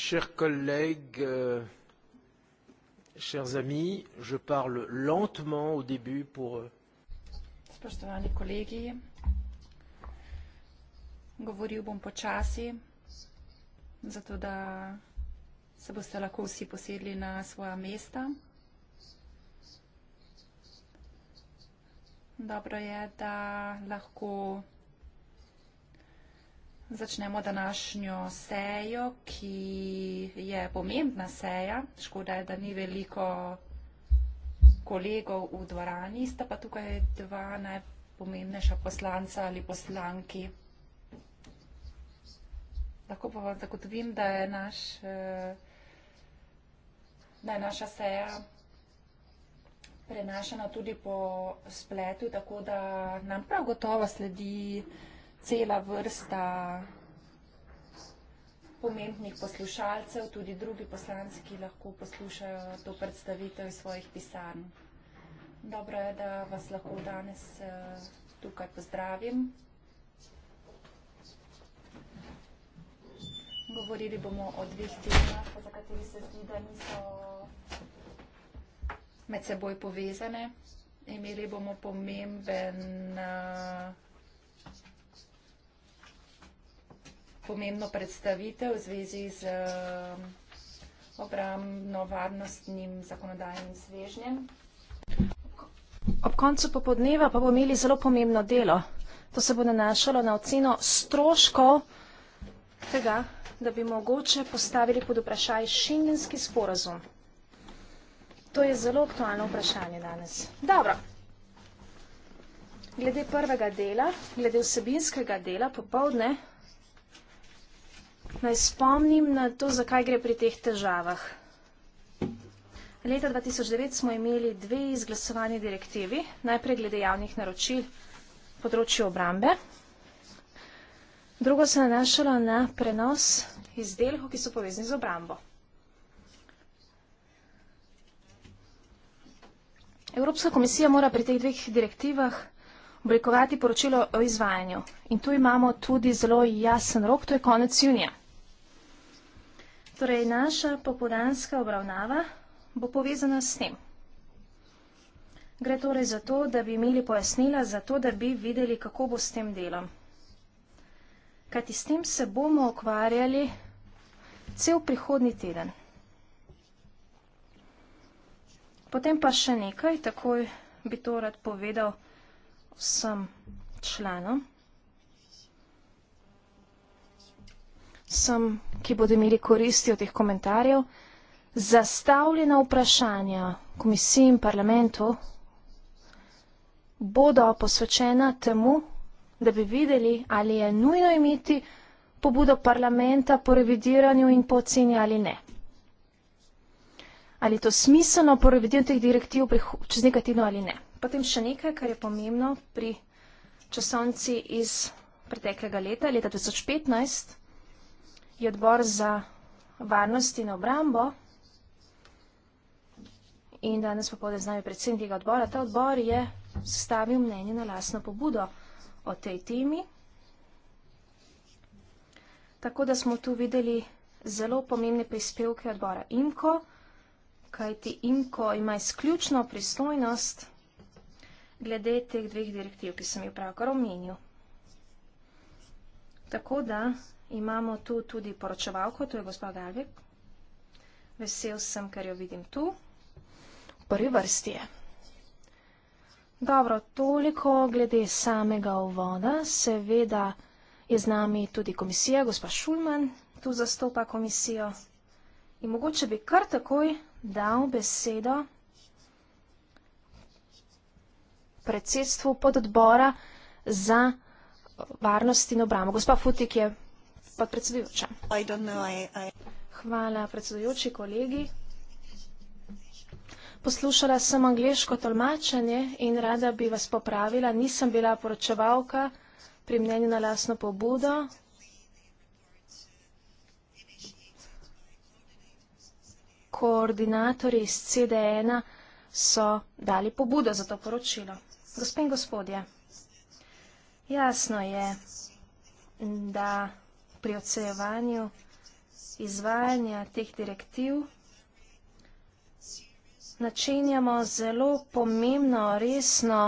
Chers collègues, euh, chers amis, je parle lentement au début pour. Euh, Spoštovani kolegi, govoril bom počasi, zato da se boste lahko vsi posedli na svoja mesta. Dobro je, da lahko Začnemo današnjo sejo, ki je pomembna seja. Škoda je, da ni veliko kolegov v dvorani, sta pa tukaj dva najpomembnejša poslanca ali poslanki. Lahko pa vam zagotovim, da je naš, eh, da je naša seja prenašana tudi po spletu, tako da nam prav gotovo sledi cela vrsta pomembnih poslušalcev, tudi drugi poslanci, ki lahko poslušajo to predstavitev iz svojih pisarn. Dobro je, da vas lahko danes eh, tukaj pozdravim. Govorili bomo o dveh temah, za kateri se zdi, da niso med seboj povezane. Imeli bomo pomemben uh, pomembno predstavitev v zvezi z eh, obramno-varnostnim zakonodajnim svežnjem. Ob koncu popodneva pa bomo imeli zelo pomembno delo. To se bo nanašalo na oceno stroškov tega, da bi mogoče postavili pod vprašaj šengenski sporazum. To je zelo aktualno vprašanje danes. Dobro. Glede prvega dela, glede vsebinskega dela popovdne Naj spomnim na to, zakaj gre pri teh težavah. Leta 2009 smo imeli dve izglasovani direktivi, najprej glede javnih naročil področju obrambe, drugo se nanašalo na prenos izdelkov, ki so povezni z obrambo. Evropska komisija mora pri teh dveh direktivah oblikovati poročilo o izvajanju. In tu imamo tudi zelo jasen rok, to je konec junija. Torej, naša popodanska obravnava bo povezana s tem. Gre torej za to, da bi imeli pojasnila, za to, da bi videli, kako bo s tem delom. Kajti s tem se bomo okvarjali cel prihodni teden. Potem pa še nekaj, takoj bi to rad povedal vsega vsem članom, vsem, ki bodo imeli koristi od teh komentarjev. Zastavljena vprašanja komisiji in parlamentu bodo posvečena temu, da bi videli, ali je nujno imeti pobudo parlamenta po revidiranju in po oceni ali ne. Ali je to smiselno po revidiranju teh direktiv čez nekaj tedno ali ne. Potem še nekaj, kar je pomembno pri časovnici iz preteklega leta, leta 2015, je odbor za varnost in obrambo in danes popovde z nami predsednik tega odbora. Ta odbor je stavil mnenje na lasno pobudo o tej temi. Tako da smo tu videli zelo pomembne prispevke odbora IMKO, kajti IMKO ima izključno pristojnost vsega, glede teh dveh direktiv, ki sem jih pravkar omenil. Tako da imamo tu tudi poročevalko, to je gospod Galvik. Vesel sem, ker jo vidim tu. V prvi vrsti je. Dobro, toliko glede samega uvoda. Seveda je z nami tudi komisija, gospod Šulman tu zastopa komisijo. In mogoče bi kar takoj dal besedo. predsedstvu pododbora za varnost in obramo. Gospa Futik je podpredsedujoča. Hvala predsedujoči kolegi. Poslušala sem angliško tolmačenje in rada bi vas popravila. Nisem bila poročevalka pri mnenju na lasno pobudo. Koordinatori iz CD1 so dali pobudo za to poročilo. Gospe in gospodje, jasno je, da pri odsejevanju izvajanja teh direktiv načenjamo zelo pomembno, resno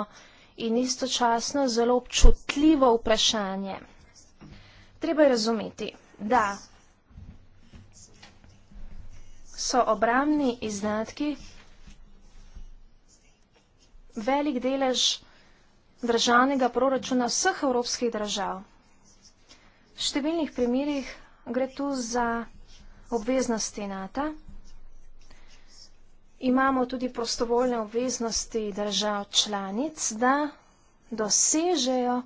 in istočasno zelo občutljivo vprašanje. Treba je razumeti, da so obramni izdatki, velik delež državnega proračuna vseh evropskih držav. V številnih primerjih gre tu za obveznosti NATO. Imamo tudi prostovoljne obveznosti držav članic, da dosežejo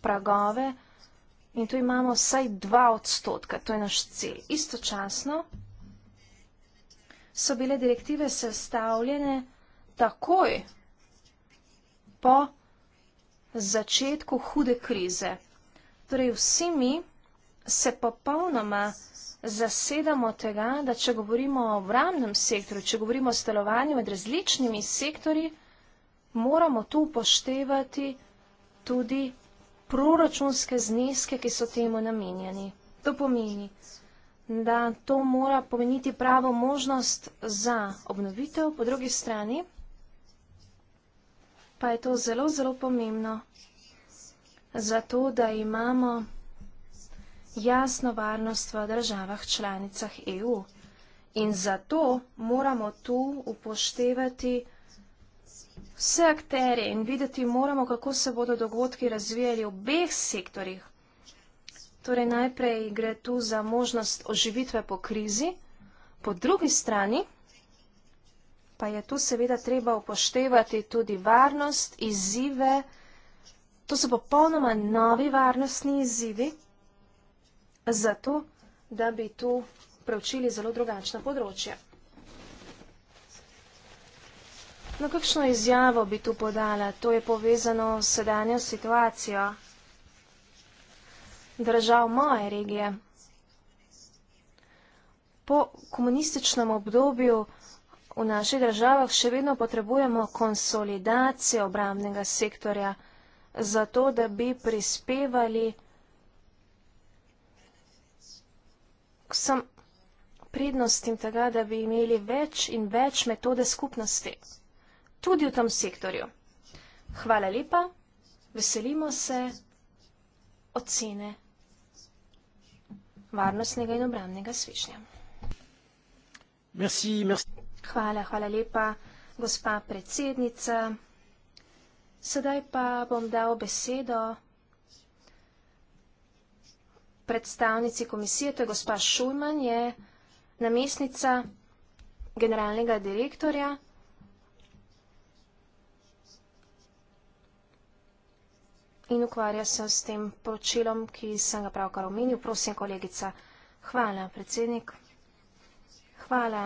pragove in tu imamo vsaj dva odstotka, to je naš cilj. Istočasno so bile direktive sestavljene takoj po začetku hude krize. Torej vsi mi se popolnoma zasedamo tega, da če govorimo o obramnem sektorju, če govorimo o stelovanju med različnimi sektori, moramo tu upoštevati tudi proračunske zneske, ki so temu namenjeni. To pomeni, da to mora pomeniti pravo možnost za obnovitev, po drugi strani pa je to zelo, zelo pomembno za to, da imamo jasno varnost v državah članicah EU. In zato moramo tu upoštevati vse akterje in videti moramo, kako se bodo dogodki razvijali v obeh sektorjih, Torej, najprej gre tu za možnost oživitve po krizi, po drugi strani pa je tu seveda treba upoštevati tudi varnost, izzive, to so popolnoma novi varnostni izzivi, zato da bi tu preučili zelo drugačna področja. No, kakšno izjavo bi tu podala? To je povezano s sedanjo situacijo držav moje regije. Po komunističnem obdobju v naših državah še vedno potrebujemo konsolidacijo obramnega sektorja, zato da bi prispevali k sem prednostim tega, da bi imeli več in več metode skupnosti, tudi v tem sektorju. Hvala lepa, veselimo se ocene varnostnega in obramnega svežnja. Merci, merci. Hvala, hvala lepa, gospa predsednica. Sedaj pa bom dal besedo predstavnici komisije, to je gospa Šulman, je namestnica generalnega direktorja. in ukvarja se s tem poročilom, ki sem ga pravkar omenil. Prosim, kolegica. Hvala, predsednik. Hvala,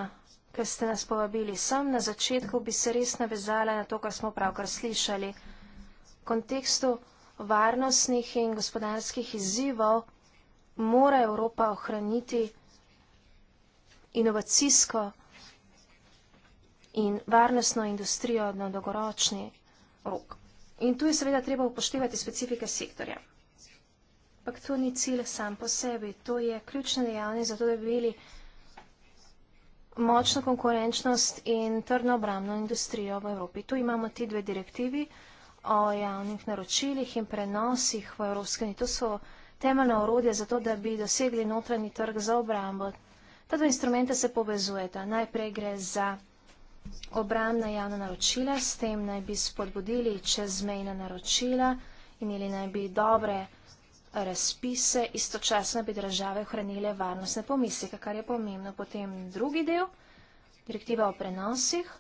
ker ste nas povabili sem. Na začetku bi se res navezala na to, kar smo pravkar slišali. V kontekstu varnostnih in gospodarskih izzivov mora Evropa ohraniti inovacijsko in varnostno industrijo na dolgoročni rok. In tu je seveda treba upoštevati specifike sektorja. Ampak to ni cilj sam po sebi, to je ključna dejavnost za to, da bi imeli močno konkurenčnost in trdno obramno industrijo v Evropi. Tu imamo ti dve direktivi o javnih naročilih in prenosih v Evropske unije. To so temeljna orodja za to, da bi dosegli notranji trg za obrambo. Ta dva instrumenta se povezujeta. Najprej gre za obramna javna naročila, s tem naj bi spodbudili čezmejna naročila, imeli naj bi dobre razpise, istočasno bi države ohranile varnostne pomisleke, kar je pomembno. Potem drugi del, direktiva o prenosih,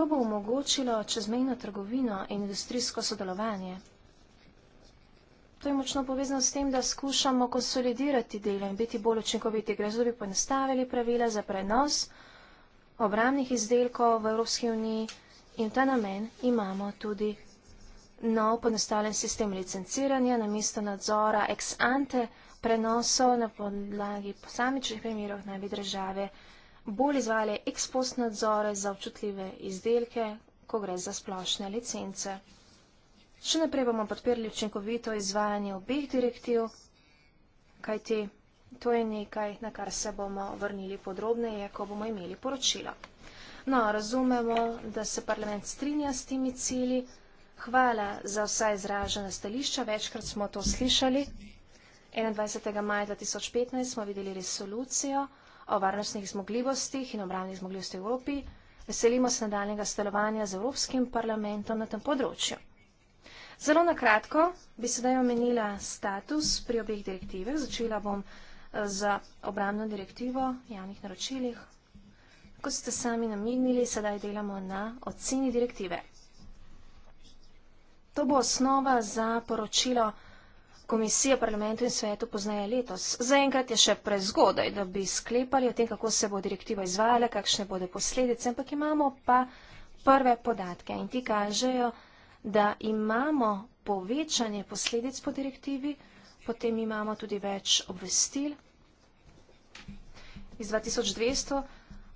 to bo omogočilo čezmejno trgovino in industrijsko sodelovanje. To je močno povezano s tem, da skušamo konsolidirati delo in biti bolj učinkoviti. Gre za to, da bi poenostavili pravila za prenos obramnih izdelkov v Evropski uniji in v ta namen imamo tudi nov podnastavljen sistem licenciranja na mesto nadzora ex ante prenosov na podlagi posamičnih primerov naj bi države bolj izvale ex post nadzore za občutljive izdelke, ko gre za splošne licence. Še naprej bomo podpirli učinkovito izvajanje obeh direktiv, kajti To je nekaj, na kar se bomo vrnili podrobneje, ko bomo imeli poročila. No, razumemo, da se parlament strinja s temi cilji. Hvala za vsa izražena stališča, večkrat smo to slišali. 21. maja 2015 smo videli resolucijo o varnostnih zmogljivostih in obravnih zmogljivosti v Evropi. Veselimo se nadaljnega stalovanja z Evropskim parlamentom na tem področju. Zelo nakratko bi sedaj omenila status pri obeh direktivah. Začela bom s z obramno direktivo javnih naročilih. Kot ste sami namignili, sedaj delamo na oceni direktive. To bo osnova za poročilo Komisije parlamentu in svetu poznaje letos. Zaenkrat je še prezgodaj, da bi sklepali o tem, kako se bo direktiva izvajala, kakšne bodo posledice, ampak imamo pa prve podatke in ti kažejo, da imamo povečanje posledic po direktivi, Potem imamo tudi več obvestil. Iz 2200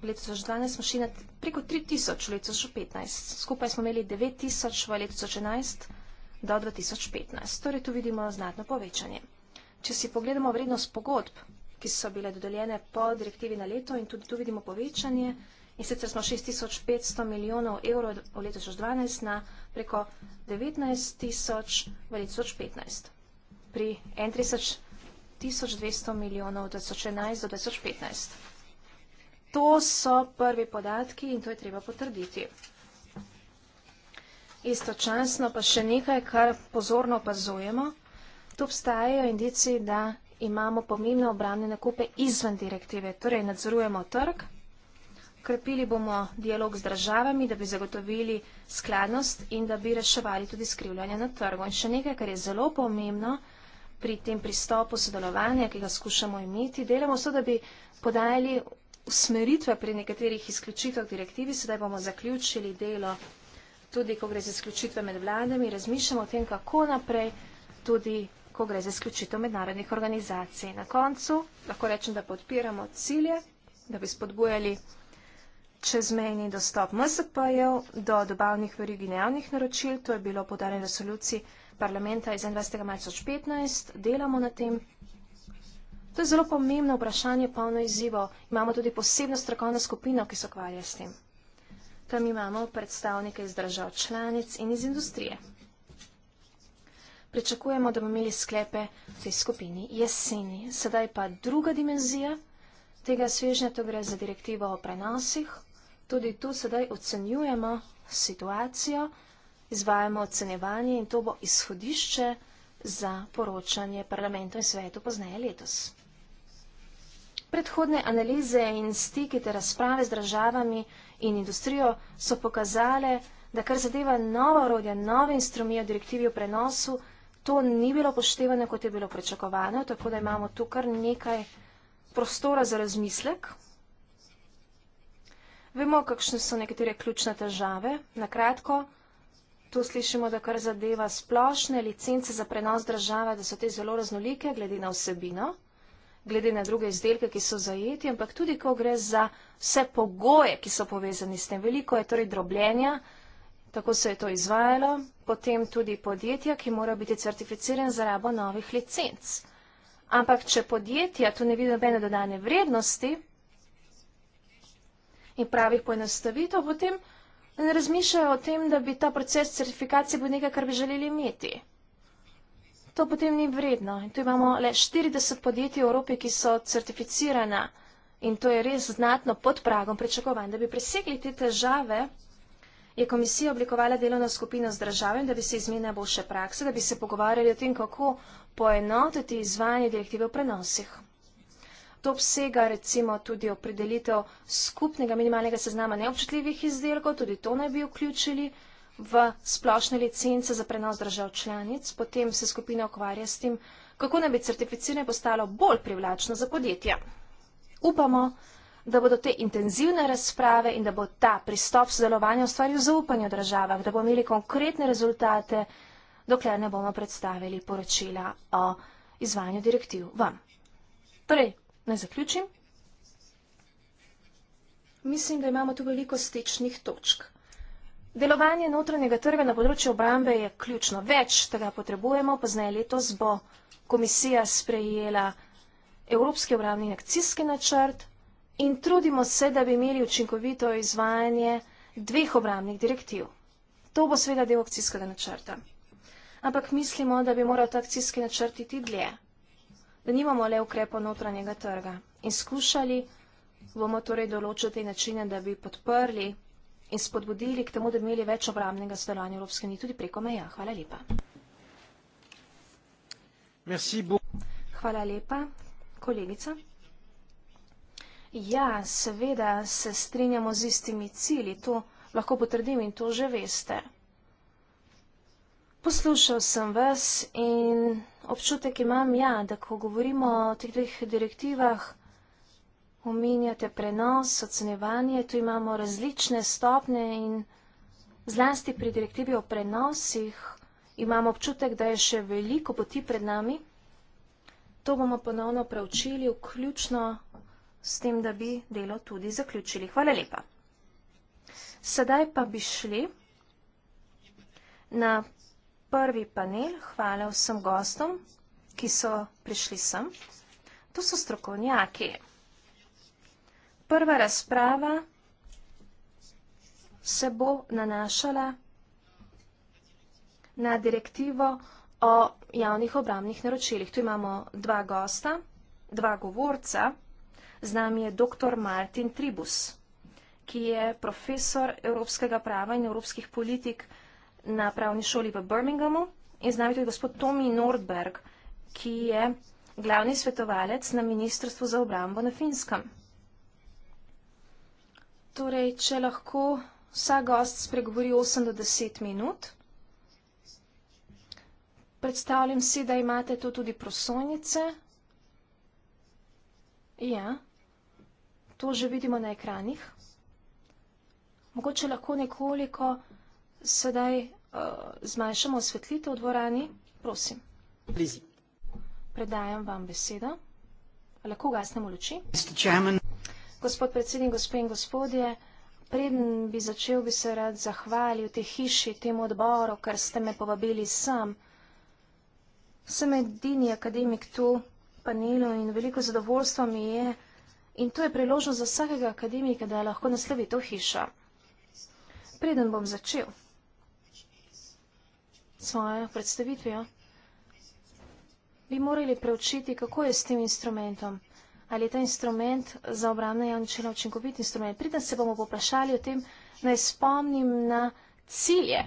v letu 2012 smo šli na preko 3000 v letu 2015. Skupaj smo imeli 9000 v letu 2011 do 2015. Torej tu vidimo znatno povečanje. Če si pogledamo vrednost pogodb, ki so bile dodeljene po direktivi na leto in tudi tu vidimo povečanje, in sicer smo 6500 milijonov evrov v letu 2012 na preko 19000 v letu 2015 pri 1.200 milijonov 2011 do 2015. To so prvi podatki in to je treba potrditi. Istočasno pa še nekaj, kar pozorno opazujemo. Tu obstajajo indici, da imamo pomembne obramne nakupe izven direktive, torej nadzorujemo trg, krepili bomo dialog z državami, da bi zagotovili skladnost in da bi reševali tudi skrivljanje na trgu. In še nekaj, kar je zelo pomembno, je, pri tem pristopu sodelovanja, ki ga skušamo imeti. Delamo so, da bi podajali usmeritve pri nekaterih izključitvah direktivi, sedaj bomo zaključili delo tudi, ko gre za izključitve med vladami, razmišljamo o tem, kako naprej, tudi, ko gre za izključitev mednarodnih organizacij. Na koncu lahko rečem, da podpiramo cilje, da bi spodbujali čezmejni dostop MSP-jev do dobavnih verig in javnih naročil, to je bilo podarjeno resoluciji parlamenta iz 21. marca 2015, delamo na tem. To je zelo pomembno vprašanje, polno izzivo. Imamo tudi posebno strokovno skupino, ki se ukvarja s tem. Tam imamo predstavnike iz držav članic in iz industrije. Pričakujemo, da bomo imeli sklepe v tej skupini jeseni. Sedaj pa druga dimenzija tega svežnja, to gre za direktivo o prenosih. Tudi tu sedaj ocenjujemo situacijo, izvajamo ocenjevanje in to bo izhodišče za poročanje parlamentu in svetu pozneje letos. Predhodne analize in stiki ter razprave z državami in industrijo so pokazale, da kar zadeva nova orodja, nove instrumije v direktivi o prenosu, to ni bilo poštevano, kot je bilo prečakovano, tako da imamo tu kar nekaj prostora za razmislek. Vemo, kakšne so nekatere ključne težave. Na kratko, Tu slišimo, da kar zadeva splošne licence za prenos države, da so te zelo raznolike glede na vsebino, glede na druge izdelke, ki so zajeti, ampak tudi, ko gre za vse pogoje, ki so povezani s tem. Veliko je torej drobljenja, tako se je to izvajalo, potem tudi podjetja, ki morajo biti certificirane za rabo novih licenc. Ampak, če podjetja tu ne vidi nobene dodane vrednosti in pravih poenostavitev, potem in razmišljajo o tem, da bi ta proces certifikacije bil nekaj, kar bi želeli imeti. To potem ni vredno. In tu imamo le 40 podjetij v Evropi, ki so certificirana in to je res znatno pod pragom pričakovanj. Da bi presegli te težave, je komisija oblikovala delovno skupino z državami, da bi se izmenila boljše prakse, da bi se pogovarjali o tem, kako poenotiti izvajanje direktive v prenosih to obsega recimo tudi opredelitev skupnega minimalnega seznama neobčutljivih izdelkov, tudi to naj bi vključili v splošne licence za prenos držav članic, potem se skupina ukvarja s tem, kako naj bi certificiranje postalo bolj privlačno za podjetja. Upamo, da bodo te intenzivne razprave in da bo ta pristop sodelovanja ustvaril zaupanje v državah, da bomo imeli konkretne rezultate, dokler ne bomo predstavili poročila o izvajanju direktiv vam. Torej, Naj zaključim. Mislim, da imamo tu veliko stečnih točk. Delovanje notranjega trga na področju obrambe je ključno. Več tega potrebujemo, poznaje letos bo komisija sprejela Evropski obrambni akcijski načrt in trudimo se, da bi imeli učinkovito izvajanje dveh obrambnih direktiv. To bo sveda del akcijskega načrta. Ampak mislimo, da bi moral ta akcijski načrt iti dlje da nimamo le ukrepo notranjega trga. In skušali bomo torej določiti načine, da bi podprli in spodbudili k temu, da bi imeli več obramnega sodelovanja Evropske unije tudi preko meja. Hvala lepa. Hvala lepa, kolegica. Ja, seveda se strinjamo z istimi cilji, to lahko potrdim in to že veste. Poslušal sem vas in občutek imam, ja, da ko govorimo o teh dveh direktivah, omenjate prenos, ocenevanje, tu imamo različne stopne in zlasti pri direktivi o prenosih imamo občutek, da je še veliko poti pred nami. To bomo ponovno preučili, vključno s tem, da bi delo tudi zaključili. Hvala lepa. Sedaj pa bi šli na prvi panel. Hvala vsem gostom, ki so prišli sem. To so strokovnjaki. Prva razprava se bo nanašala na direktivo o javnih obramnih naročilih. Tu imamo dva gosta, dva govorca. Z nami je dr. Martin Tribus, ki je profesor evropskega prava in evropskih politik vsega na pravni šoli v Birminghamu in z nami tudi gospod Tomi Nordberg, ki je glavni svetovalec na Ministrstvu za obrambo na Finskem. Torej, če lahko vsak gost spregovori 8 do 10 minut. Predstavljam si, da imate tu tudi prosojnice. Ja, to že vidimo na ekranih. Mogoče lahko nekoliko Sedaj eh, zmanjšamo osvetlitev v dvorani. Prosim. Please. Predajam vam besedo. Lahko gasnemo luči. Gospod predsednik, gospe in gospodje, preden bi začel, bi se rad zahvalil te hiši, temu odboru, ker ste me povabili sam. Sem edini akademik tu panelu in veliko zadovoljstvo mi je in to je priložnost za vsakega akademika, da lahko naslovi to hišo. Preden bom začel svojo predstavitvijo, bi morali preučiti, kako je s tem instrumentom. Ali je ta instrument za obramno javno čelo učinkovit instrument? Pridem se bomo poprašali o tem, naj spomnim na cilje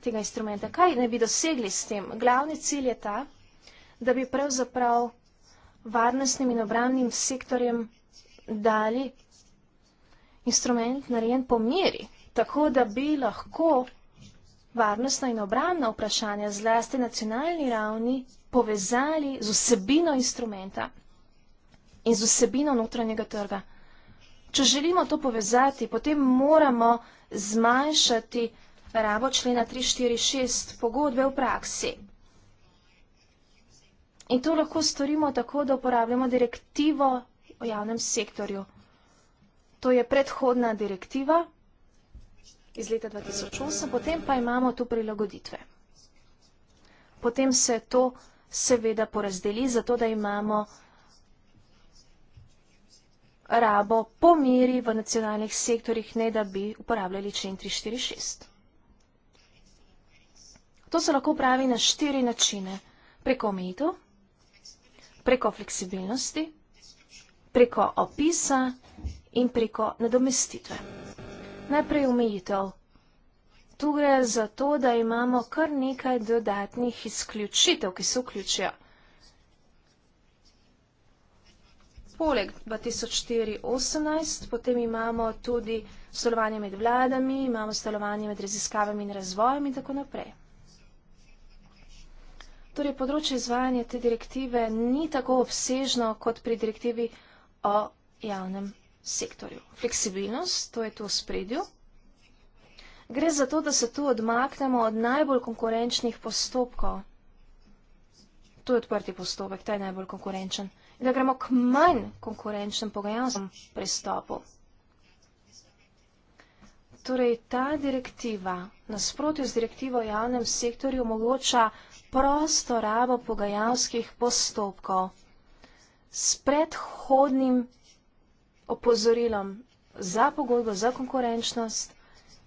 tega instrumenta. Kaj ne bi dosegli s tem? Glavni cilj je ta, da bi pravzaprav varnostnim in obramnim sektorjem dali instrument narejen po meri, tako da bi lahko varnostno in obramno vprašanje zlasti nacionalni ravni povezali z vsebino instrumenta in z vsebino notranjega trga. Če želimo to povezati, potem moramo zmanjšati rabo člena 346 pogodbe v praksi. In to lahko storimo tako, da uporabljamo direktivo o javnem sektorju. To je predhodna direktiva iz leta 2008, potem pa imamo tu prilagoditve. Potem se to seveda porazdeli, zato da imamo rabo po miri v nacionalnih sektorjih, ne da bi uporabljali člen 346. To se lahko upravi na štiri načine. Preko omejitev, preko fleksibilnosti, preko opisa in preko nadomestitve. Najprej omejitev. Tu gre za to, da imamo kar nekaj dodatnih izključitev, ki se vključijo. Poleg 2018 potem imamo tudi sodelovanje med vladami, imamo sodelovanje med raziskavami in razvojem in tako naprej. Torej, področje izvajanja te direktive ni tako obsežno kot pri direktivi o javnem sektorju. Fleksibilnost, to je tu v spredju. Gre za to, da se tu odmaknemo od najbolj konkurenčnih postopkov. Tu je odprti postopek, ta je najbolj konkurenčen. In da gremo k manj konkurenčnem pogajalskem pristopu. Torej, ta direktiva, nasprotju z direktivo o javnem sektorju, omogoča prosto rabo pogajalskih postopkov s predhodnim opozorilom za pogodbo, za konkurenčnost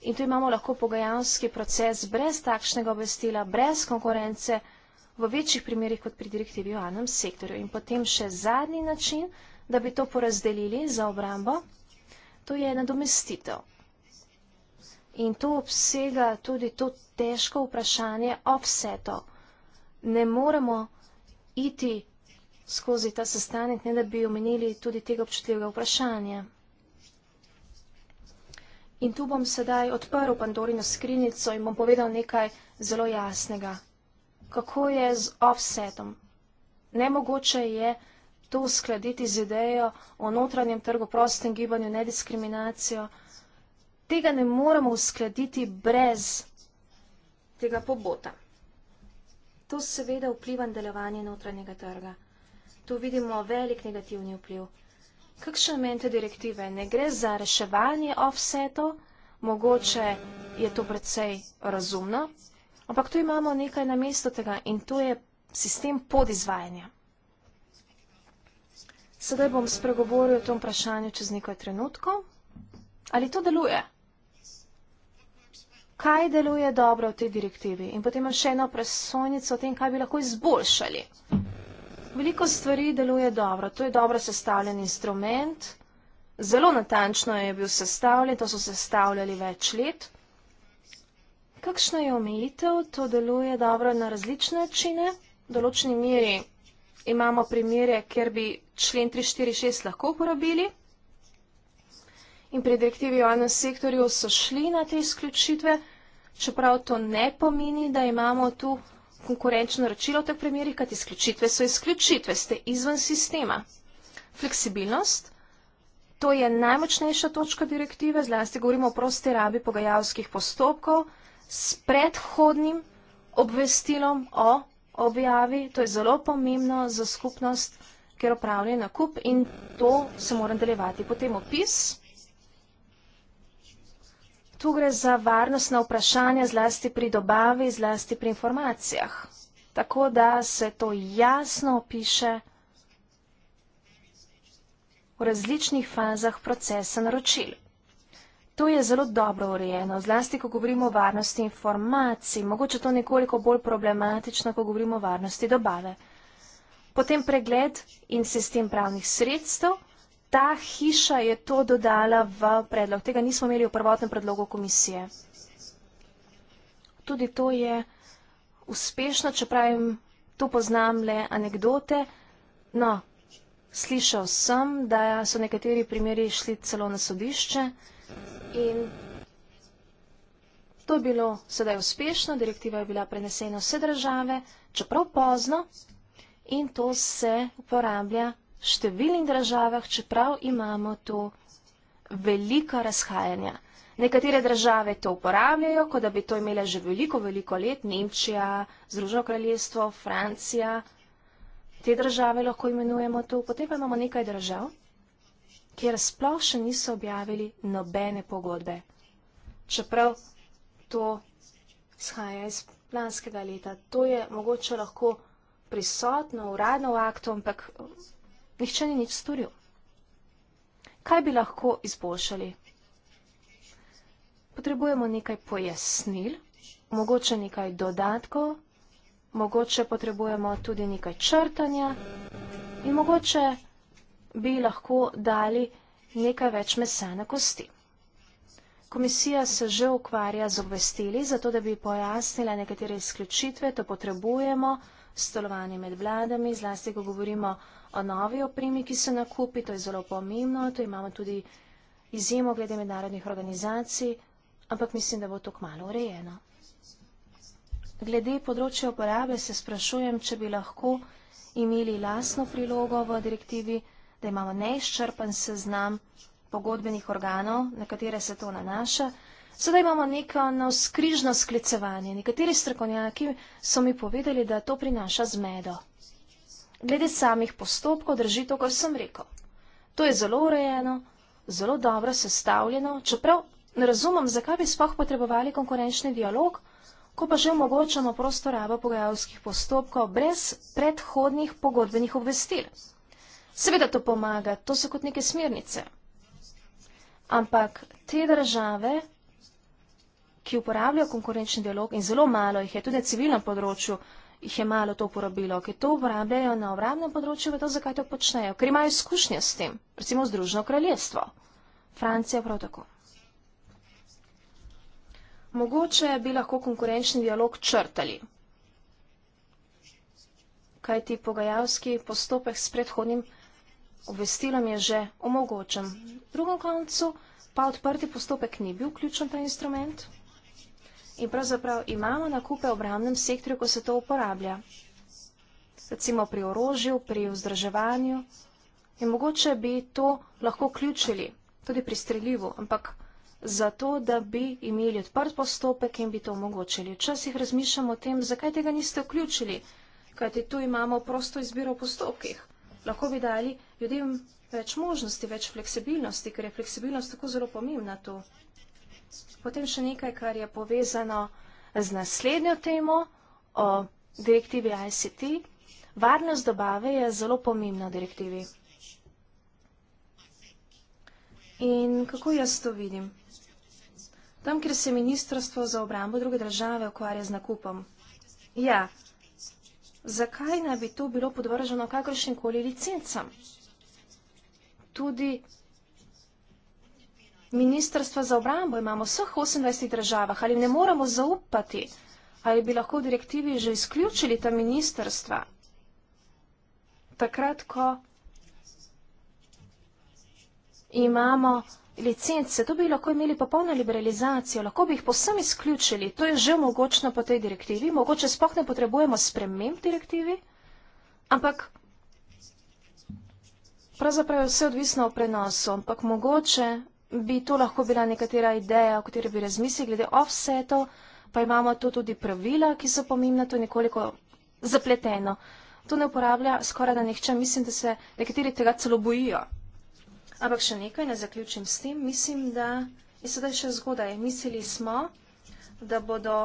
in tu imamo lahko pogajanski proces brez takšnega obvestila, brez konkurence, v večjih primerih kot pri direktivi v enem sektorju. In potem še zadnji način, da bi to porazdelili za obrambo, to je nadomestitev. In to obsega tudi to težko vprašanje offsetov. Ne moremo iti vsega, skozi ta sestanek, ne da bi omenili tudi tega občutljivega vprašanja. In tu bom sedaj odprl Pandorino skrinjico in bom povedal nekaj zelo jasnega. Kako je z offsetom? Nemogoče je to uskladiti z idejo o notranjem trgu, prostem gibanju, nediskriminacijo. Tega ne moremo uskladiti brez tega pobota. To seveda vpliva na delovanje notranjega trga tu vidimo velik negativni vpliv. Kakšen men te direktive? Ne gre za reševanje offsetov, mogoče je to predvsej razumno, ampak tu imamo nekaj na mesto tega in to je sistem podizvajanja. Sedaj bom spregovoril o tom vprašanju čez nekaj trenutkov. Ali to deluje? Kaj deluje dobro v tej direktivi? In potem imam še eno presonico o tem, kaj bi lahko izboljšali. Veliko stvari deluje dobro. To je dobro sestavljen instrument. Zelo natančno je bil sestavljen, to so sestavljali več let. Kakšna je omejitev? To deluje dobro na različne načine. V določni meri imamo primere, kjer bi člen 346 lahko uporabili. In pri direktivi o enem sektorju so šli na te izključitve, čeprav to ne pomeni, da imamo tu konkurenčno naročilo v teh primerih, kajti izključitve so izključitve, ste izven sistema. Fleksibilnost, to je najmočnejša točka direktive, zlasti govorimo o prosti rabi pogajalskih postopkov s predhodnim obvestilom o objavi, to je zelo pomembno za skupnost, ker opravlja nakup in to se mora delevati. Potem opis tu gre za varnostna vprašanja, zlasti pri dobavi, zlasti pri informacijah. Tako da se to jasno opiše v različnih fazah procesa naročil. To je zelo dobro urejeno, zlasti, ko govorimo o varnosti informacij. Mogoče to nekoliko bolj problematično, ko govorimo o varnosti dobave. Potem pregled in sistem pravnih sredstev ta hiša je to dodala v predlog. Tega nismo imeli v prvotnem predlogu komisije. Tudi to je uspešno, čeprav jim to poznam le anekdote. No, slišal sem, da so nekateri primeri šli celo na sodišče in to je bilo sedaj uspešno, direktiva je bila prenesena vse države, čeprav pozno in to se uporablja številnih državah, čeprav imamo tu velika razhajanja. Nekatere države to uporabljajo, kot da bi to imele že veliko, veliko let, Nemčija, Združeno kraljestvo, Francija, te države lahko imenujemo to. Potem pa imamo nekaj držav, kjer sploh še niso objavili nobene pogodbe. Čeprav to shaja iz planskega leta, to je mogoče lahko prisotno, uradno v aktu, ampak nihče ni nič storil. Kaj bi lahko izboljšali? Potrebujemo nekaj pojasnil, mogoče nekaj dodatkov, mogoče potrebujemo tudi nekaj črtanja in mogoče bi lahko dali nekaj več mesa na kosti. Komisija se že ukvarja z obvestili, zato da bi pojasnila nekatere izključitve, to potrebujemo, stolovanje med vladami, zlasti ko govorimo o novi opremi, ki se nakupi, to je zelo pomembno, to imamo tudi izjemo glede mednarodnih organizacij, ampak mislim, da bo to kmalo urejeno. Glede področja uporabe se sprašujem, če bi lahko imeli lasno prilogo v direktivi, da imamo neizčrpan seznam pogodbenih organov, na katere se to nanaša. Sedaj imamo neko navskrižno sklicevanje. Nekateri strokovnjaki so mi povedali, da to prinaša zmedo glede samih postopkov drži to, kar sem rekel. To je zelo urejeno, zelo dobro sestavljeno, čeprav ne razumem, zakaj bi spoh potrebovali konkurenčni dialog, ko pa že omogočamo prosto rabo pogajalskih postopkov brez predhodnih pogodbenih obvestil. Seveda to pomaga, to so kot neke smernice. Ampak te države, ki uporabljajo konkurenčni dialog in zelo malo jih je tudi na civilnem področju, jih je malo to uporabilo, ki to uporabljajo na obramnem področju, vedo, zakaj to počnejo, ker imajo izkušnje s tem, recimo Združeno kraljestvo. Francija prav tako. Mogoče bi lahko konkurenčni dialog črtali, kaj ti pogajalski postopek s predhodnim obvestilom je že omogočen. V drugom koncu pa odprti postopek ni bil ključen ta instrument. In pravzaprav imamo nakupe v obramnem sektorju, ko se to uporablja. Recimo pri orožju, pri vzdrževanju. In mogoče bi to lahko vključili tudi pri streljivu, ampak zato, da bi imeli odprt postopek in bi to omogočili. Včasih razmišljamo o tem, zakaj tega niste vključili, kajti tu imamo prosto izbiro v postopkih. Lahko bi dali ljudem več možnosti, več fleksibilnosti, ker je fleksibilnost tako zelo pomembna tu potem še nekaj, kar je povezano z naslednjo temo o direktivi ICT. Varnost dobave je zelo pomembna v direktivi. In kako jaz to vidim? Tam, kjer se Ministrstvo za obrambo druge države ukvarja z nakupom. Ja, zakaj naj bi to bilo podvrženo kakršnim koli licencam? Tudi ministrstva za obrambo imamo v vseh 28 državah, ali ne moramo zaupati, ali bi lahko v direktivi že izključili ta ministrstva, takrat, ko imamo licence, to bi lahko imeli popolno liberalizacijo, lahko bi jih posem izključili, to je že mogočno po tej direktivi, mogoče spoh ne potrebujemo sprememb direktivi, ampak pravzaprav je vse odvisno o prenosu, ampak mogoče bi to lahko bila nekatera ideja, o kateri bi razmislili glede offsetov, pa imamo tu tudi pravila, ki so pomembna, to je nekoliko zapleteno. To ne uporablja skoraj da nihče, mislim, da se nekateri tega celo bojijo. Ampak še nekaj, ne zaključim s tem, mislim, da je sedaj še zgodaj. Mislili smo, da bodo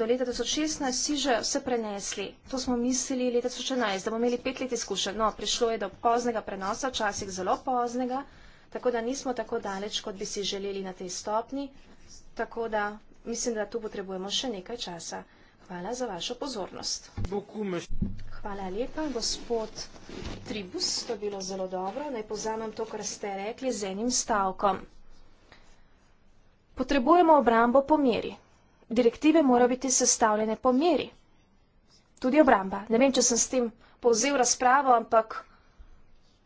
do leta 2016 si že vse prenesli. To smo mislili leta 2014, da bomo imeli pet let izkušenj. No, prišlo je do poznega prenosa, včasih zelo poznega. Tako da nismo tako daleč, kot bi si želeli na tej stopni. Tako da mislim, da tu potrebujemo še nekaj časa. Hvala za vašo pozornost. Hvala lepa, gospod Tribus. To je bilo zelo dobro. Naj povzamem to, kar ste rekli z enim stavkom. Potrebujemo obrambo po meri. Direktive morajo biti sestavljene po meri. Tudi obramba. Ne vem, če sem s tem povzel razpravo, ampak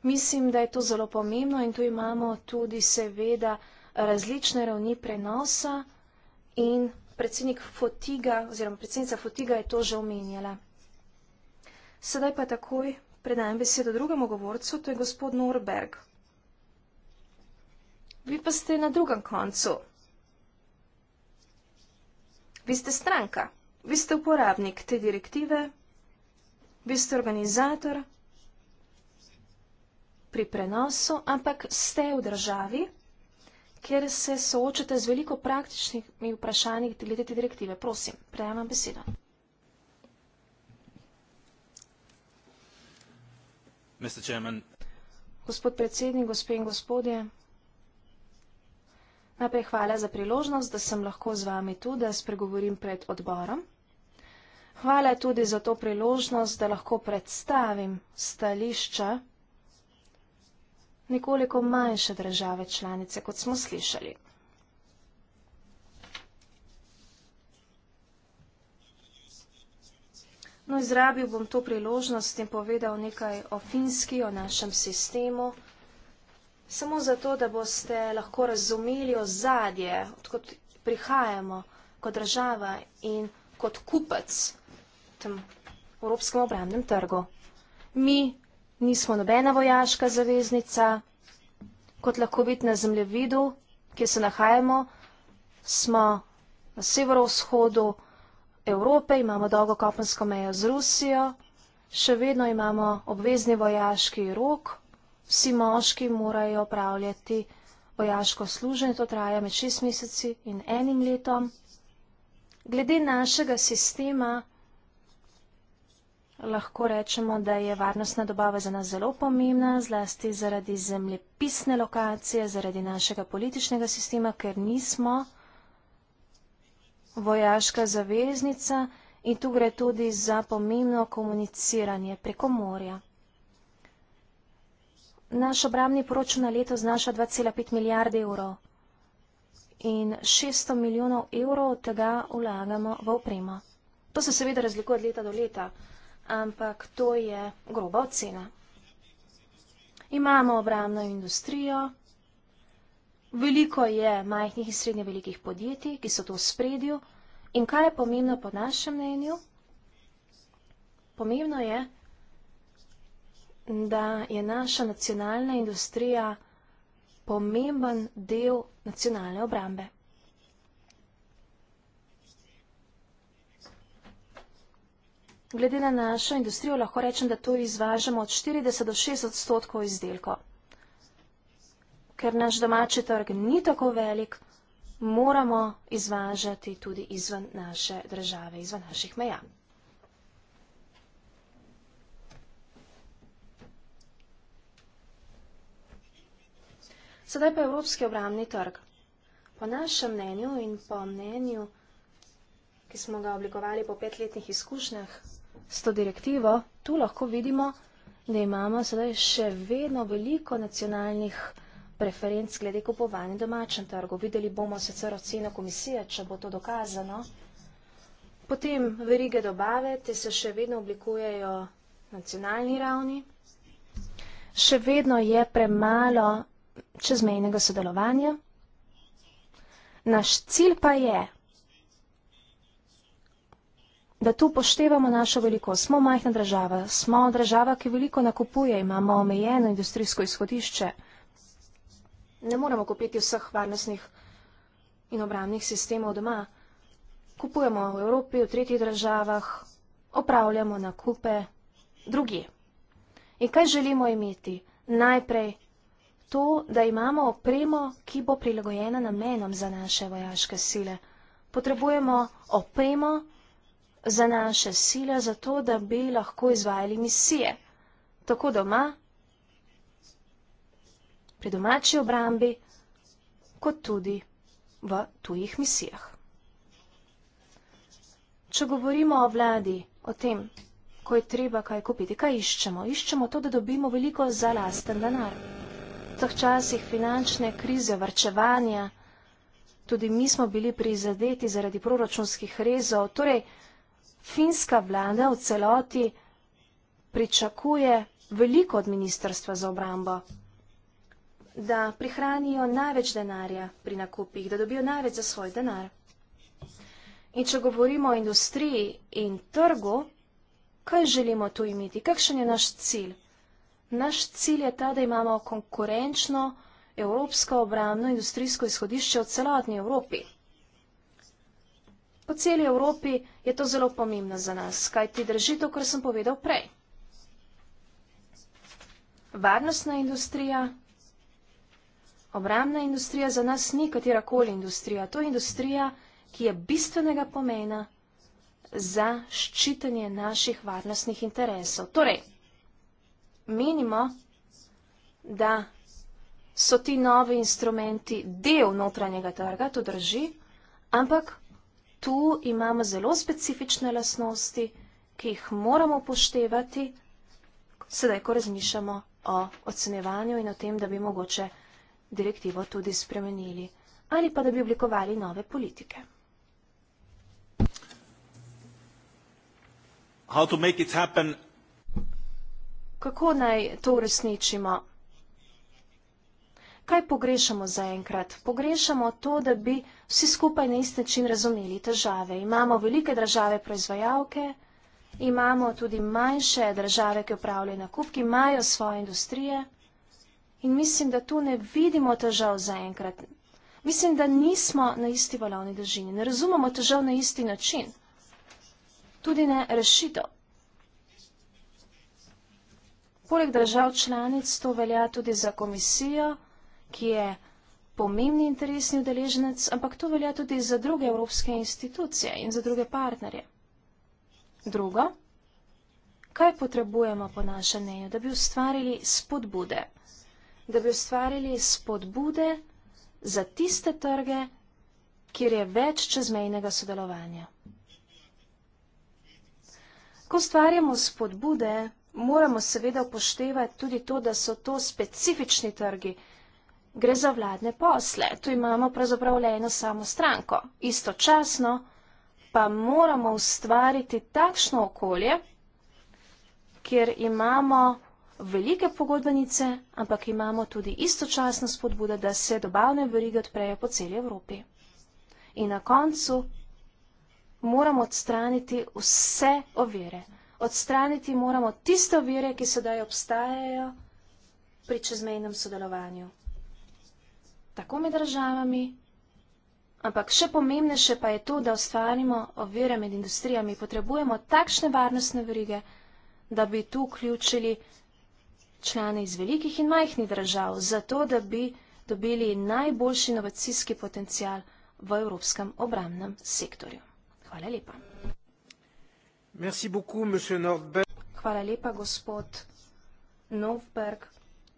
Mislim, da je to zelo pomembno in tu imamo tudi seveda različne ravni prenosa in predsednik Fotiga oziroma predsednica Fotiga je to že omenjala. Sedaj pa takoj predajem besedo drugemu govorcu, to je gospod Norberg. Vi pa ste na drugem koncu. Vi ste stranka, vi ste uporabnik te direktive, vi ste organizator pri prenosu, ampak ste v državi, kjer se soočate z veliko praktičnimi vprašanji glede te direktive. Prosim, prejemam besedo. Gospod predsednik, gospe in gospodje, najprej hvala za priložnost, da sem lahko z vami tu, da spregovorim pred odborom. Hvala tudi za to priložnost, da lahko predstavim stališča nekoliko manjše države članice, kot smo slišali. No, izrabil bom to priložnost in povedal nekaj o finski, o našem sistemu, samo zato, da boste lahko razumeli ozadje, odkot prihajamo kot država in kot kupec v tem evropskem obramnem trgu. Mi nismo nobena vojaška zaveznica, kot lahko vidite na zemljevidu, kjer se nahajamo, smo na severovzhodu Evrope, imamo dolgo kopensko mejo z Rusijo, še vedno imamo obvezni vojaški rok, vsi moški morajo opravljati vojaško služenje, to traja med šest meseci in enim letom. Glede našega sistema, Lahko rečemo, da je varnostna dobava za nas zelo pomembna, zlasti zaradi zemljepisne lokacije, zaradi našega političnega sistema, ker nismo vojaška zaveznica in tu gre tudi za pomembno komuniciranje preko morja. Naš obramni proračun na leto znaša 2,5 milijarde evrov in 600 milijonov evrov od tega vlagamo v opremo. To se seveda razlikuje od leta do leta ampak to je groba ocena. Imamo obramno industrijo, veliko je majhnih in srednje velikih podjetij, ki so to v spredju in kaj je pomembno po našem mnenju? Pomembno je, da je naša nacionalna industrija pomemben del nacionalne obrambe. Glede na našo industrijo lahko rečem, da to izvažamo od 40 do 60 odstotkov izdelkov. Ker naš domači trg ni tako velik, moramo izvažati tudi izven naše države, izven naših meja. Sedaj pa evropski obramni trg. Po našem mnenju in po mnenju, ki smo ga oblikovali po petletnih izkušnjah s to direktivo, tu lahko vidimo, da imamo sedaj še vedno veliko nacionalnih preferenc glede kupovanja domačem trgu. Videli bomo sicer oceno komisije, če bo to dokazano. Potem verige dobave, te se še vedno oblikujejo nacionalni ravni. Še vedno je premalo čezmejnega sodelovanja. Naš cilj pa je, da tu poštevamo našo velikost. Smo majhna država, smo država, ki veliko nakupuje, imamo omejeno industrijsko izhodišče. Ne moremo kupiti vseh varnostnih in obramnih sistemov doma. Kupujemo v Evropi, v tretjih državah, opravljamo nakupe drugi. In kaj želimo imeti? Najprej to, da imamo opremo, ki bo prilagojena namenom za naše vojaške sile. Potrebujemo opremo, za naše sile, za to, da bi lahko izvajali misije. Tako doma, pri domači obrambi, kot tudi v tujih misijah. Če govorimo o vladi, o tem, ko je treba kaj kupiti, kaj iščemo? Iščemo to, da dobimo veliko za lasten denar. V teh časih finančne krize, varčevanja, tudi mi smo bili prizadeti zaradi proračunskih rezov. Torej, finska vlada v celoti pričakuje veliko od ministrstva za obrambo, da prihranijo največ denarja pri nakupih, da dobijo največ za svoj denar. In če govorimo o industriji in trgu, kaj želimo tu imeti, kakšen je naš cilj? Naš cilj je ta, da imamo konkurenčno evropsko obrambno industrijsko izhodišče v celotni Evropi. Po celi Evropi je to zelo pomembno za nas, kaj ti drži to, kar sem povedal prej. Varnostna industrija, obramna industrija za nas ni katerakoli industrija. To je industrija, ki je bistvenega pomena za ščitanje naših varnostnih interesov. Torej, menimo, da so ti novi instrumenti del notranjega trga, to drži, ampak tu imamo zelo specifične lasnosti, ki jih moramo poštevati, sedaj, ko razmišljamo o ocenevanju in o tem, da bi mogoče direktivo tudi spremenili ali pa da bi oblikovali nove politike. Kako naj to uresničimo? kaj pogrešamo zaenkrat? Pogrešamo to, da bi vsi skupaj na isti način razumeli težave. Imamo velike države proizvajalke, imamo tudi manjše države, ki upravljajo nakup, ki imajo svoje industrije. In mislim, da tu ne vidimo težav zaenkrat. Mislim, da nismo na isti valovni držini, ne razumemo težav na isti način, tudi ne rešitev. Poleg držav članic to velja tudi za komisijo ki je pomembni interesni udeleženec, ampak to velja tudi za druge evropske institucije in za druge partnerje. Drugo, kaj potrebujemo po našem mnenju, da bi ustvarili spodbude? Da bi ustvarili spodbude za tiste trge, kjer je več čezmejnega sodelovanja. Ko ustvarjamo spodbude, moramo seveda upoštevati tudi to, da so to specifični trgi, gre za vladne posle. Tu imamo pravzaprav le eno samo stranko. Istočasno pa moramo ustvariti takšno okolje, kjer imamo velike pogodbenice, ampak imamo tudi istočasno spodbuda, da se dobavne verige odprejo po celi Evropi. In na koncu moramo odstraniti vse ovire. Odstraniti moramo tiste ovire, ki sedaj obstajajo pri čezmejnem sodelovanju tako med državami, ampak še pomembnejše pa je to, da ustvarimo ovire med industrijami. Potrebujemo takšne varnostne verige, da bi tu vključili člane iz velikih in majhnih držav, zato da bi dobili najboljši inovacijski potencial v evropskem obramnem sektorju. Hvala lepa. Merci beaucoup, Hvala lepa, gospod Novberg.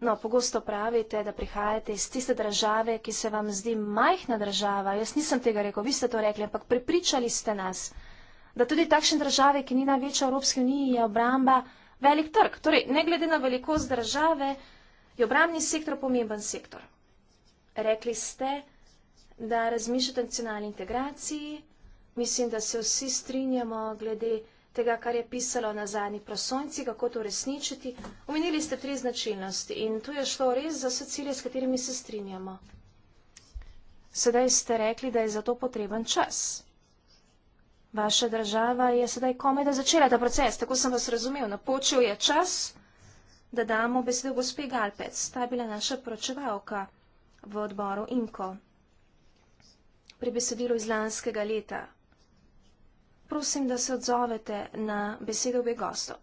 No, pogosto pravite, da prihajate iz tiste države, ki se vam zdi majhna država. Jaz nisem tega rekel, vi ste to rekli, ampak prepričali ste nas, da tudi takšne države, ki ni največja v Evropski uniji, je obramba velik trg. Torej, ne glede na velikost države, je obramni sektor pomemben sektor. Rekli ste, da razmišljate o nacionalni integraciji. Mislim, da se vsi strinjamo glede tega, kar je pisalo na zadnji prosojnici, kako to uresničiti. Omenili ste tri značilnosti in tu je šlo res za vse cilje, s katerimi se strinjamo. Sedaj ste rekli, da je za to potreben čas. Vaša država je sedaj komaj da začela ta proces, tako sem vas razumel. Napočil je čas, da damo besedo gospe Galpec. Ta je bila naša pročevalka v odboru Inko. Pri besedilu iz lanskega leta, prosim, da se odzovete na besedo obe gostov.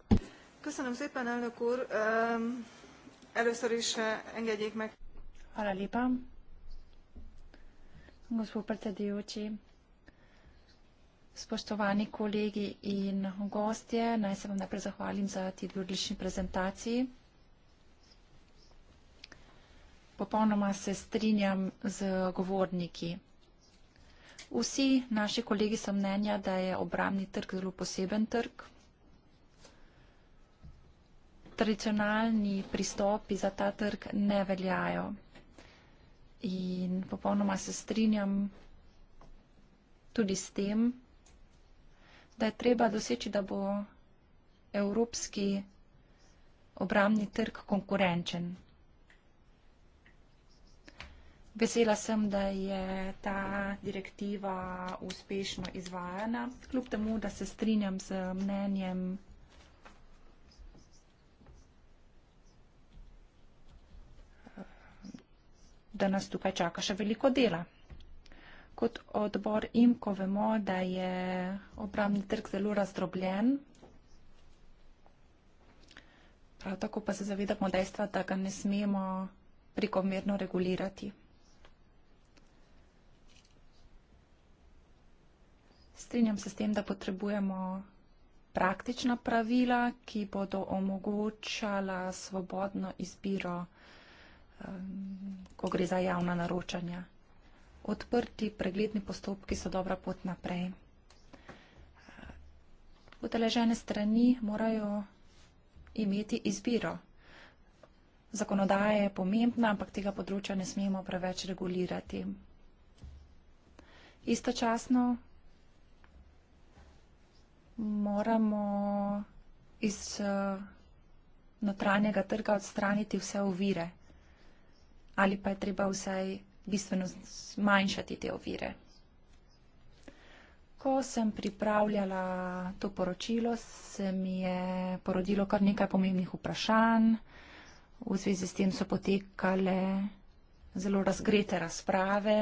Köszönöm szépen, elnök úr. Um, először is eh, engedjék meg. Hála lépa. Gospod predsedujoči, spoštovani kolegi in gostje, naj se vam najprej zahvalim za ti dve odlični prezentaciji. Popolnoma se strinjam z govorniki. Vsi naši kolegi so mnenja, da je obramni trg zelo poseben trg. Tradicionalni pristopi za ta trg ne veljajo. In popolnoma se strinjam tudi s tem, da je treba doseči, da bo evropski obramni trg konkurenčen. Vesela sem, da je ta direktiva uspešno izvajana, kljub temu, da se strinjam z mnenjem da nas tukaj čaka še veliko dela. Kot odbor IMKO vemo, da je obramni trg zelo razdrobljen, prav tako pa se zavedamo dejstva, da ga ne smemo prikomerno regulirati. Strinjam se s tem, da potrebujemo praktična pravila, ki bodo omogočala svobodno izbiro, ko gre za javna naročanja. Odprti pregledni postopki so dobra pot naprej. Udeležene strani morajo imeti izbiro. Zakonodaja je pomembna, ampak tega področja ne smemo preveč regulirati. Istočasno moramo iz uh, notranjega trga odstraniti vse ovire ali pa je treba vsaj bistveno zmanjšati te ovire. Ko sem pripravljala to poročilo, se mi je porodilo kar nekaj pomembnih vprašanj. V zvezi s tem so potekale zelo razgrete razprave.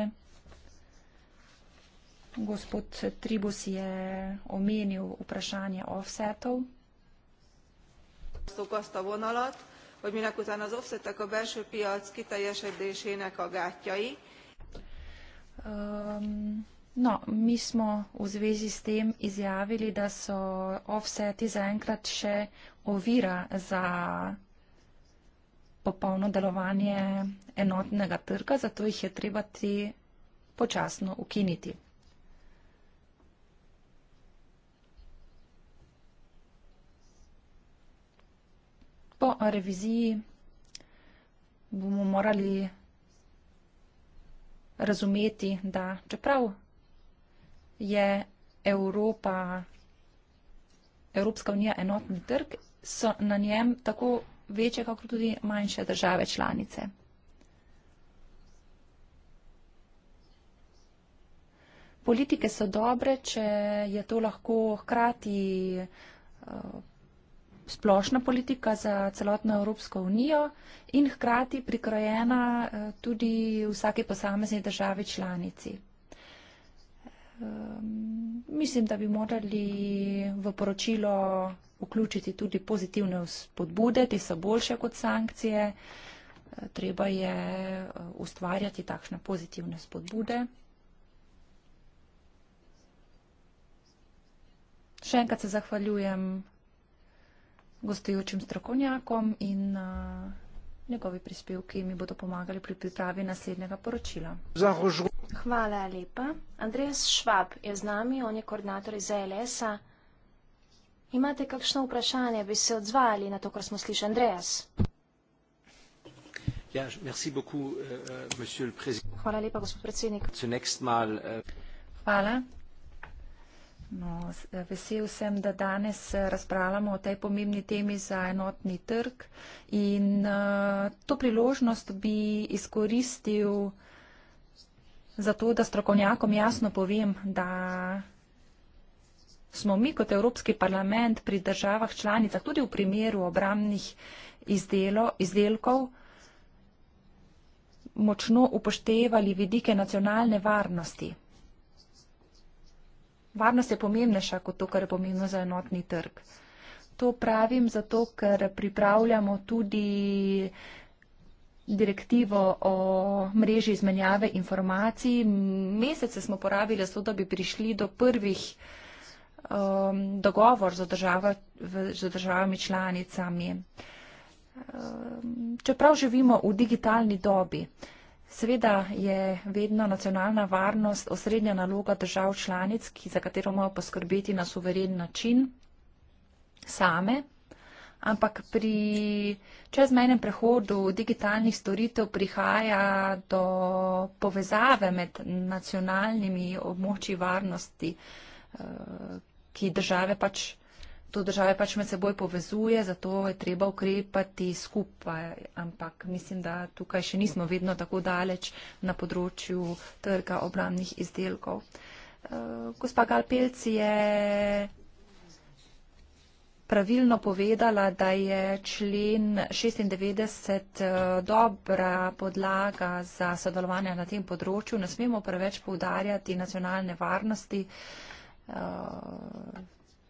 Gospod Tribus je omenil vprašanje offsetov. Szok azt a vonalat, hogy minek után az offsetek a belső piac kiteljesedésének a gátjai. Um, no, mi smo v zvezi s tem izjavili, da so offseti zaenkrat še ovira za popolno delovanje enotnega trga, zato jih je treba ti počasno ukiniti. Po reviziji bomo morali razumeti, da čeprav je Evropa, Evropska unija enotni trg, so na njem tako večje, kako tudi manjše države članice. Politike so dobre, če je to lahko hkrati uh, splošna politika za celotno Evropsko unijo in hkrati prikrojena eh, tudi vsake posamezne države članici. Ehm, mislim, da bi morali v poročilo vključiti tudi pozitivne spodbude, ti so boljše kot sankcije. Eh, treba je eh, ustvarjati takšne pozitivne spodbude. Še enkrat se zahvaljujem gostujočim strokovnjakom in uh, njegovi prispevki mi bodo pomagali pri pripravi naslednjega poročila. Hvala lepa. Andres Švab je z nami, on je koordinator iz ALS-a. Imate kakšno vprašanje, bi se odzvali na to, kar smo slišali, Andreas? Ja, merci beaucoup, uh, Hvala lepa, gospod predsednik. Mal, uh... Hvala. No, vesel sem, da danes eh, razpravljamo o tej pomembni temi za enotni trg in uh, to priložnost bi izkoristil za to, da strokovnjakom jasno povem, da smo mi kot Evropski parlament pri državah članicah tudi v primeru obramnih izdelo, izdelkov močno upoštevali vidike nacionalne varnosti. Varnost je pomembnejša kot to, kar je pomembno za enotni trg. To pravim zato, ker pripravljamo tudi direktivo o mreži izmenjave informacij. Mesece smo porabili zato, da bi prišli do prvih um, dogovor z država, državami članicami. Um, čeprav živimo v digitalni dobi, uh, Seveda je vedno nacionalna varnost osrednja naloga držav članic, ki za katero morajo poskrbeti na suveren način same, ampak pri čezmejnem prehodu digitalnih storitev prihaja do povezave med nacionalnimi območji varnosti, eh, ki države pač to države pač med seboj povezuje, zato je treba ukrepati skupaj. Ampak mislim, da tukaj še nismo vedno tako daleč na področju trga obramnih izdelkov. Eh, gospa Galpelci je pravilno povedala, da je člen 96 eh, dobra podlaga za sodelovanje na tem področju. Ne smemo preveč poudarjati nacionalne varnosti. Eh,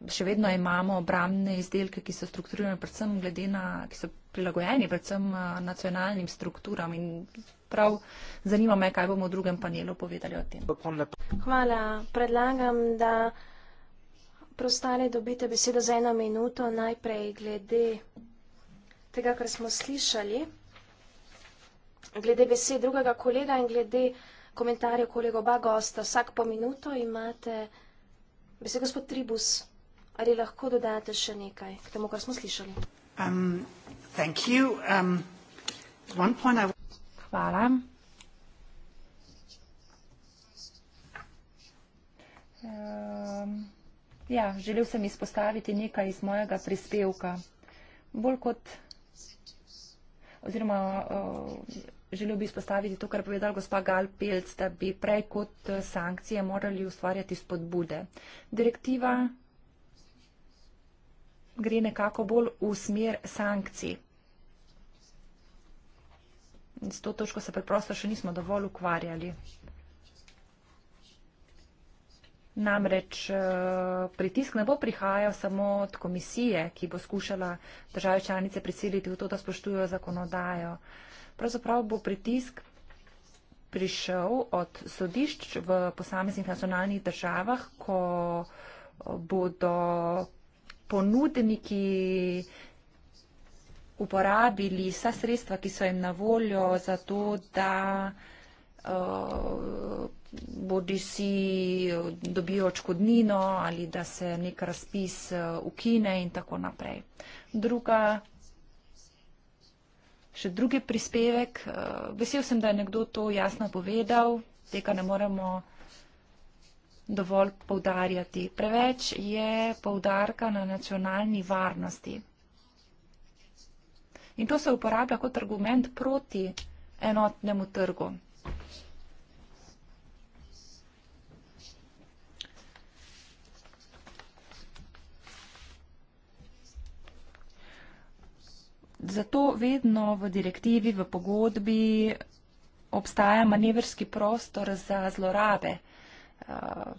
še vedno imamo obramne izdelke, ki so strukturirani predvsem glede na, ki so prilagojeni predvsem eh, nacionalnim strukturam in prav zanima me, kaj bomo v drugem panelu povedali o tem. Hvala. Predlagam, da prostale dobite besedo za eno minuto najprej glede tega, kar smo slišali, glede besed drugega kolega in glede komentarjev kolega oba gosta. Vsak po minuto imate besedo gospod Tribus ali lahko dodate še nekaj k temu, kar smo slišali? Um, um Hvala. Um, ja, želel sem izpostaviti nekaj iz mojega prispevka. Bolj kot, oziroma uh, želel bi izpostaviti to, kar je povedal gospa Gal Pelc, da bi prej kot sankcije morali ustvarjati spodbude. Direktiva gre nekako bolj v smer sankcij. In s to točko se preprosto še nismo dovolj ukvarjali. Namreč eh, pritisk ne bo prihajal samo od komisije, ki bo skušala države članice prisiliti v to, da spoštujo zakonodajo. Pravzaprav bo pritisk prišel od sodišč v posameznih nacionalnih državah, ko bodo ponudniki uporabili vsa sredstva, ki so jim na voljo za to, da uh, eh, bodi si eh, dobijo očkodnino ali da se nek razpis uh, ukine in tako naprej. Druga, še drugi prispevek. Uh, vesel sem, da je nekdo to jasno povedal. Tega ne moremo uh, dovolj poudarjati. Preveč je poudarka na nacionalni varnosti. In to se uporablja kot argument proti enotnemu trgu. Zato vedno v direktivi, v pogodbi obstaja manevrski prostor za zlorabe. Eh,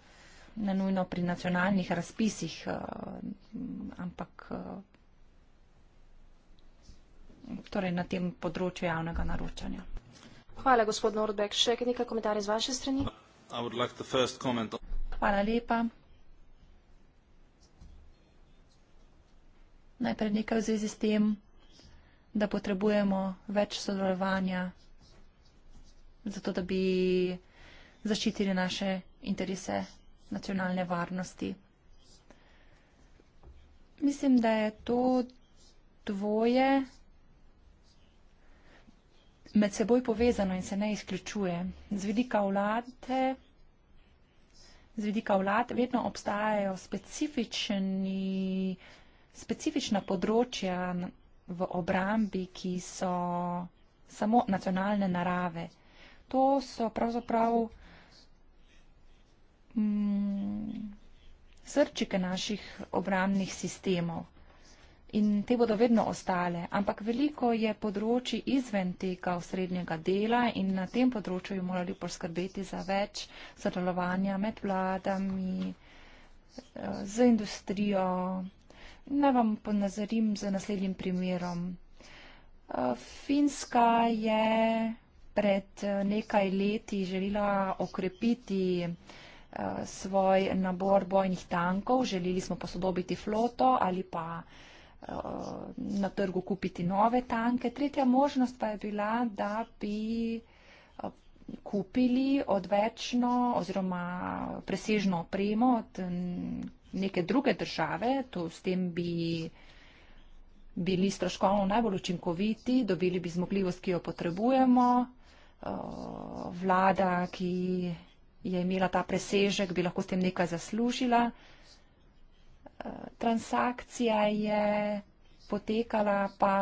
ne nujno pri nacionalnih razpisih, eh, ampak eh, torej na tem področju javnega naročanja. Hvala, gospod Nordbeck. Še nekaj komentarjev z vaše strani? Like Hvala lepa. Najprej nekaj v zvezi s tem, da potrebujemo več sodelovanja, zato da bi zaščitili naše interese nacionalne varnosti. Mislim, da je to dvoje med seboj povezano in se ne izključuje. Z vidika vlade, z vidika vlade vedno obstajajo specifični, specifična področja v obrambi, ki so samo nacionalne narave. To so pravzaprav prav mm, srčike naših obramnih sistemov in te bodo vedno ostale, ampak veliko je področji izven tega osrednjega dela in na tem področju bi morali poskrbeti za več sodelovanja med vladami, eh, z industrijo. Naj vam ponazorim z naslednjim primerom. Eh, Finska je pred eh, nekaj leti želela okrepiti uh, svoj nabor bojnih tankov, želeli smo posodobiti floto ali pa eh, na trgu kupiti nove tanke. Tretja možnost pa je bila, da bi eh, kupili odvečno oziroma presežno opremo od mm, neke druge države. To s tem bi bili stroškovno najbolj učinkoviti, dobili bi zmogljivost, ki jo potrebujemo. Eh, vlada, ki je imela ta presežek, bi lahko s tem nekaj zaslužila. Eh, transakcija je potekala pa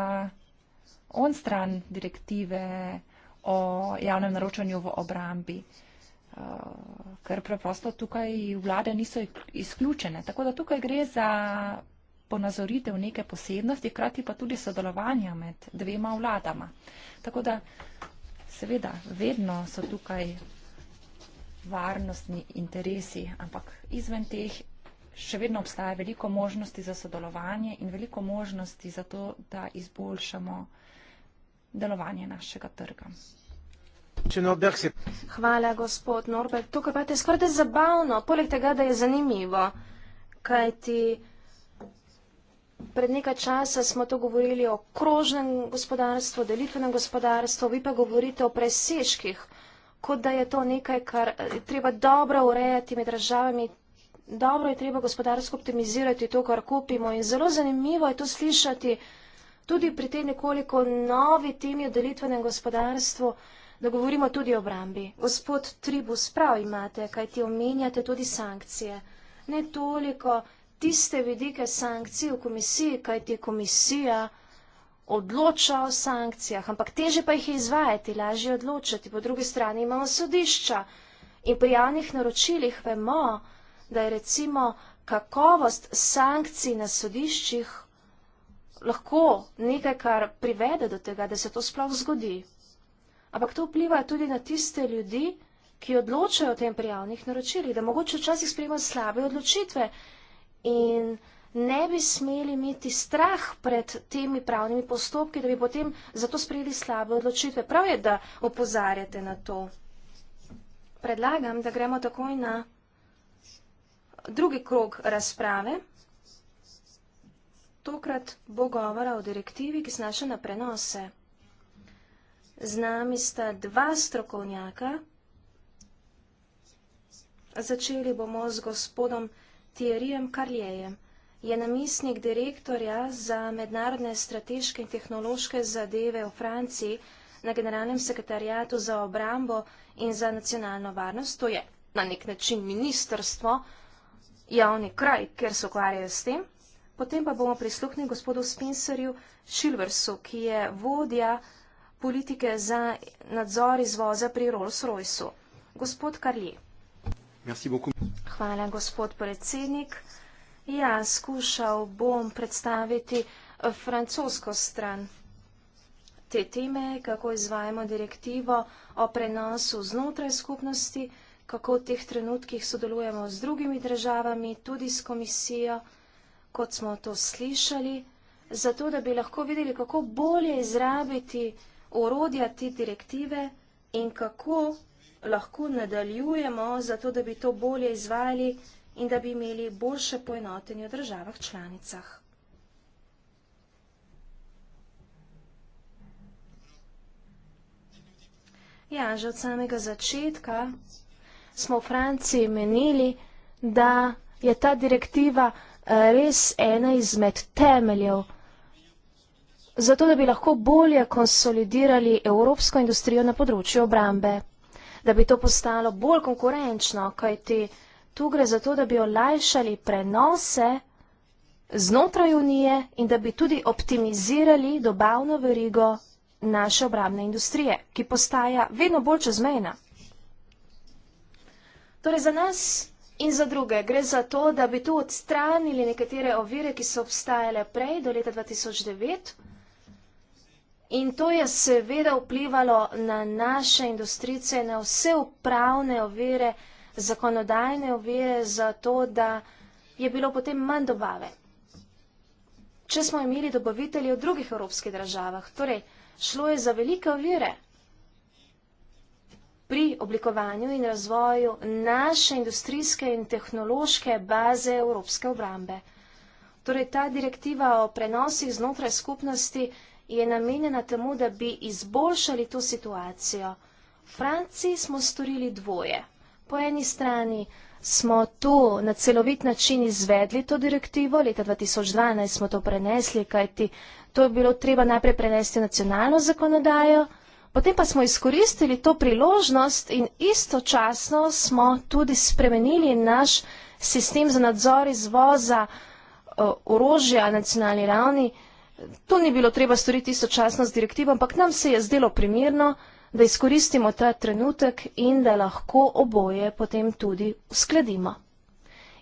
on stran direktive o javnem naročanju v obrambi, eh, ker preprosto tukaj vlade niso izključene. Tako da tukaj gre za ponazoritev neke posebnosti, hkrati pa tudi sodelovanja med dvema vladama. Tako da seveda vedno so tukaj varnostni interesi, ampak izven teh še vedno obstaja veliko možnosti za sodelovanje in veliko možnosti za to, da izboljšamo delovanje našega trga. Hvala, gospod Norbert. Tukaj pa je skoraj zabavno, poleg tega, da je zanimivo, kaj ti pred nekaj časa smo to govorili o krožnem gospodarstvu, delitvenem gospodarstvu, vi pa govorite o presežkih gospodarstvu kot da je to nekaj, kar eh, treba dobro urejati med državami. Dobro je treba gospodarsko optimizirati to, kar kupimo in zelo zanimivo je to slišati tudi pri tej nekoliko novi temi o delitvenem gospodarstvu, da govorimo tudi o brambi. Gospod Tribus, prav imate, kaj ti omenjate tudi sankcije. Ne toliko tiste vidike sankcij v komisiji, kaj ti komisija odloča o sankcijah, ampak teže pa jih je izvajati, lažje je odločati. Po drugi strani imamo sodišča in pri javnih naročilih vemo, da je recimo kakovost sankcij na sodiščih lahko nekaj, kar privede do tega, da se to sploh zgodi. Ampak to vpliva tudi na tiste ljudi, ki odločajo o tem pri javnih naročilih, da mogoče včasih sprejemajo slabe odločitve in ne bi smeli imeti strah pred temi pravnimi postopki, da bi potem zato sprejeli slabe odločitve. Prav je, da opozarjate na to. Predlagam, da gremo takoj na drugi krog razprave. Tokrat bo govora o direktivi, ki se naša na prenose. Z nami sta dva strokovnjaka. Začeli bomo z gospodom Tjerijem Karljejem je namestnik direktorja za mednarodne strateške in tehnološke zadeve v Franciji na Generalnem sekretarijatu za obrambo in za nacionalno varnost. To je na nek način ministrstvo, javni kraj, ker se ukvarjajo s tem. Potem pa bomo prisluhnili gospodu Spencerju Šilversu, ki je vodja politike za nadzor izvoza pri Rolls-Royceu. Gospod Karli. Hvala, gospod predsednik. Ja, skušal bom predstaviti eh, francosko stran te teme, kako izvajamo direktivo o prenosu znotraj skupnosti, kako v teh trenutkih sodelujemo z drugimi državami, tudi s komisijo, kot smo to slišali, zato da bi lahko videli, kako bolje izrabiti urodja te direktive in kako lahko nadaljujemo, zato da bi to bolje izvajali in da bi imeli boljše poenotenje v državah članicah. Ja, že od samega začetka smo v Franciji menili, da je ta direktiva eh, res ena izmed temeljev, zato da bi lahko bolje konsolidirali evropsko industrijo na področju obrambe, da bi to postalo bolj konkurenčno, kajti evropsko industrijo tu gre za to, da bi olajšali prenose znotraj Unije in da bi tudi optimizirali dobavno verigo naše obramne industrije, ki postaja vedno bolj čezmejna. Torej za nas in za druge gre za to, da bi tu odstranili nekatere ovire, ki so obstajale prej do leta 2009 in to je seveda vplivalo na naše industrice, na vse upravne ovire, zakonodajne ovire za to, da je bilo potem manj dobave. Če smo imeli dobavitelje v drugih evropskih državah, torej šlo je za velike ovire pri oblikovanju in razvoju naše industrijske in tehnološke baze evropske obrambe. Torej ta direktiva o prenosih znotraj skupnosti je namenjena temu, da bi izboljšali to situacijo. V Franciji smo storili dvoje. Po eni strani smo to na celovit način izvedli, to direktivo, leta 2012 smo to prenesli, kajti to je bilo treba najprej prenesti v nacionalno zakonodajo, potem pa smo izkoristili to priložnost in istočasno smo tudi spremenili naš sistem za nadzor izvoza eh, orožja na nacionalni ravni. To ni bilo treba storiti istočasno z direktivo, ampak nam se je zdelo primirno, da izkoristimo ta trenutek in da lahko oboje potem tudi uskladimo.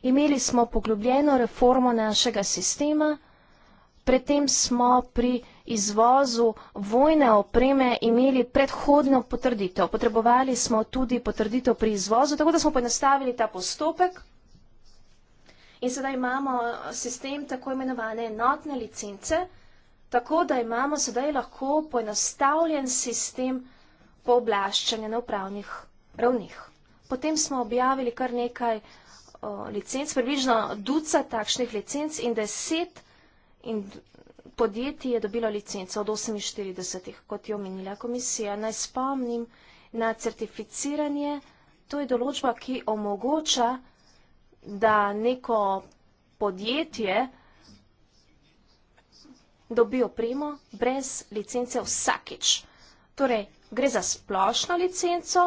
Imeli smo poglobljeno reformo našega sistema, predtem smo pri izvozu vojne opreme imeli predhodno potrditev. Potrebovali smo tudi potrditev pri izvozu, tako da smo poenostavili ta postopek. In sedaj imamo eh, sistem tako imenovane enotne licence, tako da imamo sedaj lahko poenostavljen sistem pooblaščanja na upravnih ravnih. Potem smo objavili kar nekaj o, licenc, približno duca takšnih licenc in deset in podjetij je dobilo licenco od 48, kot je omenila komisija. Naj spomnim na certificiranje, to je določba, ki omogoča, da neko podjetje dobijo opremo brez licence vsakič. Torej, Gre za splošno licenco,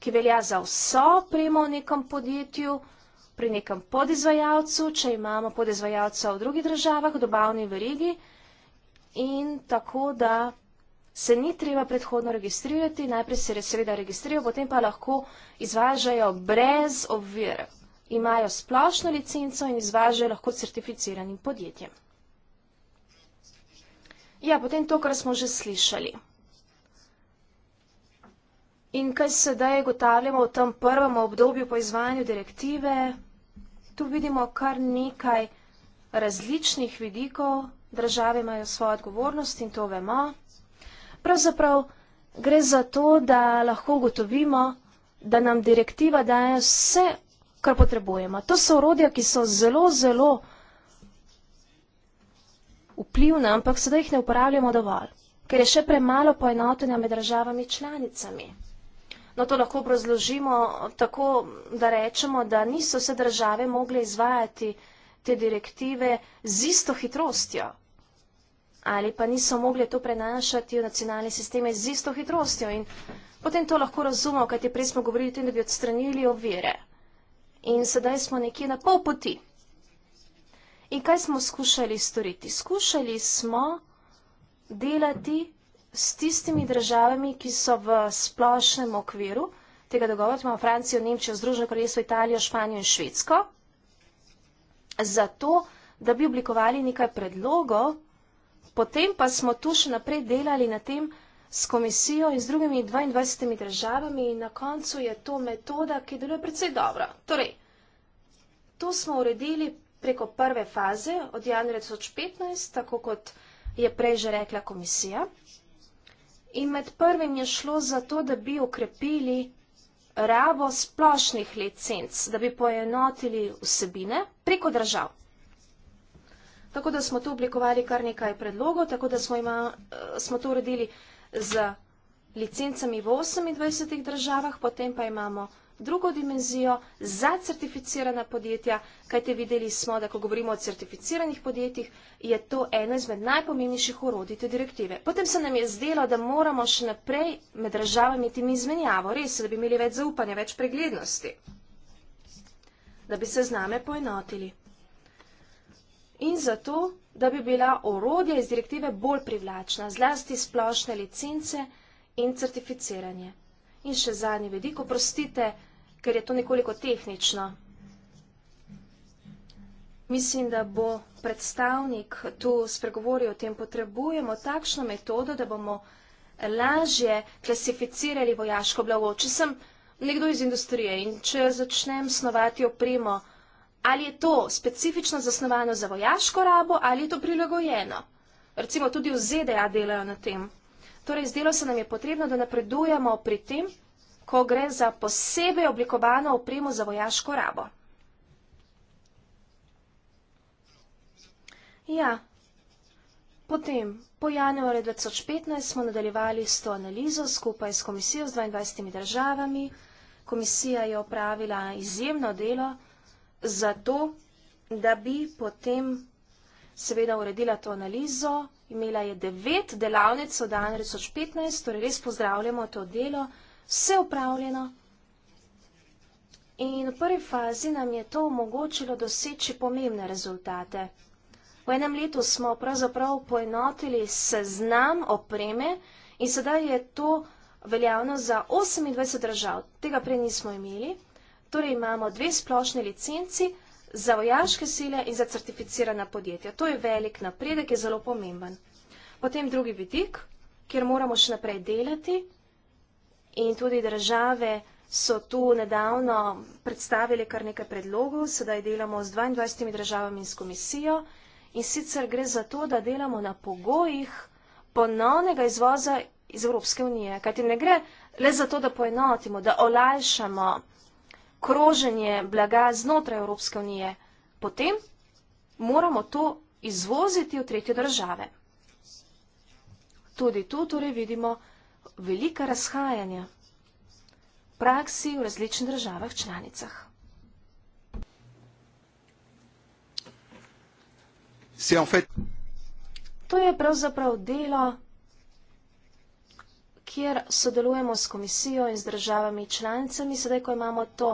ki velja za vso opremo v nekem podjetju, pri nekem podizvajalcu, če imamo podizvajalca v drugih državah, v dobavni verigi in tako, da se ni treba predhodno registrirati, najprej se seveda registrirajo, potem pa lahko izvažajo brez ovir. Imajo splošno licenco in izvažajo lahko certificiranim podjetjem. Ja, potem to, kar smo že slišali. In kaj sedaj ugotavljamo v tem prvem obdobju po izvajanju direktive? Tu vidimo kar nekaj različnih vidikov, države imajo svojo odgovornost in to vemo. Pravzaprav gre za to, da lahko ugotovimo, da nam direktiva daje vse, kar potrebujemo. To so orodja, ki so zelo, zelo vplivna, ampak sedaj jih ne uporabljamo dovolj, ker je še premalo poenotenja med državami članicami. No, to lahko obrazložimo tako, da rečemo, da niso vse države mogle izvajati te direktive z isto hitrostjo ali pa niso mogli to prenašati v nacionalne sisteme z isto hitrostjo. In potem to lahko razumemo, kajti prej smo govorili o tem, da bi odstranili ovire. In sedaj smo nekje na pol poti. In kaj smo skušali storiti? Skušali smo delati s tistimi državami, ki so v splošnem okviru tega dogovora, imamo Francijo, Nemčijo, Združeno kraljestvo, Italijo, Španijo in Švedsko, zato, da bi oblikovali nekaj predlogov, potem pa smo tu še naprej delali na tem s komisijo in z drugimi 22 državami in na koncu je to metoda, ki deluje predvsej dobro. Torej, to smo uredili preko prve faze od januarja 2015, tako kot je prej že rekla komisija. In med prvim je šlo za to, da bi ukrepili rabo splošnih licenc, da bi poenotili vsebine preko držav. Tako da smo tu oblikovali kar nekaj predlogov, tako da smo, ima, eh, smo to uredili z licencami v 28 državah, potem pa imamo drugo dimenzijo za certificirana podjetja, kajte videli smo, da ko govorimo o certificiranih podjetjih, je to eno izmed najpomembnejših orodij te direktive. Potem se nam je zdelo, da moramo še naprej med državami tim izmenjavo, res, da bi imeli več zaupanja, več preglednosti, da bi se z name poenotili. In zato, da bi bila orodja iz direktive bolj privlačna, zlasti splošne licence in certificiranje. In še zadnji vidik, oprostite, ker je to nekoliko tehnično. Mislim, da bo predstavnik tu spregovoril o tem, potrebujemo takšno metodo, da bomo lažje klasificirali vojaško blago. Če sem nekdo iz industrije in če začnem snovati opremo, ali je to specifično zasnovano za vojaško rabo ali je to prilagojeno. Recimo tudi v ZDA delajo na tem. Torej, zdelo se nam je potrebno, da napredujemo pri tem, ko gre za posebej oblikovano opremo za vojaško rabo. Ja, potem po januarju 2015 smo nadaljevali s to analizo skupaj s komisijo z 22 državami. Komisija je opravila izjemno delo za to, da bi potem seveda uredila to analizo, Imela je devet delavnic v dan 2015, torej res pozdravljamo to delo, vse upravljeno. In v prvi fazi nam je to omogočilo doseči pomembne rezultate. V enem letu smo pravzaprav poenotili seznam opreme in sedaj je to veljavno za 28 držav. Tega prej nismo imeli. Torej imamo dve splošne licenci za vojaške sile in za certificirana podjetja. To je velik napredek, je zelo pomemben. Potem drugi vidik, kjer moramo še naprej delati in tudi države so tu nedavno predstavili kar nekaj predlogov, sedaj delamo z 22 državami in s komisijo in sicer gre za to, da delamo na pogojih ponovnega izvoza iz Evropske unije, kajti ne gre le za to, da poenotimo, da olajšamo kroženje blaga znotraj Evropske unije, potem moramo to izvoziti v tretje države. Tudi tu torej vidimo velika razhajanja praksi v različnih državah članicah. To je pravzaprav delo kjer sodelujemo s komisijo in z državami članicami. Sedaj, ko imamo to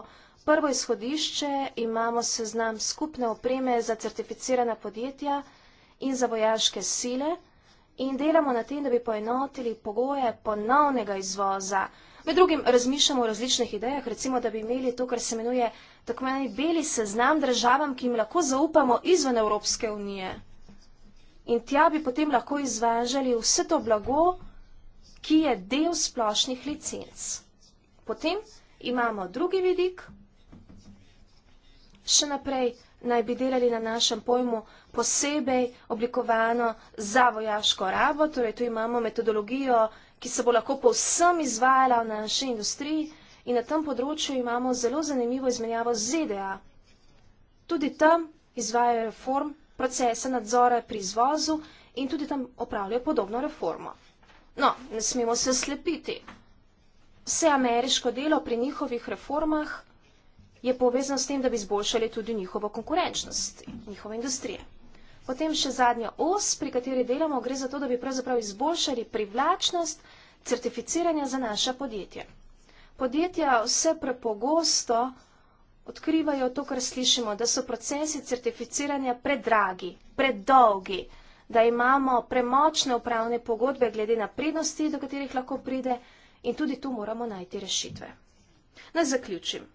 prvo izhodišče, imamo seznam skupne opreme za certificirana podjetja in za vojaške sile in delamo na tem, da bi poenotili pogoje ponovnega izvoza. Med drugim razmišljamo o različnih idejah, recimo, da bi imeli to, kar se imenuje tako meni beli seznam državam, ki jim lahko zaupamo izven Evropske unije. In tja bi potem lahko izvažali vse to blago, ki je del splošnih licenc. Potem imamo drugi vidik, še naprej naj bi delali na našem pojmu posebej oblikovano za vojaško rabo, torej tu imamo metodologijo, ki se bo lahko povsem izvajala v naši industriji in na tem področju imamo zelo zanimivo izmenjavo ZDA. Tudi tam izvajajo reform procesa nadzora pri izvozu in tudi tam opravljajo podobno reformo. No, ne smemo se slepiti. Vse ameriško delo pri njihovih reformah je povezan s tem, da bi zboljšali tudi njihovo konkurenčnost, njihove industrije. Potem še zadnja os, pri kateri delamo, gre za to, da bi pravzaprav izboljšali privlačnost certificiranja za naša podjetja. Podjetja vse prepogosto odkrivajo to, kar slišimo, da so procesi certificiranja predragi, predolgi, predolgi da imamo premočne upravne pogodbe glede na prednosti, do katerih lahko pride in tudi tu moramo najti rešitve. Naj zaključim.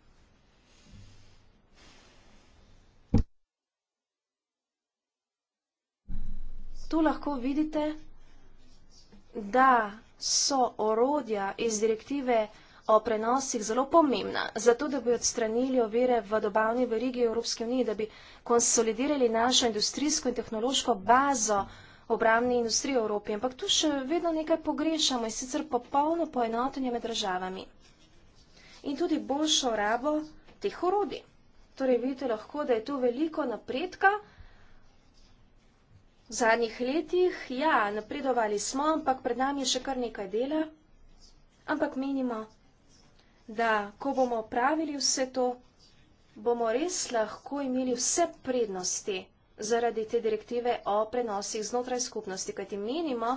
Tu lahko vidite, da so orodja iz direktive 2021 o prenosih zelo pomembna, zato da bi odstranili ovire v dobavni verigi Evropske unije, da bi konsolidirali našo industrijsko in tehnološko bazo obramne industrije Evropi. Ampak tu še vedno nekaj pogrešamo in sicer popolno poenotenje med državami in tudi boljšo rabo teh orodij. Torej vidite lahko, da je tu veliko napredka. V zadnjih letih, ja, napredovali smo, ampak pred nami je še kar nekaj dela, ampak menimo, da ko bomo pravili vse to, bomo res lahko imeli vse prednosti zaradi te direktive o prenosih znotraj skupnosti, kajti menimo,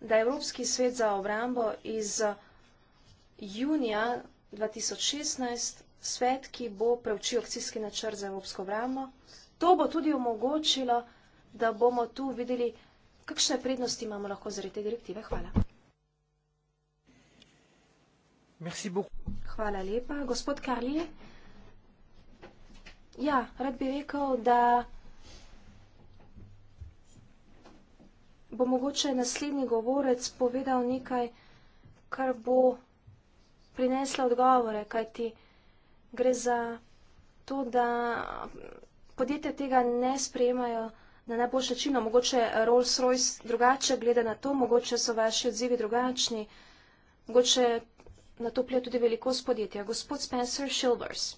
da Evropski svet za obrambo iz junija 2016, svet, ki bo preučil akcijski načrt za Evropsko obrambo, to bo tudi omogočilo, da bomo tu videli, kakšne prednosti imamo lahko zaradi te direktive. Hvala. Merci Hvala lepa. Gospod Karli, ja, rad bi rekel, da bo mogoče naslednji govorec povedal nekaj, kar bo prineslo odgovore, kajti gre za to, da podjetja tega ne sprejemajo na najboljši način, no, mogoče Rolls Royce drugače gleda na to, mogoče so vaši odzivi drugačni, mogoče na to plejo tudi velikost podjetja. Gospod Spencer Shilvers.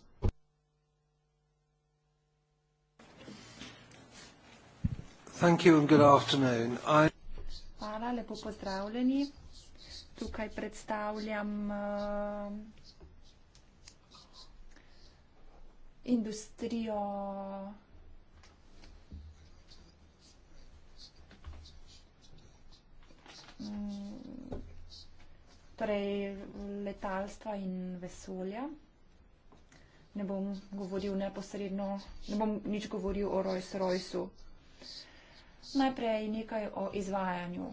Hvala, lepo pozdravljeni. Tukaj predstavljam uh, industrijo um, torej letalstva in vesolja. Ne bom govoril neposredno, ne bom nič govoril o Rolls-Royceu. Najprej nekaj o izvajanju.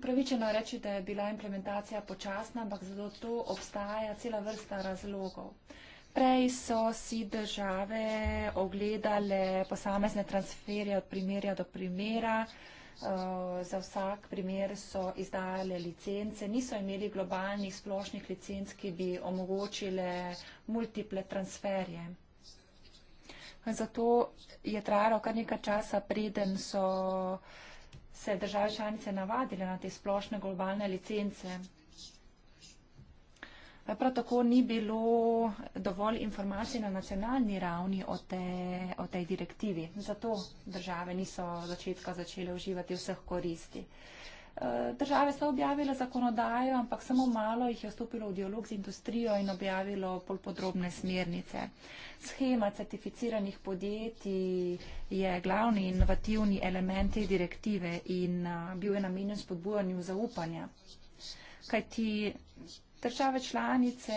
Pravičeno reči, da je bila implementacija počasna, ampak za to obstaja cela vrsta razlogov. Prej so si države ogledale posamezne transferje od primerja do primera. Eh, za vsak primer so izdajale licence, niso imeli globalnih splošnih licenc, ki bi omogočile multiple transferje. Zato je trajalo kar nekaj časa, preden so se države članice navadile na te splošne globalne licence. Prav tako ni bilo dovolj informacij na nacionalni ravni o, te, o tej direktivi, zato države niso začetka začele uživati vseh koristi. E, države so objavile zakonodajo, ampak samo malo jih je vstopilo v dialog z industrijo in objavilo pol podrobne smernice. Schema certificiranih podjetij je glavni inovativni element te direktive in bil je namenjen spodbujanju zaupanja. Kaj ti Države članice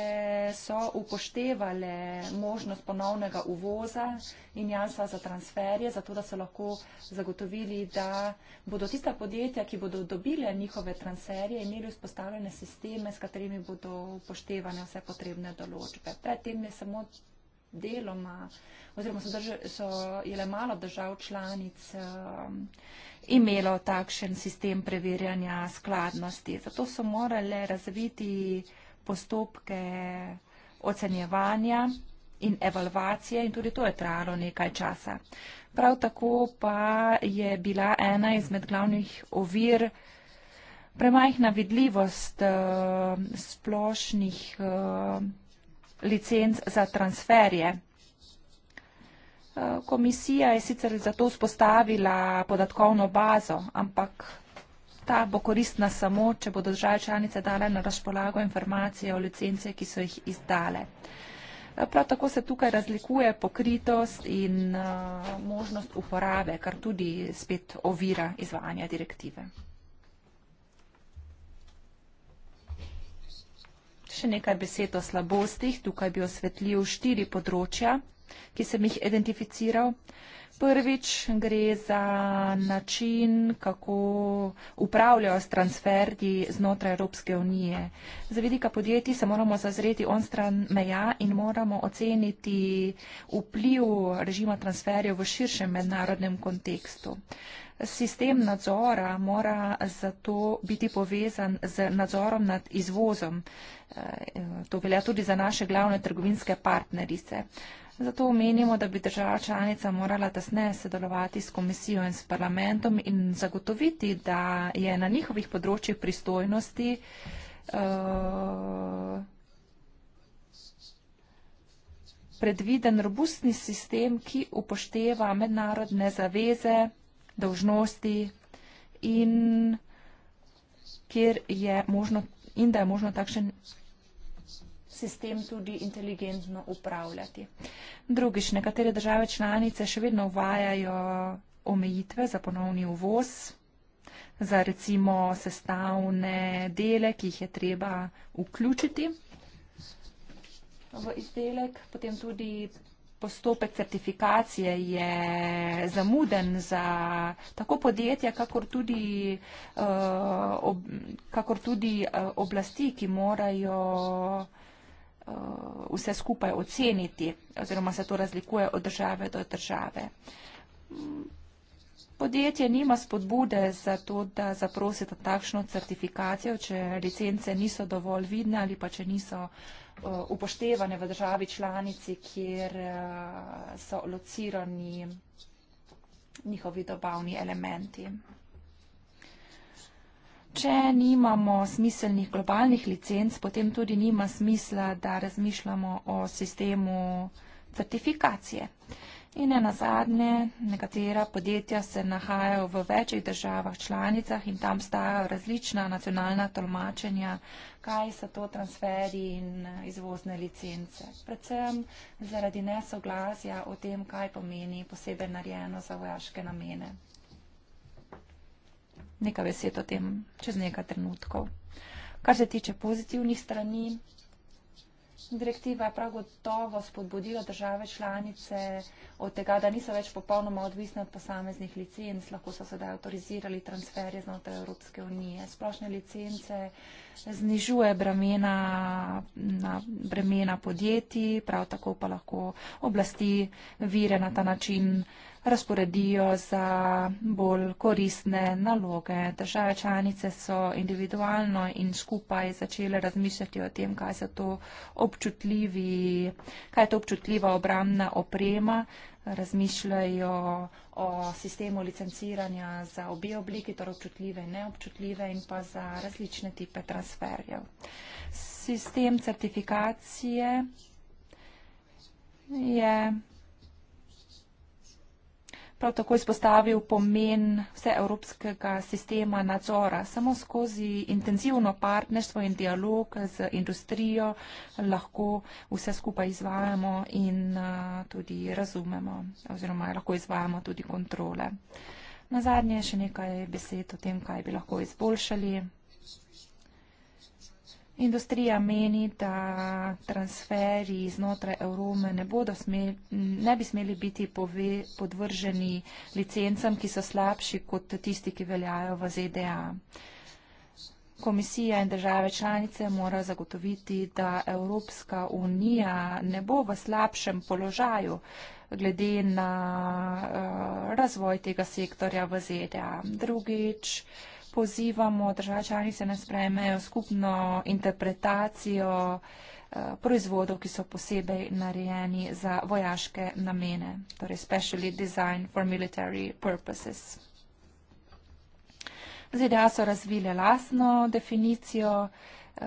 so upoštevale možnost ponovnega uvoza in jamstva za transferje, zato da so lahko zagotovili, da bodo tista podjetja, ki bodo dobile njihove transferje, imeli vzpostavljene sisteme, s katerimi bodo upoštevane vse potrebne določbe. Predtem je samo deloma, oziroma so, drž, so le malo držav članic um, imelo takšen sistem preverjanja skladnosti. Zato so morale razviti postopke ocenjevanja in evalvacije in tudi to je trajalo nekaj časa. Prav tako pa je bila ena izmed glavnih ovir premajhna vidljivost uh, splošnih uh, licenc za transferje. Eh, komisija je sicer zato vzpostavila podatkovno bazo, ampak ta bo koristna samo, če bodo države članice dale na razpolago informacije o licence, ki so jih izdale. Eh, prav tako se tukaj razlikuje pokritost in eh, možnost uporabe, kar tudi spet ovira izvajanja direktive. še nekaj besed o slabostih. Tukaj bi osvetlil štiri področja, ki sem jih identificiral. Prvič gre za način, kako upravljajo s transferji znotraj Evropske unije. Za vidika podjetij se moramo zazreti on stran meja in moramo oceniti vpliv režima transferjev v širšem mednarodnem kontekstu. Sistem nadzora mora zato biti povezan z nadzorom nad izvozom. Eh, to velja tudi za naše glavne trgovinske partnerice. Zato omenimo, da bi država članica morala tesneje sodelovati s komisijo in s parlamentom in zagotoviti, da je na njihovih področjih pristojnosti eh, predviden robustni sistem, ki upošteva mednarodne zaveze dolžnosti in, možno, in da je možno takšen sistem tudi inteligentno upravljati. Drugič, nekatere države članice še vedno uvajajo omejitve za ponovni uvoz, za recimo sestavne dele, ki jih je treba vključiti v izdelek, potem tudi postopek certifikacije je zamuden za tako podjetja, kakor tudi, uh, ob, kakor tudi uh, oblasti, ki morajo uh, vse skupaj oceniti, oziroma se to razlikuje od države do države. Podjetje nima spodbude za to, da zaprosite takšno certifikacijo, če licence niso dovolj vidne ali pa če niso uh, Eh, upoštevane v državi članici, kjer eh, so locirani njihovi dobavni elementi. Če nimamo smiselnih globalnih licenc, potem tudi nima smisla, da razmišljamo o sistemu certifikacije. Uh, In ne nazadnje, nekatera podjetja se nahajajo v večjih državah članicah in tam stajajo različna nacionalna tolmačenja, kaj so to transferi in eh, izvozne licence. Predvsem zaradi nesoglasja o tem, kaj pomeni posebej narejeno za vojaške namene. Nekaj besed o tem čez nekaj trenutkov. Kar se tiče pozitivnih strani, direktiva je prav gotovo spodbudila države članice od tega, da niso več popolnoma odvisne od posameznih licenc, lahko so sedaj autorizirali transferje znotraj Evropske unije. Splošne licence znižuje bremena, na, bremena podjetij, prav tako pa lahko oblasti vire na ta način razporedijo za bolj koristne naloge. Države članice so individualno in skupaj začele razmišljati o tem, kaj, to kaj je to občutljiva obramna oprema. Razmišljajo o sistemu licenciranja za obe obliki, torej občutljive in neobčutljive, in pa za različne type transferjev. Sistem certifikacije je Prav tako izpostavil pomen vseevropskega sistema nadzora. Samo skozi intenzivno partnerstvo in dialog z industrijo lahko vse skupaj izvajamo in tudi razumemo oziroma lahko izvajamo tudi kontrole. Na zadnje še nekaj besed o tem, kaj bi lahko izboljšali. Industrija meni, da transferi znotraj Evrome ne, smeli, ne bi smeli biti pove, podvrženi licencam, ki so slabši kot tisti, ki veljajo v ZDA. Komisija in države članice mora zagotoviti, da Evropska unija ne bo v slabšem položaju glede na uh, razvoj tega sektorja v ZDA. Drugič, uh, pozivamo države članice, da sprejmejo skupno interpretacijo eh, proizvodov, ki so posebej narejeni za vojaške namene, torej specially designed for military purposes. ZDA so razvile lasno definicijo eh,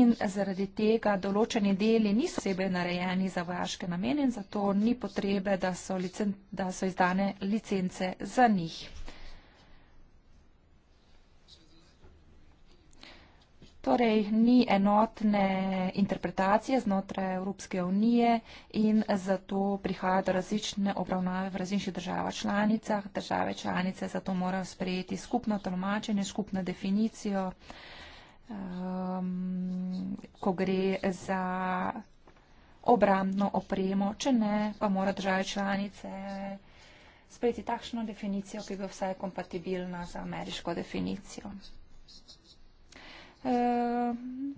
in zaradi tega določeni deli niso posebej narejeni za vojaške namene in zato ni potrebe, da so, licen, da so izdane licence za njih. Torej, ni enotne interpretacije znotraj Evropske unije in zato prihaja do različne obravnave v različnih državah članicah. Države članice zato morajo sprejeti skupno tolmačenje, skupno definicijo, um, ko gre za obrambno opremo, če ne, pa mora države članice sprejeti takšno definicijo, ki bi vsaj kompatibilna za ameriško definicijo. Eh,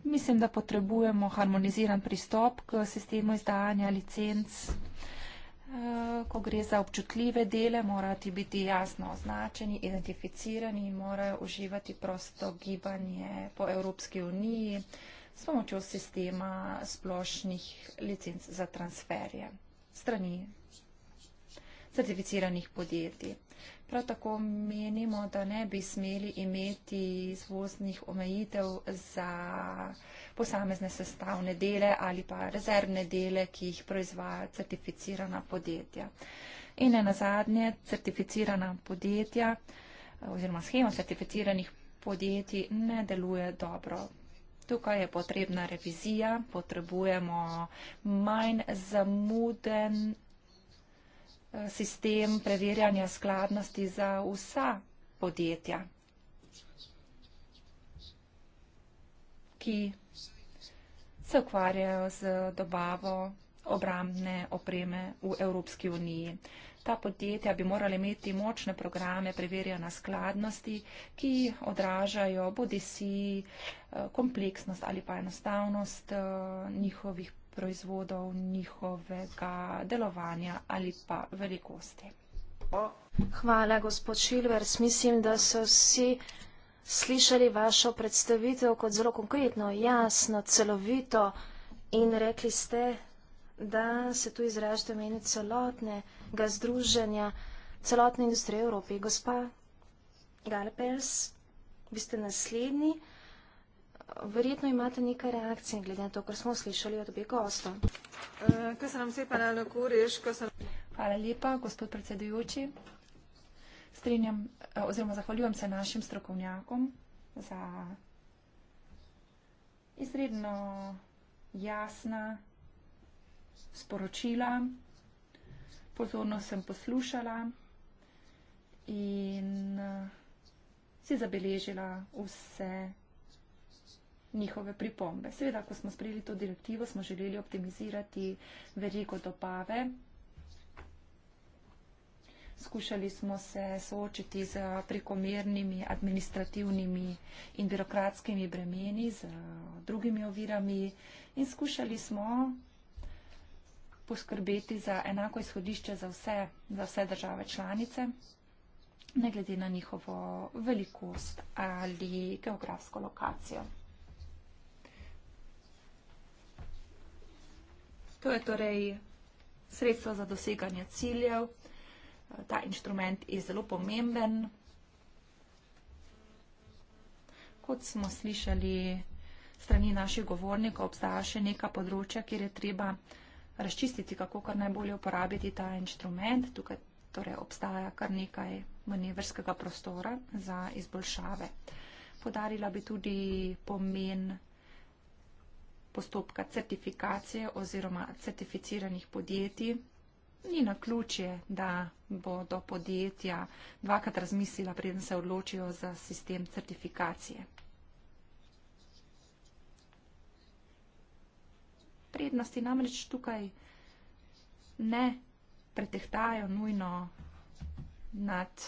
mislim, da potrebujemo harmoniziran pristop k sistemu izdajanja licenc. Eh, ko gre za občutljive dele, morajo ti biti jasno označeni, identificirani in morajo uživati prosto gibanje po Evropski uniji s pomočjo sistema splošnih licenc za transferje strani certificiranih podjetij. Prav tako menimo, da ne bi smeli imeti izvoznih omejitev za posamezne sestavne dele ali pa rezervne dele, ki jih proizvaja certificirana podjetja. In ne nazadnje, certificirana podjetja oziroma schema certificiranih podjetij ne deluje dobro. Tukaj je potrebna revizija, potrebujemo manj zamuden sistem preverjanja skladnosti za vsa podjetja, ki se ukvarjajo z dobavo obrambne opreme v Evropski uniji. Ta podjetja bi morali imeti močne programe preverjanja skladnosti, ki odražajo bodi si eh, kompleksnost ali pa enostavnost eh, njihovih proizvodov, njihovega delovanja ali pa velikosti. Hvala, gospod Šilvers. Mislim, da so vsi slišali vašo predstavitev kot zelo konkretno, jasno, celovito in rekli ste, da se tu izražite meni celotnega združenja, celotne industrije v Evropi. Gospa Galpels, vi ste naslednji. Verjetno imate nekaj reakcij, glede na to, kar smo slišali od obe gosta. Hvala lepa, gospod predsedujoči. Strenjam, oziroma zahvaljujem se našim strokovnjakom za izredno jasna sporočila. Pozorno sem poslušala in eh, si zabeležila vse njihove pripombe. Seveda, ko smo sprejeli to direktivo, smo želeli optimizirati veriko dopave. Skušali smo se soočiti z prekomernimi administrativnimi in birokratskimi bremeni, z drugimi ovirami in skušali smo poskrbeti za enako izhodišče za vse, za vse države članice, ne glede na njihovo velikost ali geografsko lokacijo. To je torej sredstvo za doseganje ciljev. Ta inštrument je zelo pomemben. Kot smo slišali strani naših govornikov, obstaja še neka področja, kjer je treba razčistiti, kako kar najbolje uporabiti ta inštrument. Tukaj torej obstaja kar nekaj manevrskega prostora za izboljšave. Podarila bi tudi pomen postopka certifikacije oziroma certificiranih podjetij. Ni na ključje, da bodo podjetja dvakrat razmislila, preden se odločijo za sistem certifikacije. Prednosti namreč tukaj ne pretehtajo nujno nad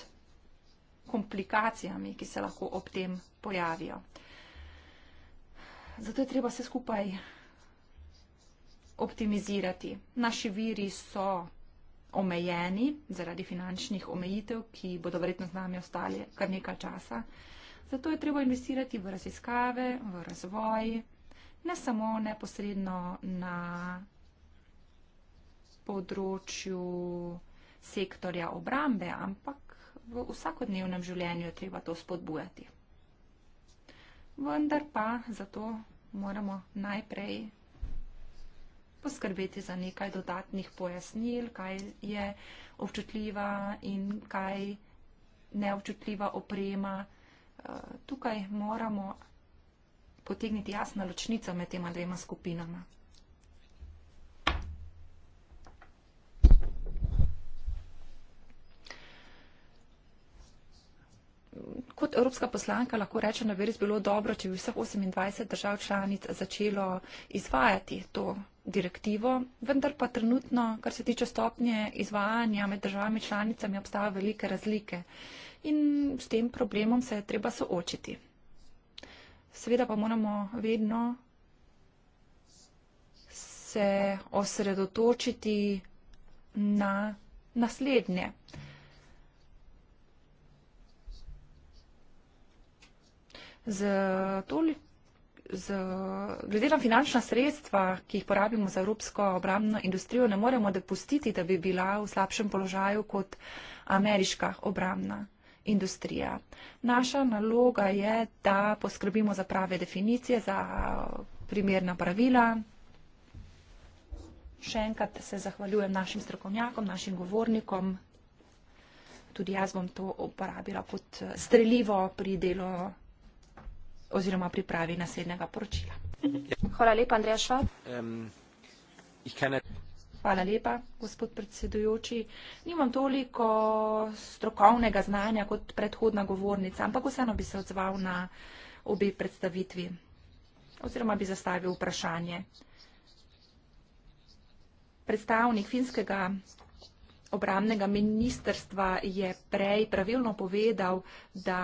komplikacijami, ki se lahko ob tem pojavijo. Zato je treba vse skupaj optimizirati. Naši viri so omejeni zaradi finančnih omejitev, ki bodo verjetno z nami ostali kar nekaj časa. Zato je treba investirati v raziskave, v razvoj, ne samo neposredno na področju sektorja obrambe, ampak v vsakodnevnem življenju je treba to spodbujati vendar pa zato moramo najprej poskrbeti za nekaj dodatnih pojasnil, kaj je občutljiva in kaj neobčutljiva oprema. Eh, tukaj moramo potegniti jasno ločnico med tema dvema skupinama. kot evropska poslanka lahko rečem, da bi res bilo dobro, če bi vseh 28 držav članic začelo izvajati to direktivo, vendar pa trenutno, kar se tiče stopnje izvajanja med državami članicami, obstajajo velike razlike in s tem problemom se je treba soočiti. Seveda pa moramo vedno se osredotočiti na naslednje. Z toli, z, glede na finančna sredstva, ki jih porabimo za evropsko obrambno industrijo, ne moremo dopustiti, da bi bila v slabšem položaju kot ameriška obrambna. Industrija. Naša naloga je, da poskrbimo za prave definicije, za primerna pravila. Še enkrat se zahvaljujem našim strokovnjakom, našim govornikom. Tudi jaz bom to uporabila kot strelivo pri delu oziroma pripravi naslednjega poročila. Hvala lepa, Andreja Švab. Hvala lepa, gospod predsedujoči. Nimam toliko strokovnega znanja kot predhodna govornica, ampak vseeno bi se odzval na obe predstavitvi oziroma bi zastavil vprašanje. Predstavnik finskega obramnega ministrstva je prej pravilno povedal, da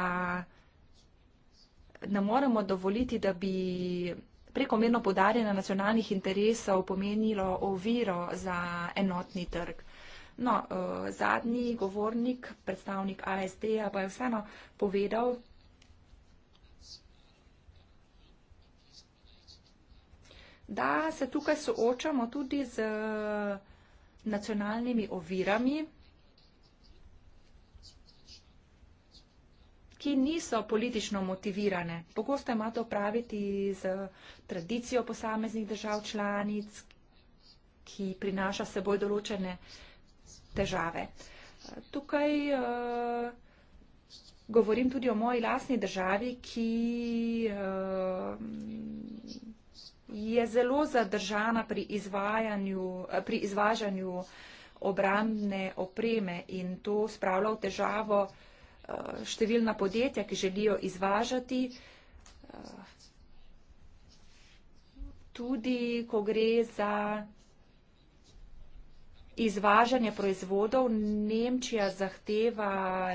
ne moremo dovoliti, da bi prekomerno podarjanje nacionalnih interesov pomenilo oviro za enotni trg. No, eh, zadnji govornik, predstavnik ASD-ja, pa je vseeno povedal, da se tukaj soočamo tudi z nacionalnimi ovirami. ki niso politično motivirane. Pogosto ima to praviti z tradicijo posameznih držav članic, ki prinaša seboj določene težave. Tukaj uh, govorim tudi o moji lasni državi, ki uh, je zelo zadržana pri, eh, pri izvažanju obrambne opreme in to spravlja v težavo uh, Eh, številna podjetja, ki želijo izvažati, eh, tudi ko gre za izvažanje proizvodov, Nemčija zahteva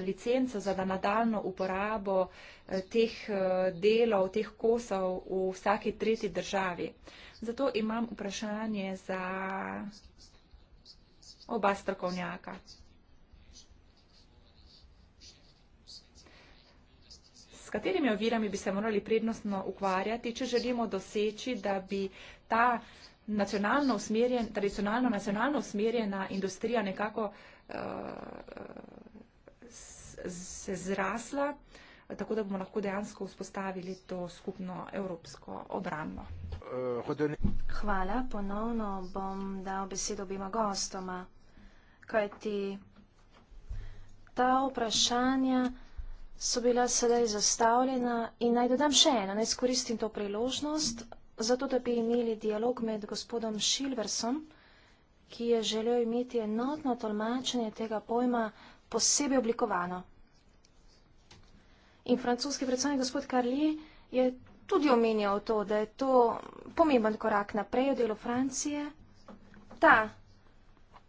licenco za nadaljno uporabo eh, teh delov, teh kosov v vsaki tretji državi. Zato imam vprašanje za oba strokovnjaka. s katerimi ovirami bi se morali prednostno ukvarjati, če želimo doseči, da bi ta nacionalno usmerjen, tradicionalno nacionalno usmerjena industrija nekako uh, se zrasla, tako da bomo lahko dejansko vzpostavili to skupno evropsko obrambo. Hvala, ponovno bom dal besedo obima gostoma, kajti ta vprašanja so bila sedaj zastavljena in naj dodam še eno, naj skoristim to priložnost, zato da bi imeli dialog med gospodom Šilversom, ki je želel imeti enotno tolmačenje tega pojma posebej oblikovano. In francoski predstavnik gospod Karli je tudi omenjal to, da je to pomemben korak naprej v delu Francije. Ta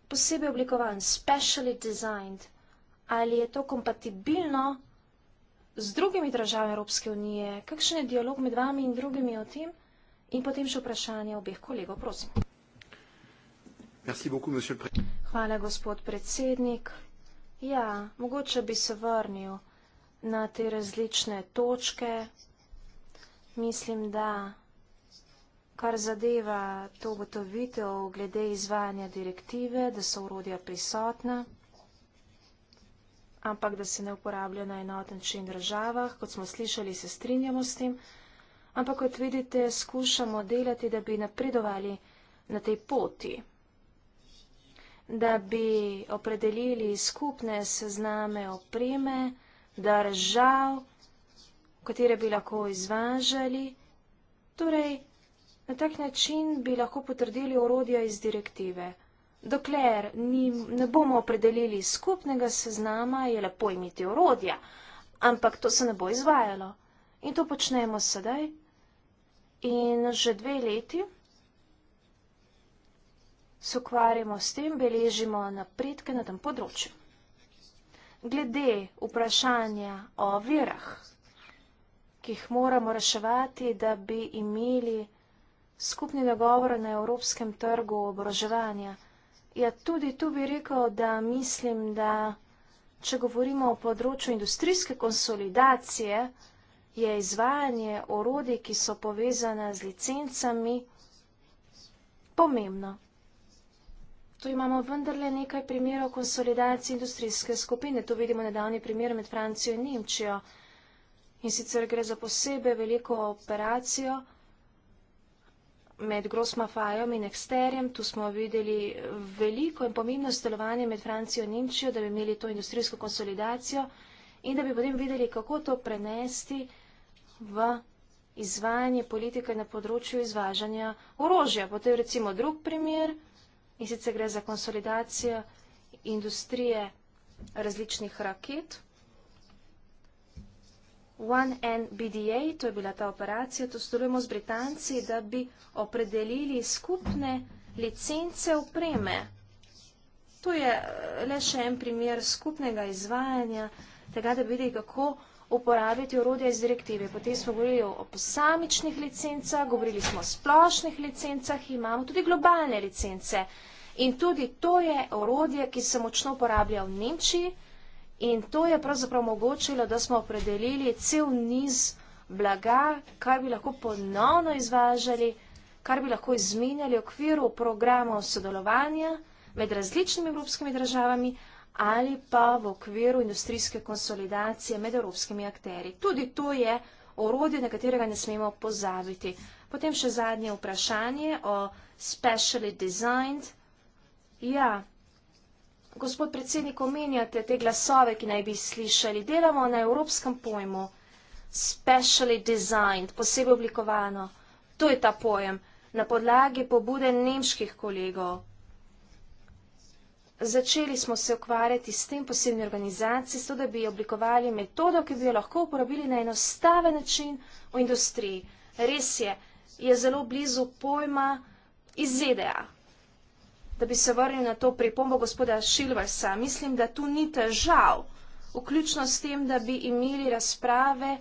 posebej oblikovan, specially designed, ali je to kompatibilno z drugimi državami Evropske unije? Kakšen je dialog med vami in drugimi o tem? In potem še vprašanje obeh kolegov, prosim. Hvala, gospod predsednik. Ja, mogoče bi se vrnil na te različne točke. Mislim, da kar zadeva to ugotovitev glede izvajanja direktive, da so urodja prisotna ampak da se ne uporablja na enoten način v državah, kot smo slišali, se strinjamo s tem, ampak kot vidite, skušamo delati, da bi napredovali na tej poti, da bi opredelili skupne sezname opreme, držav, katere bi lahko izvažali. Torej, na tak način bi lahko potrdili orodja iz direktive. Dokler ni, ne bomo opredelili skupnega seznama, je lepo imeti orodja, ampak to se ne bo izvajalo. In to počnemo sedaj. In že dve leti se ukvarjamo s tem, beležimo napredke na tem področju. Glede vprašanja o virah, ki jih moramo reševati, da bi imeli skupni dogovor na evropskem trgu oboroževanja, Ja, tudi tu bi rekel, da mislim, da če govorimo o področju industrijske konsolidacije, je izvajanje orodi, ki so povezane z licencami, pomembno. Tu imamo vendarle nekaj primerov konsolidacije industrijske skupine. Tu vidimo nedavni primer med Francijo in Nemčijo. In sicer gre za posebej veliko operacijo, med Grossmafajom in Eksterjem. Tu smo videli veliko in pomembno sodelovanje med Francijo in Nemčijo, da bi imeli to industrijsko konsolidacijo in da bi potem videli, kako to prenesti v izvajanje politike na področju izvažanja orožja. Potem recimo drug primer in sicer gre za konsolidacijo industrije različnih raket. 1NBDA, to je bila ta operacija, to sodelujemo z Britanci, da bi opredelili skupne licence opreme. To je eh, le še en primer skupnega izvajanja tega, da bi videli, kako uporabiti urodje iz direktive. Potem smo govorili o posamičnih licencah, govorili smo o splošnih licencah, imamo tudi globalne licence. In tudi to je urodje, ki se močno uporablja v Nemčiji. In to je pravzaprav omogočilo, da smo opredelili cel niz blaga, kar bi lahko ponovno izvažali, kar bi lahko izmenjali v okviru programov sodelovanja med različnimi evropskimi državami ali pa v okviru industrijske konsolidacije med evropskimi akteri. Tudi to je orodje, na katerega ne smemo pozabiti. Potem še zadnje vprašanje o specially designed. Ja, gospod predsednik, omenjate te glasove, ki naj bi slišali. Delamo na evropskem pojmu specially designed, posebej oblikovano. To je ta pojem na podlagi pobude nemških kolegov. Začeli smo se ukvarjati s tem posebni organizaciji, s to, da bi oblikovali metodo, ki bi jo lahko uporabili na enostaven način v industriji. Res je, je zelo blizu pojma iz ZDA da bi se vrnil na to pripombo gospoda Šilvarsa. Mislim, da tu ni težav, vključno s tem, da bi imeli razprave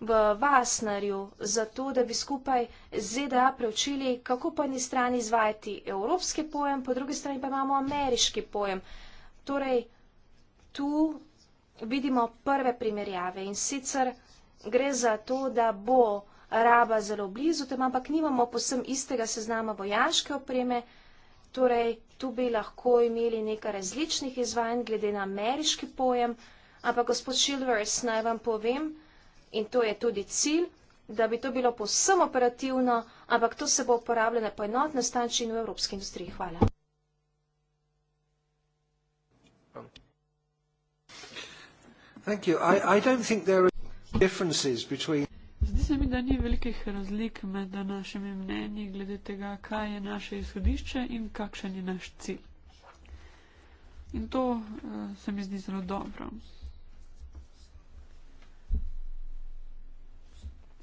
v Vasnarju, zato da bi skupaj z ZDA preučili, kako po eni strani izvajati evropski pojem, po drugi strani pa imamo ameriški pojem. Torej, tu vidimo prve primerjave in sicer gre za to, da bo raba zelo blizu, tam ampak nimamo posem istega seznama vojaške opreme, Torej, tu bi lahko imeli nekaj različnih izvajanj glede na ameriški pojem, ampak gospod Shilvers, naj vam povem, in to je tudi cilj, da bi to bilo povsem operativno, ampak to se bo uporabljeno po enotnem stančinu v evropski industriji. Hvala. Thank you. I, I don't think there are differences between. Zdi se mi, da ni velikih razlik med našimi mnenji glede tega, kaj je naše izhodišče in kakšen je naš cilj. In to uh, se mi zdi zelo dobro.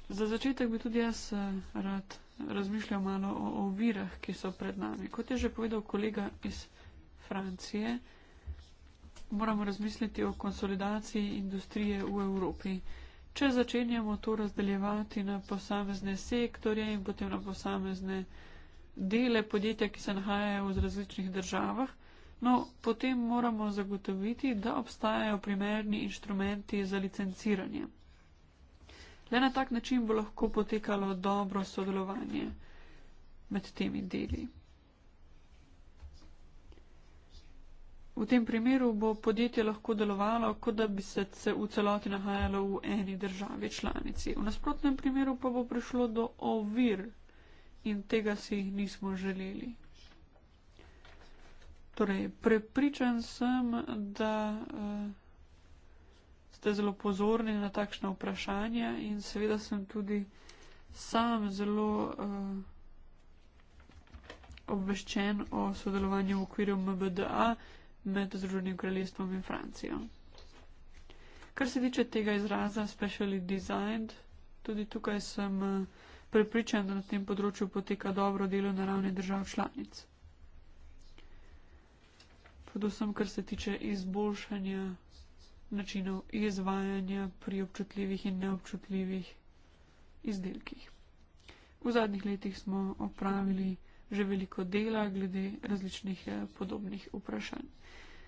Za začetek bi tudi jaz eh, rad razmišljal malo o ovirah, ki so pred nami. Kot je že povedal kolega iz Francije, moramo razmisliti o konsolidaciji industrije v Evropi. Uh, Če začenjamo to razdeljevati na posamezne sektorje in potem na posamezne dele podjetja, ki se nahajajo v različnih državah, no, potem moramo zagotoviti, da obstajajo primerni inštrumenti za licenciranje. Le na tak način bo lahko potekalo dobro sodelovanje med temi deli. V tem primeru bo podjetje lahko delovalo, kot da bi se v celoti nahajalo v eni državi članici. V nasprotnem primeru pa bo prišlo do ovir in tega si nismo želeli. Torej, prepričan sem, da uh, ste zelo pozorni na takšne vprašanja in seveda sem tudi sam zelo. Uh, obveščen o sodelovanju v okviru MBDA, med Združenim kraljestvom in Francijo. Kar se tiče tega izraza specially designed, tudi tukaj sem eh, prepričan, da na tem področju poteka dobro delo na ravni držav članic. Predvsem, kar se tiče izboljšanja načinov izvajanja pri občutljivih in neobčutljivih izdelkih. V zadnjih letih smo opravili že veliko dela glede različnih eh, podobnih vprašanj.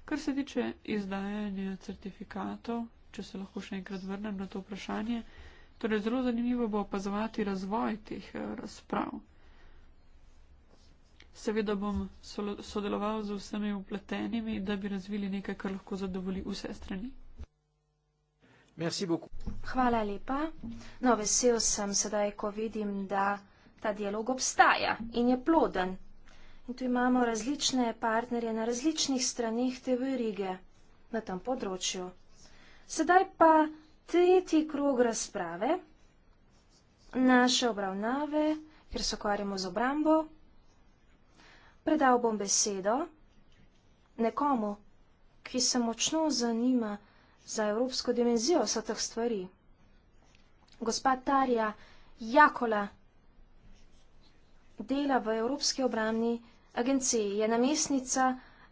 Kar se tiče izdajanja certifikatov, če se lahko še enkrat vrnem na to vprašanje, torej zelo zanimivo bo opazovati razvoj teh eh, razprav. Seveda bom sodeloval z vsemi upletenimi, da bi razvili nekaj, kar lahko zadovoli vse strani. Hvala lepa. No, vesel sem sedaj, ko vidim, da ta dialog obstaja in je ploden. In tu imamo različne partnerje na različnih stranih te verige na tem področju. Sedaj pa tretji krog razprave naše obravnave, ker se okvarjamo z obrambo. Predal bom besedo nekomu, ki se močno zanima za evropsko dimenzijo vseh teh stvari. Gospa Tarja Jakola dela v Evropski obramni agenciji. Je namestnica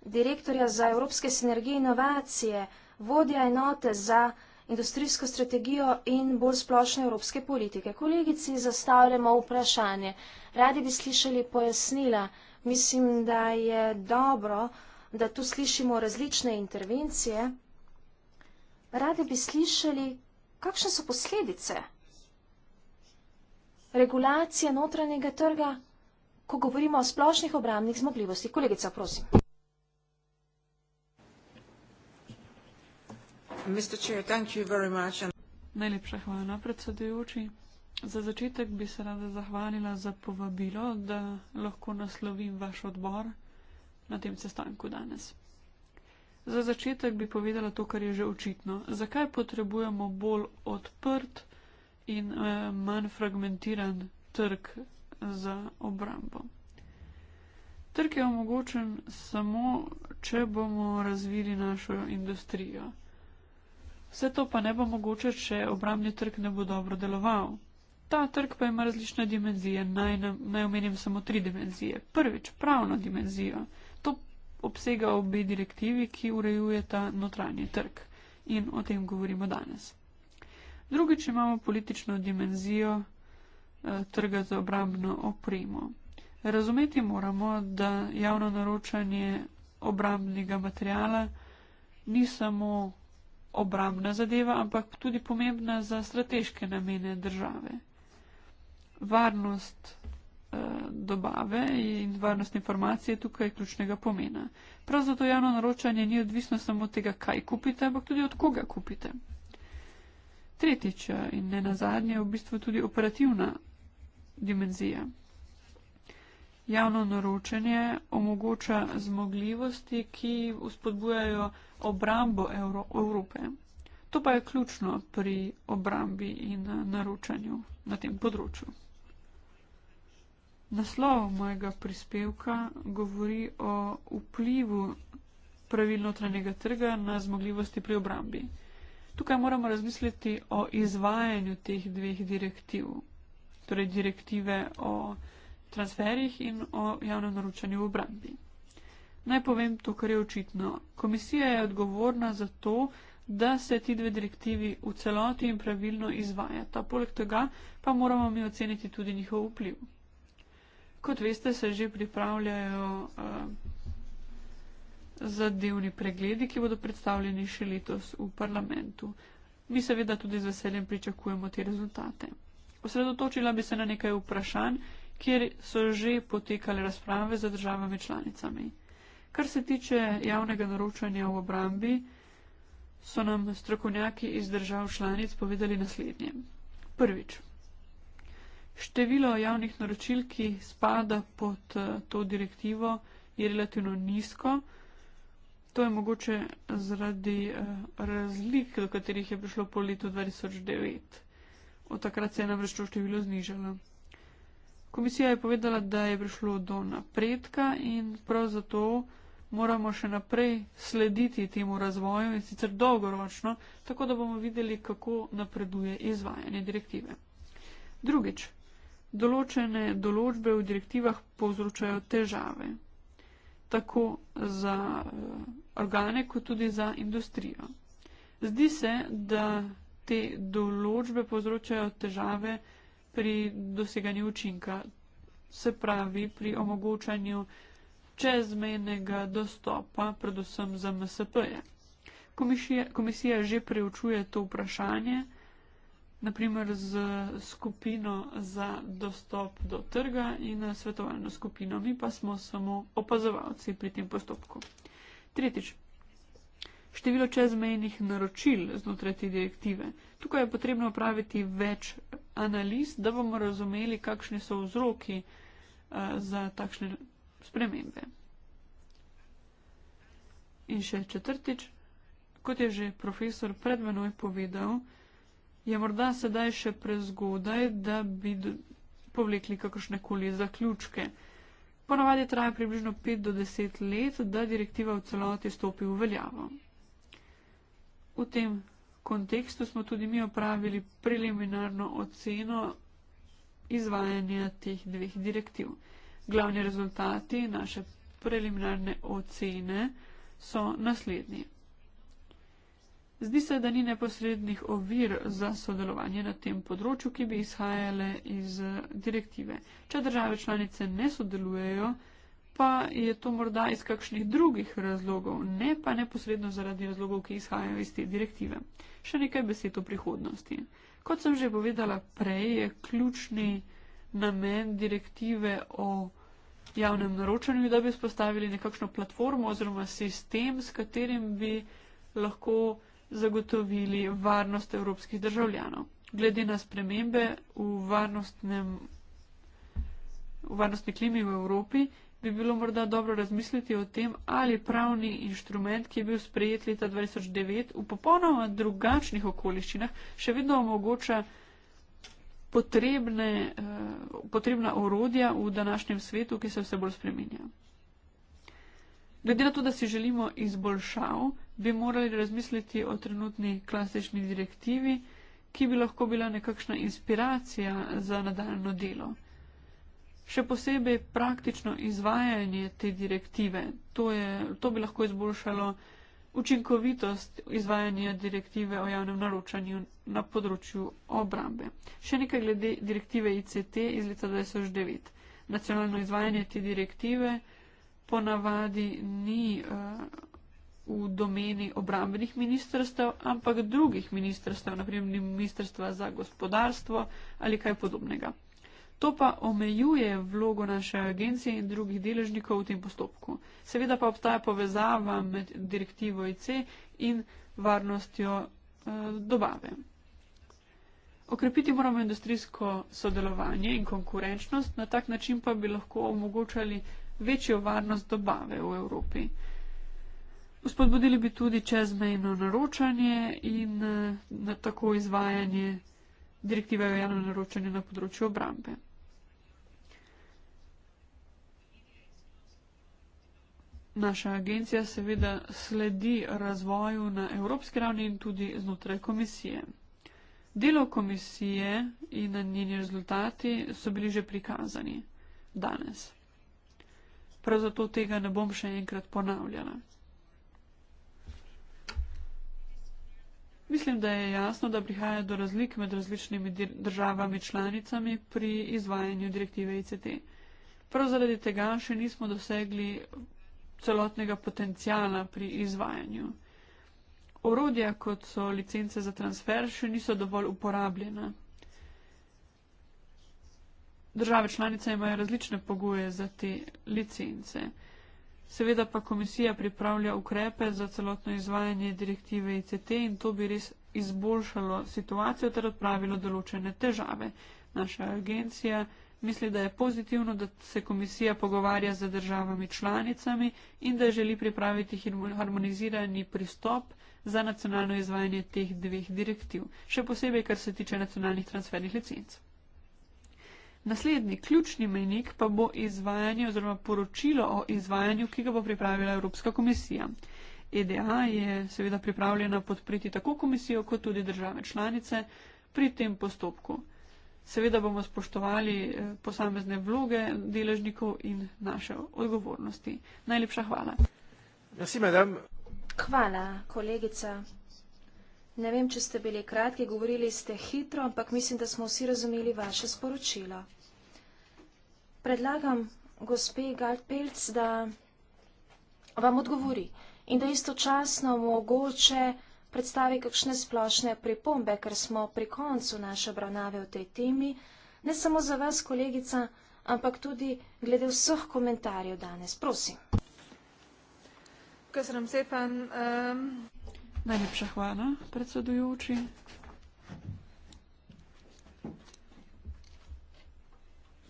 direktorja za Evropske sinergije in inovacije, vodja enote za industrijsko strategijo in bolj splošne evropske politike. Kolegici zastavljamo vprašanje. Radi bi slišali pojasnila. Mislim, da je dobro, da tu slišimo različne intervencije. Radi bi slišali, kakšne so posledice regulacije notranjega trga ko govorimo o splošnih obramnih zmogljivosti. Kolegica, prosim. Najlepša hvala, predsedujoči. Za začetek bi se rada zahvalila za povabilo, da lahko naslovim vaš odbor na tem sestanku danes. Za začetek bi povedala to, kar je že očitno. Zakaj potrebujemo bolj odprt in eh, manj fragmentiran trg z obrambo. Trg je omogočen samo, če bomo razvili našo industrijo. Vse to pa ne bo mogoče, če obramni trg ne bo dobro deloval. Ta trg pa ima različne dimenzije, naj, naj omenim samo tri dimenzije. Prvič, pravno dimenzijo. To obsega obe direktivi, ki urejujeta notranji trg in o tem govorimo danes. Drugič imamo politično dimenzijo, Eh, trga za obrambno opremo. Razumeti moramo, da javno naročanje obrambnega materijala ni samo obrambna zadeva, ampak tudi pomembna za strateške namene države. Varnost eh, dobave in varnost informacije tukaj je ključnega pomena. Prav zato javno naročanje ni odvisno samo od tega, kaj kupite, ampak tudi od koga kupite. Tretjič eh, in ne nazadnje je v bistvu tudi operativna dimenzije. Javno naročanje omogoča zmogljivosti, ki uspodbujajo obrambo Euro Evrope. To pa je ključno pri obrambi in eh, naročanju na tem področju. Naslov mojega prispevka govori o vplivu pravilnotranjega trga na zmogljivosti pri obrambi. Tukaj moramo razmisliti o izvajanju teh dveh direktiv torej direktive o transferjih in o javnem naročanju v obrambi. Naj povem to, kar je očitno. Komisija je odgovorna za to, da se ti dve direktivi v celoti in pravilno izvajata. Poleg tega pa moramo mi oceniti tudi njihov vpliv. Kot veste, se že pripravljajo uh, zadevni pregledi, ki bodo predstavljeni še letos v parlamentu. Mi seveda tudi z veseljem pričakujemo te rezultate. Osredotočila bi se na nekaj vprašanj, kjer so že potekale razprave z državami članicami. Kar se tiče javnega naročanja v obrambi, so nam strokovnjaki iz držav članic povedali naslednje. Prvič. Število javnih naročil, ki spada pod eh, to direktivo, je relativno nizko. To je mogoče zaradi eh, razlik, do katerih je prišlo po letu 2009. Od takrat se je namreč to število znižalo. Komisija je povedala, da je prišlo do napredka in prav zato moramo še naprej slediti temu razvoju in sicer dolgoročno, tako da bomo videli, kako napreduje izvajanje direktive. Drugič, določene določbe v direktivah povzročajo težave, tako za eh, organe, kot tudi za industrijo. Zdi se, da te določbe povzročajo težave pri doseganju učinka, se pravi pri omogočanju čezmejnega dostopa, predvsem za MSP-je. Komisija, komisija že preučuje to vprašanje, naprimer z skupino za dostop do trga in svetovalno skupino, mi pa smo samo opazovalci pri tem postopku. Tretjič, število čezmejnih naročil znotraj te direktive. Tukaj je potrebno opraviti več analiz, da bomo razumeli, kakšni so vzroki eh, za takšne spremembe. In še četrtič, kot je že profesor pred menoj povedal, je morda sedaj še prezgodaj, da bi povlekli kakršne koli zaključke. Ponovadi traja približno 5 do 10 let, da direktiva v celoti stopi v veljavo. V tem kontekstu smo tudi mi opravili preliminarno oceno izvajanja teh dveh direktiv. Glavni rezultati naše preliminarne ocene so naslednji. Zdi se, da ni neposrednih ovir za sodelovanje na tem področju, ki bi izhajale iz direktive. Če države članice ne sodelujejo, pa je to morda iz kakšnih drugih razlogov, ne pa neposredno zaradi razlogov, ki izhajajo iz te direktive. Še nekaj besed o prihodnosti. Kot sem že povedala prej, je ključni namen direktive o javnem naročanju, da bi spostavili nekakšno platformo oziroma sistem, s katerim bi lahko zagotovili varnost evropskih državljanov. Glede na spremembe v, v varnostni klimi v Evropi bi bilo morda dobro razmisliti o tem, ali pravni inštrument, ki je bil sprejet leta 2009 v popolnoma drugačnih okoliščinah, še vedno omogoča potrebne, eh, potrebna orodja v današnjem svetu, ki se vse bolj spremenja. Glede na to, da si želimo izboljšav, bi morali razmisliti o trenutni klasični direktivi, ki bi lahko bila nekakšna inspiracija za nadaljno delo še posebej praktično izvajanje te direktive. To, je, to bi lahko izboljšalo učinkovitost izvajanja direktive o javnem naročanju na področju obrambe. Še nekaj glede direktive ICT iz leta 2009. Nacionalno izvajanje te direktive ponavadi ni uh, v domeni obrambenih ministrstev, ampak drugih ministrstev, naprimer ministrstva za gospodarstvo ali kaj podobnega. To pa omejuje vlogo naše agencije in drugih deležnikov v tem postopku. Seveda pa obstaja povezava med direktivo IC in varnostjo eh, dobave. Okrepiti moramo industrijsko sodelovanje in konkurenčnost, na tak način pa bi lahko omogočali večjo varnost dobave v Evropi. Uspodbudili bi tudi čezmejno naročanje in eh, na tako izvajanje direktive o javnem naročanju na področju obrambe. naša agencija seveda sledi razvoju na evropski ravni in tudi znotraj komisije. Delo komisije in njeni rezultati so bili že prikazani danes. Prav zato tega ne bom še enkrat ponavljala. Mislim, da je jasno, da prihaja do razlik med različnimi državami članicami pri izvajanju direktive ICT. E Prav zaradi tega še nismo dosegli celotnega potencijala pri izvajanju. Orodja, kot so licence za transfer, še niso dovolj uporabljena. Države članice imajo različne pogoje za te licence. Seveda pa komisija pripravlja ukrepe za celotno izvajanje direktive ICT in to bi res izboljšalo situacijo ter odpravilo določene težave. Naša agencija misli, da je pozitivno, da se komisija pogovarja z državami članicami in da želi pripraviti harmonizirani pristop za nacionalno izvajanje teh dveh direktiv, še posebej, kar se tiče nacionalnih transfernih licenc. Naslednji ključni menik pa bo izvajanje oziroma poročilo o izvajanju, ki ga bo pripravila Evropska komisija. EDA je seveda pripravljena podpriti tako komisijo kot tudi države članice pri tem postopku. Seveda bomo spoštovali eh, posamezne vloge deležnikov in naše odgovornosti. Najlepša hvala. Merci, hvala, kolegica. Ne vem, če ste bili kratki, govorili ste hitro, ampak mislim, da smo vsi razumeli vaše sporočilo. Predlagam gospe Galpelc, da vam odgovori in da istočasno mogoče predstavi kakšne splošne pripombe, ker smo pri koncu naše obravnave v tej temi, ne samo za vas, kolegica, ampak tudi glede vseh komentarjev danes. Prosim. Kazram Zepan. Um... Najlepša hvala, predsedujoči.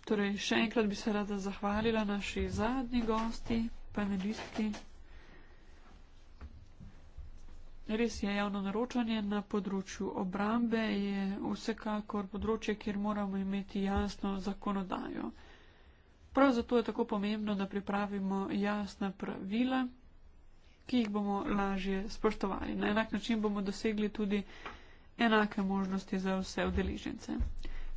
Torej, še enkrat bi se rada zahvalila naši zadnji gosti, panelistki, Res je, javno naročanje na področju obrambe je vsekakor področje, kjer moramo imeti jasno zakonodajo. Prav zato je tako pomembno, da pripravimo jasna pravila, ki jih bomo lažje spoštovali. Na enak način bomo dosegli tudi enake možnosti za vse udeležence.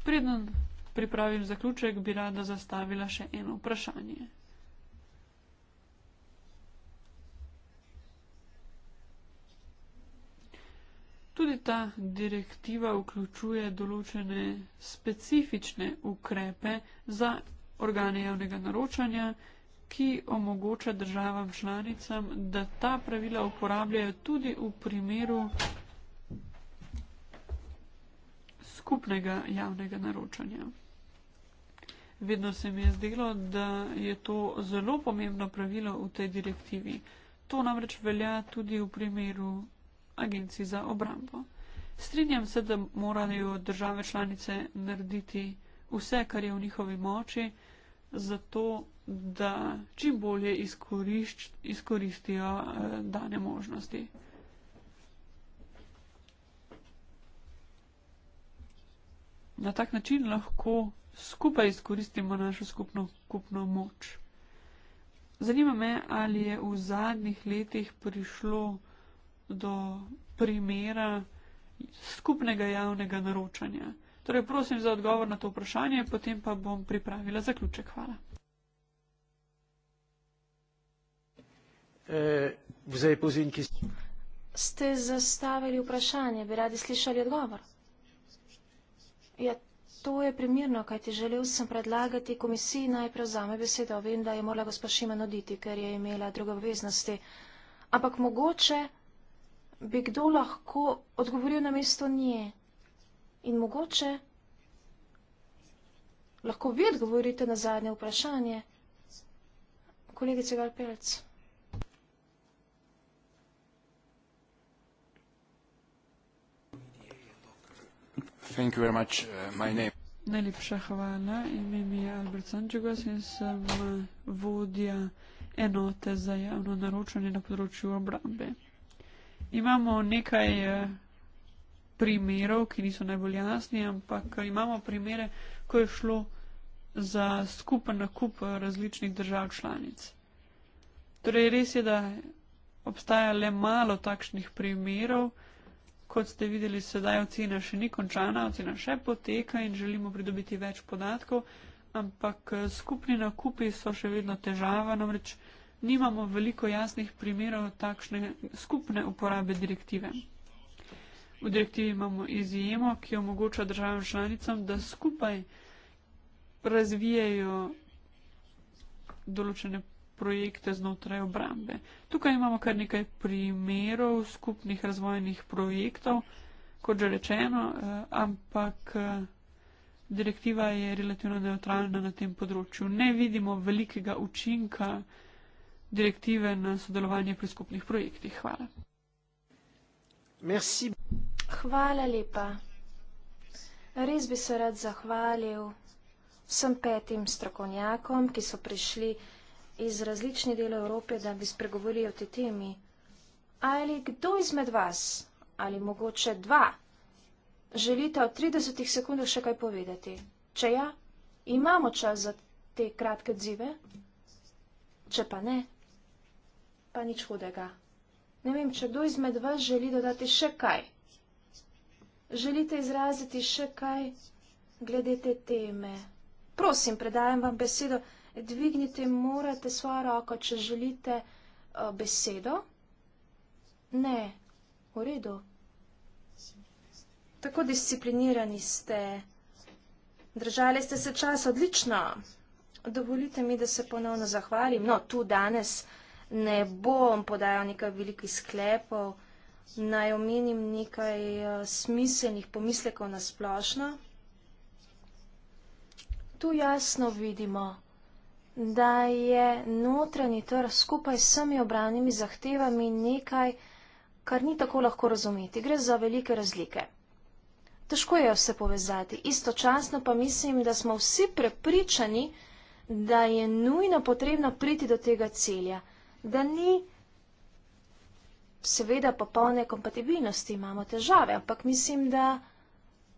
Preden pripravim zaključek, bi rada zastavila še eno vprašanje. tudi ta direktiva vključuje določene specifične ukrepe za organe javnega naročanja, ki omogoča državam članicam, da ta pravila uporabljajo tudi v primeru skupnega javnega naročanja. Vedno se mi je zdelo, da je to zelo pomembno pravilo v tej direktivi. To namreč velja tudi v primeru agencij za obrambo. Strinjam se, da morajo države članice narediti vse, kar je v njihovi moči, zato da čim bolje izkorišč, izkoristijo eh, dane možnosti. Na tak način lahko skupaj izkoristimo našo skupno kupno moč. Zanima me, ali je v zadnjih letih prišlo do primera skupnega javnega naročanja? Torej, prosim za odgovor na to vprašanje, potem pa bom pripravila zaključek. Hvala. Eh, Ste zastavili vprašanje, bi radi slišali odgovor? Ja, to je primirno, kaj ti želel sem predlagati komisiji naj prevzame besedo. Vem, da je morala gospa Šimen oditi, ker je imela druge obveznosti. Ampak mogoče bi kdo lahko odgovoril na mesto nje. In mogoče lahko vi odgovorite na zadnje vprašanje, kolegice Galpelc. Thank you very much. Uh, my name. Najlepša hvala. Ime mi je Albert Sančegos in sem vodja enote za javno naročanje na področju obrambe. Imamo nekaj eh, primerov, ki niso najbolj jasni, ampak eh, imamo primere, ko je šlo za skupen nakup eh, različnih držav članic. Torej, res je, da obstaja le malo takšnih primerov. Kot ste videli, sedaj ocena še ni končana, ocena še poteka in želimo pridobiti več podatkov, ampak skupni nakupi so še vedno težava, namreč nimamo veliko jasnih primerov takšne skupne uporabe direktive. V direktivi imamo izjemo, ki omogoča državam članicam, da skupaj razvijajo določene projekte znotraj obrambe. Tukaj imamo kar nekaj primerov skupnih razvojnih projektov, kot že rečeno, eh, ampak eh, direktiva je relativno neutralna na tem področju. Ne vidimo velikega učinka direktive na sodelovanje pri skupnih projektih. Hvala. Merci. Hvala lepa. Res bi se rad zahvalil vsem petim strokovnjakom, ki so prišli iz različnih delov Evrope, da bi spregovorili o tej temi. Ali kdo izmed vas, ali mogoče dva, želite v 30 sekundah še kaj povedati? Če ja, imamo čas za te kratke odzive? Če pa ne, pa nič hudega. Ne vem, če kdo izmed vas želi dodati še kaj. Želite izraziti še kaj glede te teme? Prosim, predajem vam besedo. Dvignite, morate svojo roko, če želite eh, besedo. Ne, v redu. Tako disciplinirani ste. Držali ste se čas odlično. Dovolite mi, da se ponovno zahvalim. No, tu danes ne bom podajal nekaj velikih sklepov, naj omenim nekaj eh, smiselnih pomislekov na splošno. Tu jasno vidimo, da je notranji trg skupaj s vsemi obranimi zahtevami nekaj, kar ni tako lahko razumeti. Gre za velike razlike. Težko je vse povezati. Istočasno pa mislim, da smo vsi prepričani, da je nujno potrebno priti do tega celja da ni seveda popolne kompatibilnosti, imamo težave, ampak mislim, da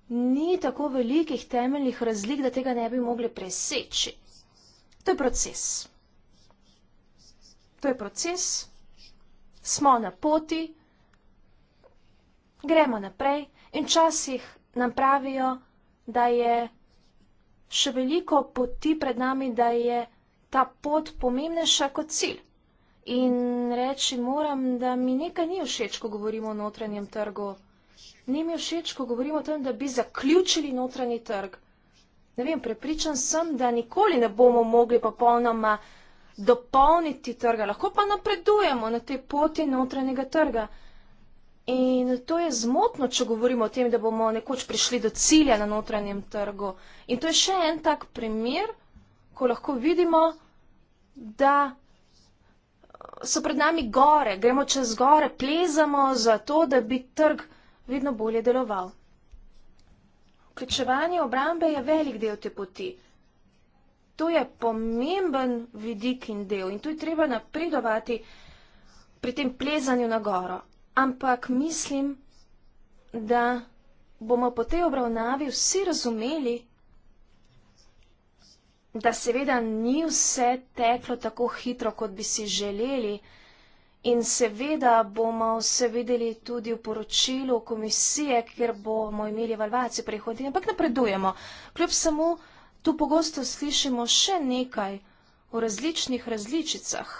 ni tako velikih temeljnih razlik, da tega ne bi mogli preseči. To je proces. To je proces. Smo na poti, gremo naprej in časih nam pravijo, da je še veliko poti pred nami, da je ta pot pomembnejša kot cilj. In reči moram, da mi nekaj ni všeč, ko govorimo o notranjem trgu. Ni mi všeč, ko govorimo o tem, da bi zaključili notranji trg. Ne vem, prepričan sem, da nikoli ne bomo mogli popolnoma dopolniti trga, lahko pa napredujemo na tej poti notranjega trga. In to je zmotno, če govorimo o tem, da bomo nekoč prišli do cilja na notranjem trgu. In to je še en tak primer, ko lahko vidimo, da so pred nami gore, gremo čez gore, plezamo za to, da bi trg vedno bolje deloval. Vključevanje obrambe je velik del te poti. To je pomemben vidik in del in tu je treba napredovati pri tem plezanju na goro. Ampak mislim, da bomo po tej obravnavi vsi razumeli, da seveda ni vse teklo tako hitro, kot bi si želeli. In seveda bomo vse videli tudi v poročilu komisije, kjer bomo imeli evalvacijo prihodnje, ampak napredujemo. Kljub samo tu pogosto slišimo še nekaj o različnih različicah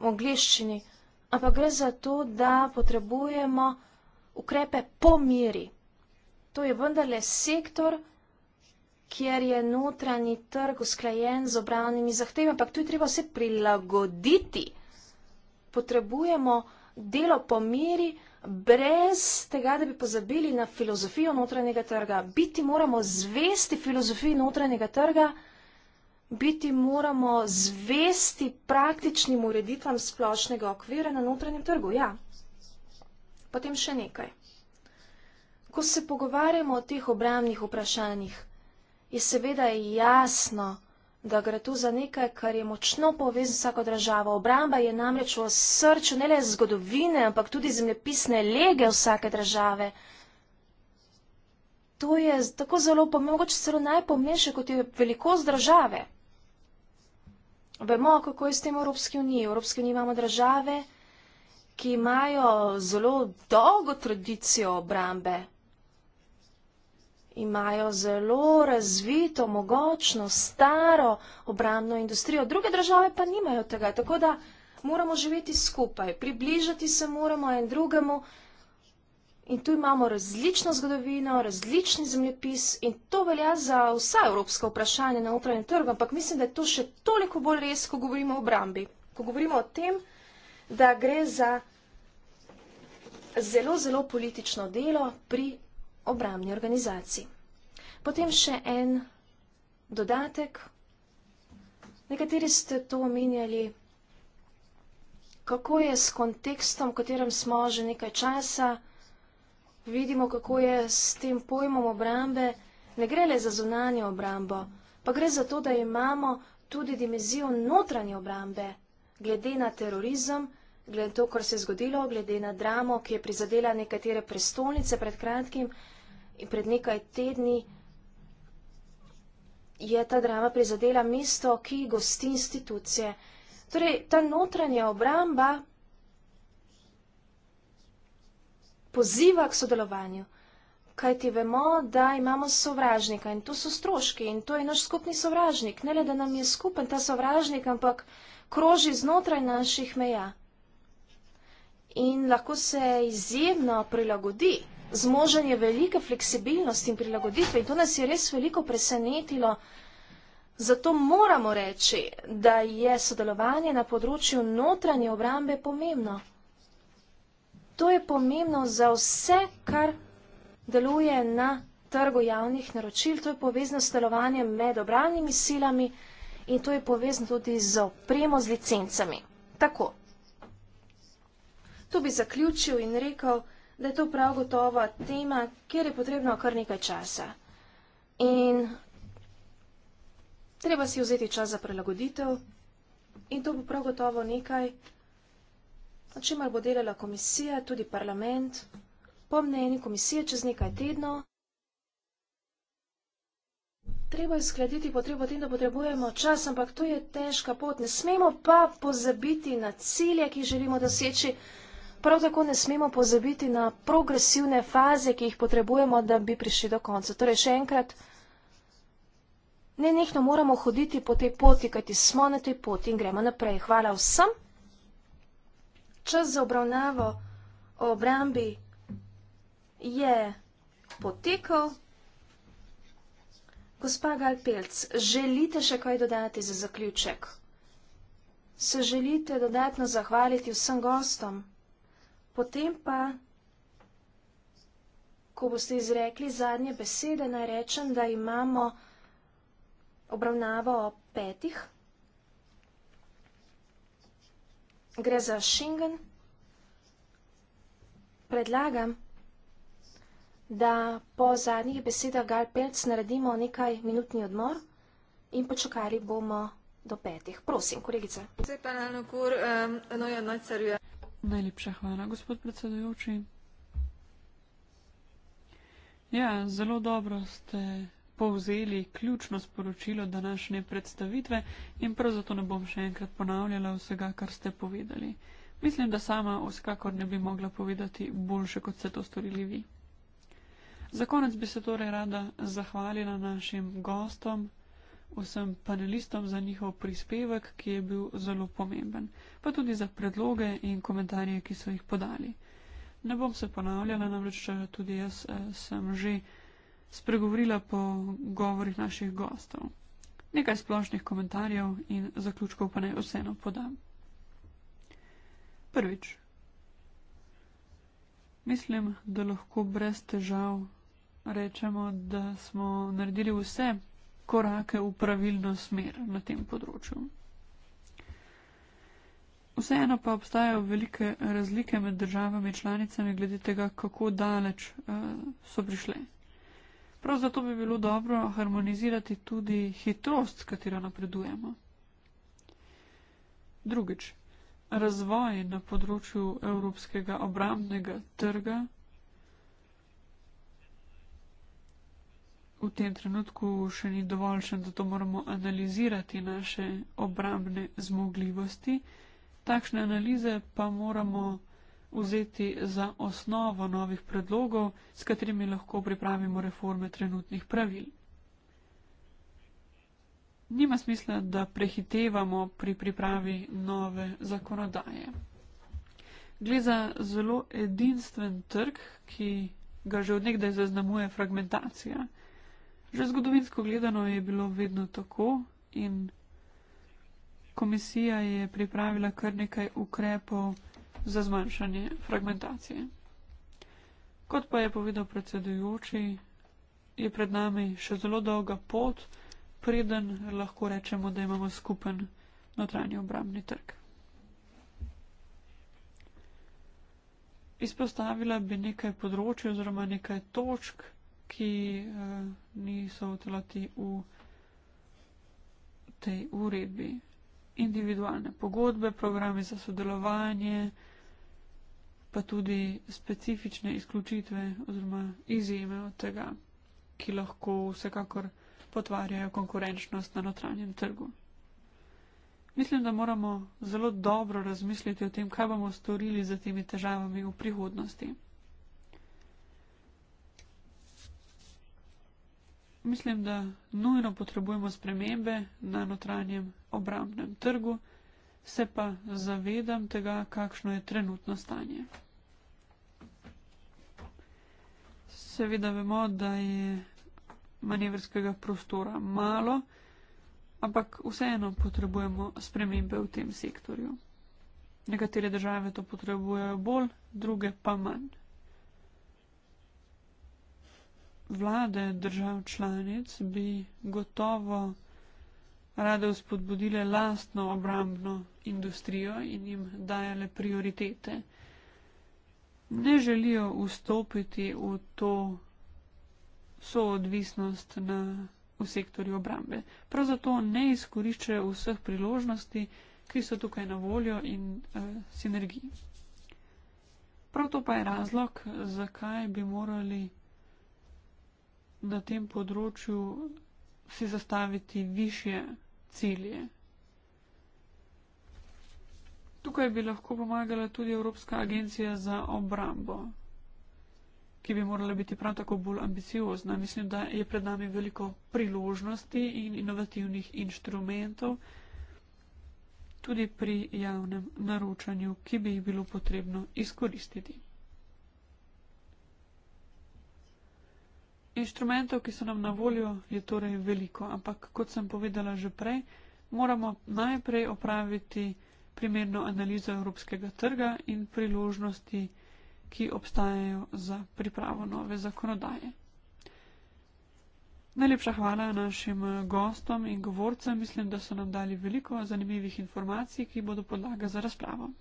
v angliščini, ampak gre za to, da potrebujemo ukrepe po miri. To je vendarle sektor, kjer je notranji trg usklajen z obravnimi zahtevami, ampak tu je treba vse prilagoditi. Potrebujemo delo po meri, brez tega, da bi pozabili na filozofijo notranjega trga. Biti moramo zvesti filozofiji notranjega trga, biti moramo zvesti praktičnim ureditvam splošnega okvira na notranjem trgu. Ja, potem še nekaj. Ko se pogovarjamo o teh obramnih vprašanjih, je seveda jasno, da gre tu za nekaj, kar je močno povezano z vsako državo. Obramba je namreč v srcu ne le zgodovine, ampak tudi zemljepisne lege vsake države. To je tako zelo pomogoče, celo najpomembnejše, kot je velikost države. Vemo, kako je s tem v Evropski uniji. V Evropski uniji imamo države, ki imajo zelo dolgo tradicijo obrambe imajo zelo razvito, mogočno, staro obrambno industrijo, druge države pa nimajo tega. Tako da moramo živeti skupaj, približati se moramo en drugemu. In tu imamo različno zgodovino, različni zemljepis in to velja za vsa evropska vprašanja na upravnem trgu, ampak mislim, da je to še toliko bolj res, ko govorimo o obrambi. Ko govorimo o tem, da gre za zelo, zelo politično delo pri obramni organizaciji. Potem še en dodatek. Nekateri ste to omenjali, kako je s kontekstom, v katerem smo že nekaj časa, vidimo, kako je s tem pojmom obrambe, ne gre le za zunanje obrambo, pa gre za to, da imamo tudi dimenzijo notranje obrambe, glede na terorizem, glede to, kar se je zgodilo, glede na dramo, ki je prizadela nekatere prestolnice pred kratkim, in pred nekaj tedni je ta drama prizadela mesto, ki gosti institucije. Torej, ta notranja obramba poziva k sodelovanju, kajti vemo, da imamo sovražnika in to so stroški in to je naš skupni sovražnik. Ne le, da nam je skupen ta sovražnik, ampak kroži znotraj naših meja in lahko se izjemno prilagodi zmožen je velike fleksibilnosti in prilagoditve in to nas je res veliko presenetilo. Zato moramo reči, da je sodelovanje na področju notranje obrambe pomembno. To je pomembno za vse, kar deluje na trgu javnih naročil, to je povezno s delovanjem med obravnimi silami in to je povezno tudi z opremo z licencami. Tako. Tu bi zaključil in rekel, da je to prav gotovo tema, kjer je potrebno kar nekaj časa. In treba si vzeti čas za prelagoditev in to bo prav gotovo nekaj, na čemer bo delala komisija, tudi parlament, po mnenju komisije čez nekaj tedno. Treba je skladiti potrebo tem, da potrebujemo čas, ampak to je težka pot. Ne smemo pa pozabiti na cilje, ki želimo doseči prav tako ne smemo pozabiti na progresivne faze, ki jih potrebujemo, da bi prišli do konca. Torej, še enkrat, ne nekno moramo hoditi po tej poti, kajti smo na tej poti in gremo naprej. Hvala vsem. Čas za obravnavo o obrambi je potekal. Gospa Galpelc, želite še kaj dodati za zaključek? Se želite dodatno zahvaliti vsem gostom? Potem pa, ko boste izrekli zadnje besede, naj rečem, da imamo obravnavo petih. Gre za Schengen. Predlagam, da po zadnjih besedah Gal Pelc naredimo nekaj minutni odmor in počakali bomo do petih. Prosim, kolegica. Zdaj pa na nekur, um, no jo ja, noj carujem. Najlepša hvala, gospod predsedujoči. Ja, zelo dobro ste povzeli ključno sporočilo današnje predstavitve in prav zato ne bom še enkrat ponavljala vsega, kar ste povedali. Mislim, da sama vsekakor ne bi mogla povedati boljše, kot ste to storili vi. Za konec bi se torej rada zahvalila našim gostom vsem panelistom za njihov prispevek, ki je bil zelo pomemben, pa tudi za predloge in komentarje, ki so jih podali. Ne bom se ponavljala, namreč eh, tudi jaz eh, sem že spregovorila po govorih naših gostov. Nekaj splošnih komentarjev in zaključkov pa naj vseeno podam. Prvič. Mislim, da lahko brez težav rečemo, da smo naredili vse, korake v pravilno smer na tem področju. Vseeno pa obstajajo velike razlike med državami članicami glede tega, kako daleč uh, so prišle. Prav zato bi bilo dobro harmonizirati tudi hitrost, s katero napredujemo. Drugič, razvoj na področju evropskega obramnega trga v tem trenutku še ni dovoljšen, zato moramo analizirati naše obrambne zmogljivosti. Takšne analize pa moramo vzeti za osnovo novih predlogov, s katerimi lahko pripravimo reforme trenutnih pravil. Nima smisla, da prehitevamo pri pripravi nove zakonodaje. Gre za zelo edinstven trg, ki ga že odnegdaj zaznamuje fragmentacija. Že zgodovinsko gledano je bilo vedno tako in komisija je pripravila kar nekaj ukrepov za zmanjšanje fragmentacije. Kot pa je povedal predsedujoči, je pred nami še zelo dolga pot, preden lahko rečemo, da imamo skupen notranji obramni trg. Izpostavila bi nekaj področji oziroma nekaj točk, ki uh, niso v celoti v tej uredbi. Individualne pogodbe, programi za sodelovanje, pa tudi specifične izključitve oziroma izjeme od tega, ki lahko vsekakor potvarjajo konkurenčnost na notranjem trgu. Mislim, da moramo zelo dobro razmisliti o tem, kaj bomo storili z temi težavami v prihodnosti. Mislim, da nujno potrebujemo spremembe na notranjem obrambnem trgu, se pa zavedam tega, kakšno je trenutno stanje. Seveda vemo, da je manevrskega prostora malo, ampak vseeno potrebujemo spremembe v tem sektorju. Nekatere države to potrebujejo bolj, druge pa manj vlade držav članic bi gotovo rade vzpodbudile lastno obrambno industrijo in jim dajale prioritete. Ne želijo vstopiti v to soodvisnost na, v sektorju obrambe. Prav zato ne izkoriščajo vseh priložnosti, ki so tukaj na voljo in eh, sinergiji. Prav to pa je razlog, zakaj bi morali na tem področju si zastaviti više cilje. Tukaj bi lahko pomagala tudi Evropska agencija za obrambo, ki bi morala biti prav tako bolj ambiciozna. Mislim, da je pred nami veliko priložnosti in inovativnih inštrumentov, tudi pri javnem naročanju, ki bi jih bilo potrebno izkoristiti. Inštrumentov, ki so nam na voljo, je torej veliko, ampak kot sem povedala že prej, moramo najprej opraviti primerno analizo evropskega trga in priložnosti, ki obstajajo za pripravo nove zakonodaje. Najlepša hvala našim gostom in govorcem. Mislim, da so nam dali veliko zanimivih informacij, ki bodo podlaga za razpravo.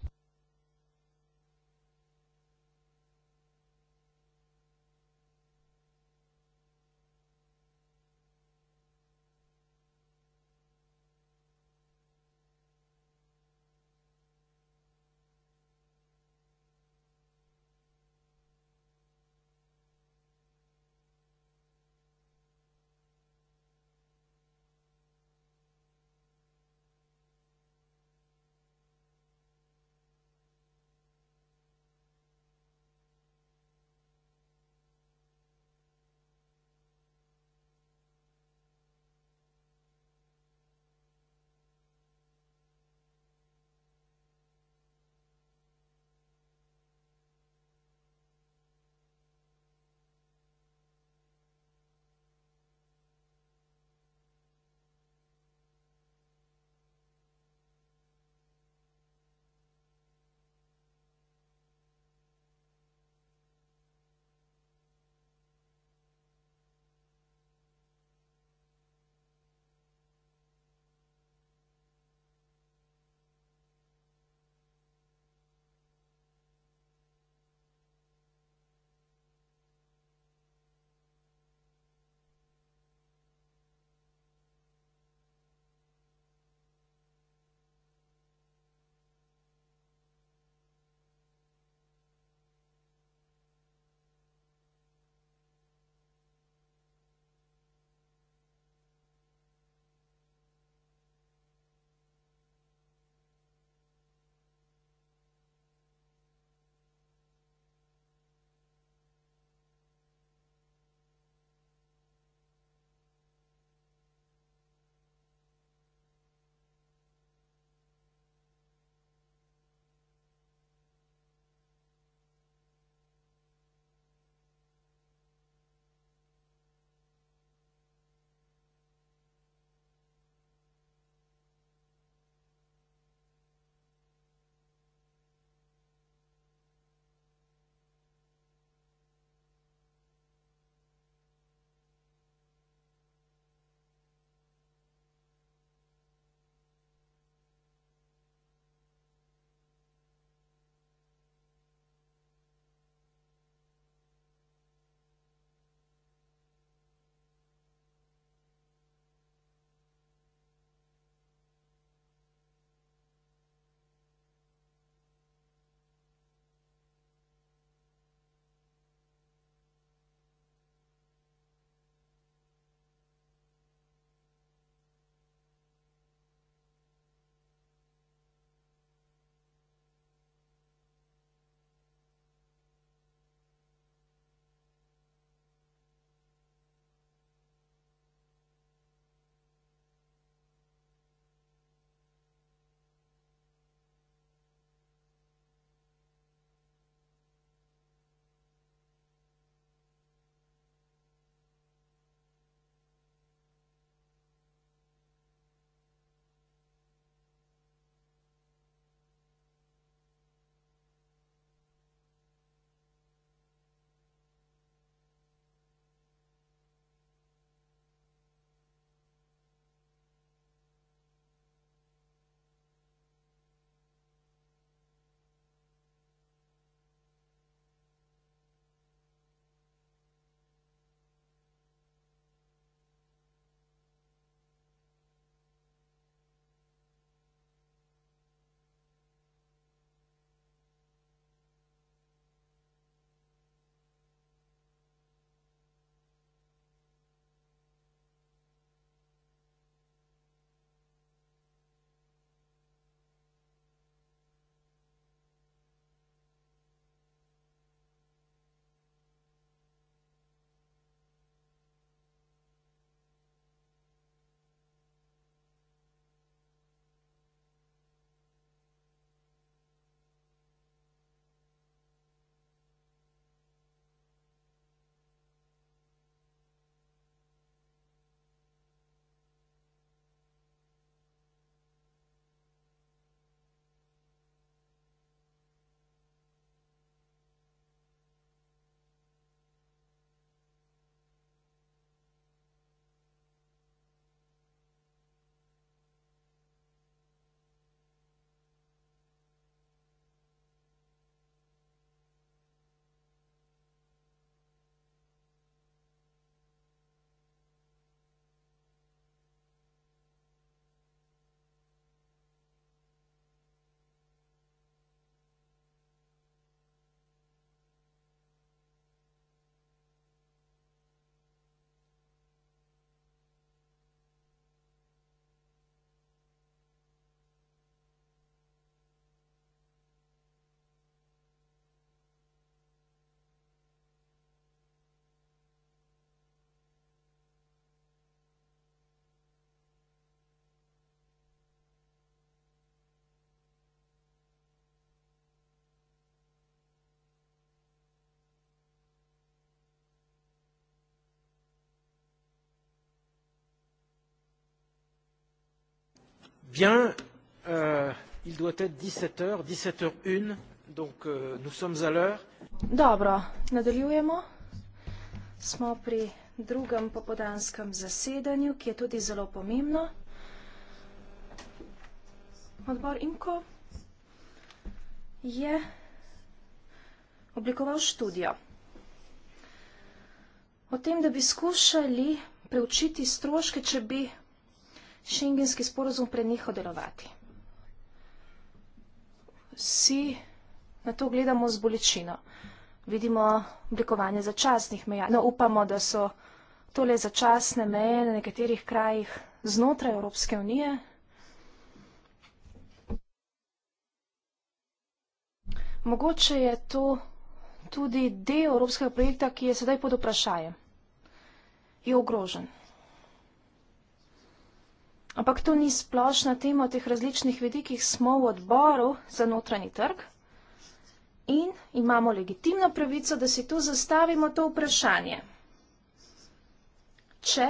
Bien, euh, il doit être 17h, 17h01, donc euh, nous sommes à l'heure. Dobro, nadaljujemo. Smo pri drugem popodanskem zasedanju, ki je tudi zelo pomembno. Odbor IMKO je oblikoval študijo o tem, da bi skušali preučiti stroške, če bi šengenski sporozum preneha delovati. Vsi na to gledamo z bolečino. Vidimo oblikovanje začasnih meja. No, upamo, da so tole začasne meje na nekaterih krajih znotraj Evropske unije. Mogoče je to tudi del evropskega projekta, ki je sedaj pod vprašanjem. Je ogrožen. Ampak to ni splošna tema v teh različnih vidikih. Smo v odboru za notranji trg in imamo legitimno pravico, da si tu zastavimo to vprašanje. Če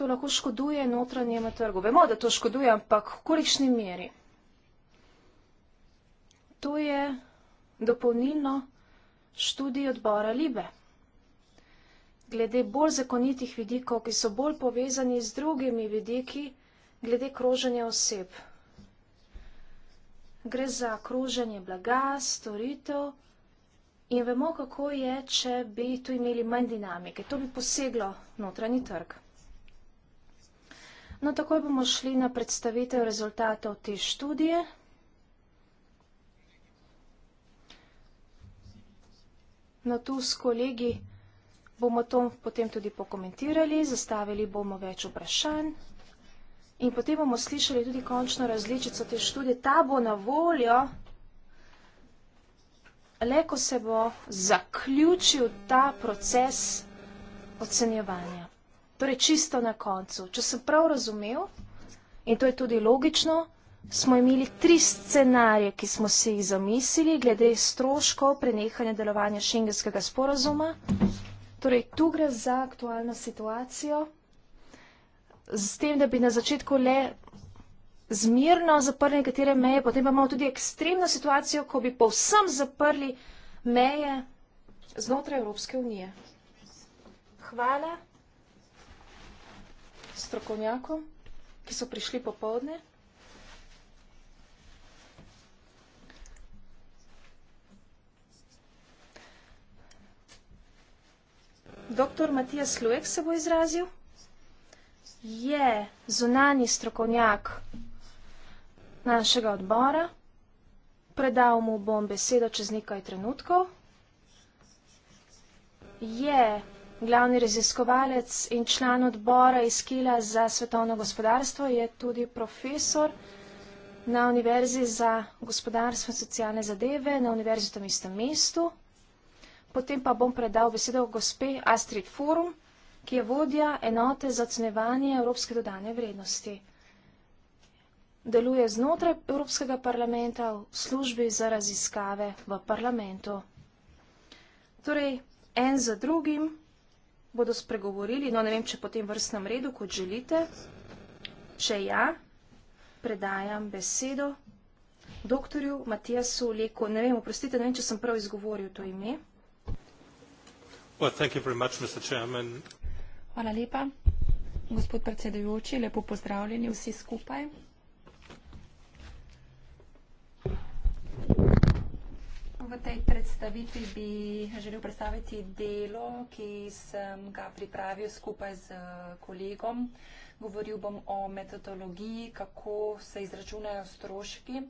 to lahko škoduje notranjem trgu. Vemo, da to škoduje, ampak v kolikšni meri. To je dopolnilno študij odbora Libe glede bolj zakonitih vidikov, ki so bolj povezani z drugimi vidiki, glede kroženja oseb. Gre za kroženje blaga, storitev in vemo, kako je, če bi tu imeli manj dinamike. To bi poseglo notranji trg. No, takoj bomo šli na predstavitev rezultatov te študije. No, tu s kolegi bomo to potem tudi pokomentirali, zastavili bomo več vprašanj in potem bomo slišali tudi končno različico te študije. Ta bo na voljo, le ko se bo zaključil ta proces ocenjevanja. Torej čisto na koncu. Če sem prav razumel, in to je tudi logično, smo imeli tri scenarije, ki smo si jih zamislili, glede stroškov prenehanja delovanja šengenskega sporazuma. Torej, tu gre za aktualno situacijo, s tem, da bi na začetku le zmirno zaprli nekatere meje, potem pa imamo tudi ekstremno situacijo, ko bi povsem zaprli meje znotraj Evropske unije. Hvala strokovnjakom, ki so prišli popovdne. Doktor Matija Slujek se bo izrazil. Je zunani strokovnjak našega odbora. Predal mu bom besedo čez nekaj trenutkov. Je glavni raziskovalec in član odbora iz Kila za svetovno gospodarstvo, je tudi profesor na Univerzi za gospodarstvo in socialne zadeve na Univerzi v tem istem mestu potem pa bom predal besedo gospe Astrid Forum, ki je vodja enote za ocenevanje evropske dodane vrednosti. Deluje znotraj Evropskega parlamenta v službi za raziskave v parlamentu. Torej, en za drugim bodo spregovorili, no ne vem, če potem vrstnem redu, kot želite. Če ja, predajam besedo doktorju Matijasu Leko. Ne vem, oprostite, ne vem, če sem prav izgovoril to ime. Hvala lepa. Gospod predsedujoči, lepo pozdravljeni vsi skupaj. V tej predstavitvi bi želel predstaviti delo, ki sem ga pripravil skupaj s kolegom. Govoril bom o metodologiji, kako se izračunajo stroški,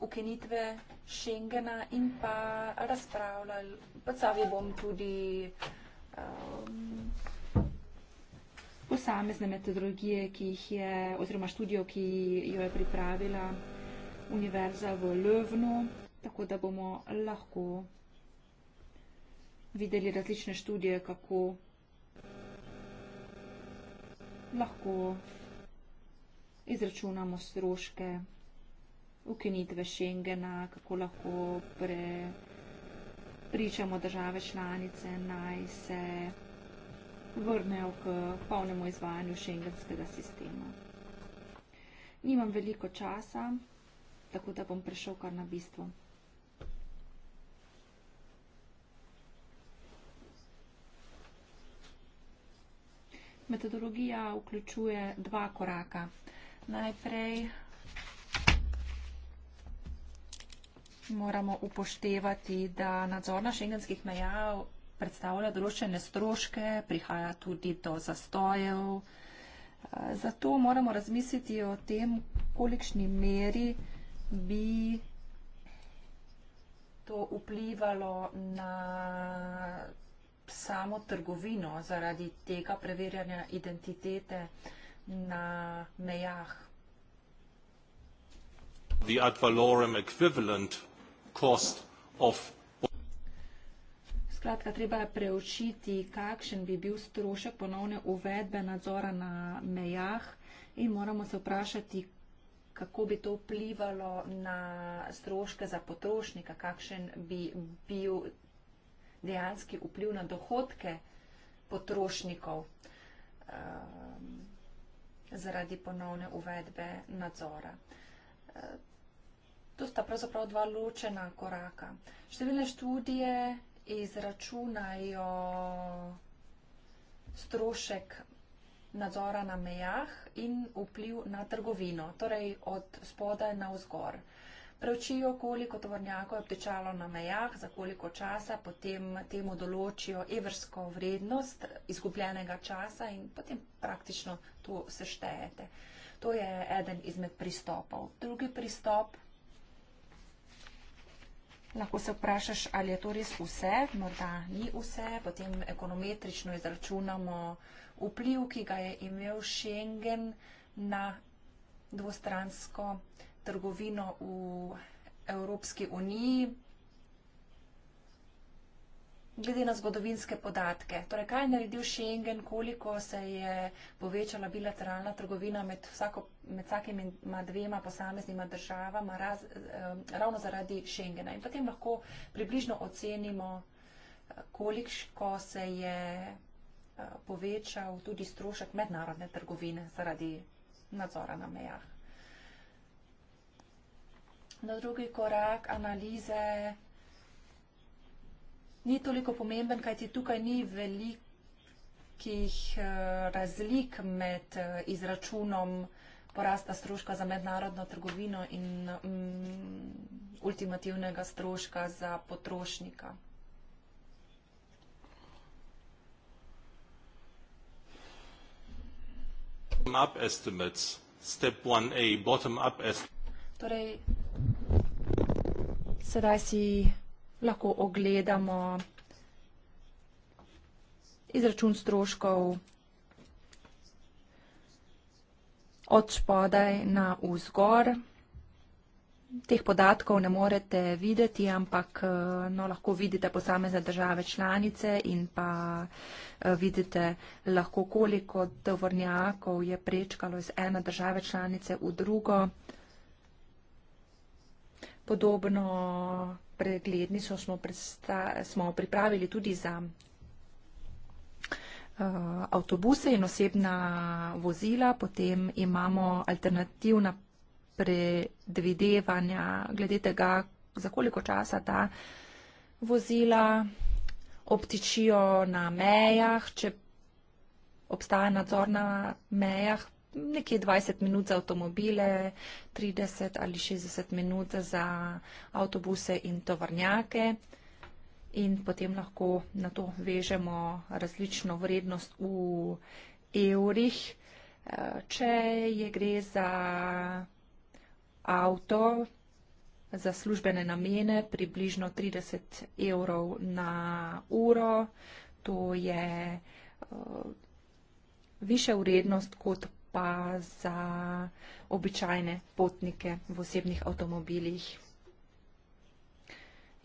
ukenitve Schengena in pa razpravljali. Pocavi bom tudi um, posamezne um, metodologije, ki jih je, oziroma študijo, ki jo je pripravila Univerza v Lövnu, tako da bomo lahko videli različne študije, kako lahko izračunamo stroške ukinitve Schengena, kako lahko pre, pričamo države članice naj se vrnejo k polnemu izvajanju šengenskega sistema. Nimam veliko časa, tako da bom prešel kar na bistvo. Metodologija vključuje dva koraka. Najprej moramo upoštevati, da nadzor na šengenskih mejah predstavlja določene stroške, prihaja tudi do zastojev. Zato moramo razmisliti o tem, kolikšni meri bi to vplivalo na samo trgovino zaradi tega preverjanja identitete na mejah. The ad valorem equivalent cost of Skratka, treba je preučiti, kakšen bi bil strošek ponovne uvedbe nadzora na mejah in moramo se vprašati, kako bi to vplivalo na stroške za potrošnika, kakšen bi bil dejanski vpliv na dohodke potrošnikov um, zaradi ponovne uvedbe nadzora. Uh, To sta pravzaprav dva ločena koraka. Številne študije izračunajo strošek nadzora na mejah in vpliv na trgovino, torej od spodaj na vzgor. Preučijo, koliko tovornjakov je obtečalo na mejah, za koliko časa, potem temu določijo evrsko vrednost izgubljenega časa in potem praktično to seštejete. To je eden izmed pristopov. Drugi pristop Lahko se vprašaš, ali je to res vse, morda ni vse, potem ekonometrično izračunamo vpliv, ki ga je imel Schengen na dvostransko trgovino v Evropski uniji glede na zgodovinske podatke. Torej, kaj je naredil Schengen, koliko se je povečala bilateralna trgovina med, vsako, med vsakimi dvema posameznima državama raz, ravno zaradi Schengena. In potem lahko približno ocenimo, eh, koliko se je eh, povečal tudi strošek mednarodne trgovine zaradi nadzora na mejah. Na drugi korak analize ni toliko pomemben, kajti tukaj ni velikih eh, razlik med eh, izračunom porasta stroška za mednarodno trgovino in mm, ultimativnega stroška za potrošnika. Up estimates. Step A, bottom up torej, sedaj si lahko ogledamo izračun stroškov od spodaj na vzgor. Teh podatkov ne morete videti, ampak eh, no, lahko vidite posamezne države članice in pa eh, vidite lahko, koliko tovornjakov je prečkalo iz ene države članice v drugo. Podobno preglednico smo, smo pripravili tudi za eh, avtobuse in osebna vozila, potem imamo alternativna predvidevanja glede tega, za koliko časa ta vozila obtičijo na mejah, če obstaja nadzor na mejah, nekje 20 minut za avtomobile, 30 ali 60 minut za avtobuse in tovrnjake. In potem lahko na to vežemo različno vrednost v evrih. Če je gre za avto za službene namene, približno 30 evrov na uro, to je uh, eh, više vrednost kot pa za običajne potnike v osebnih avtomobilih.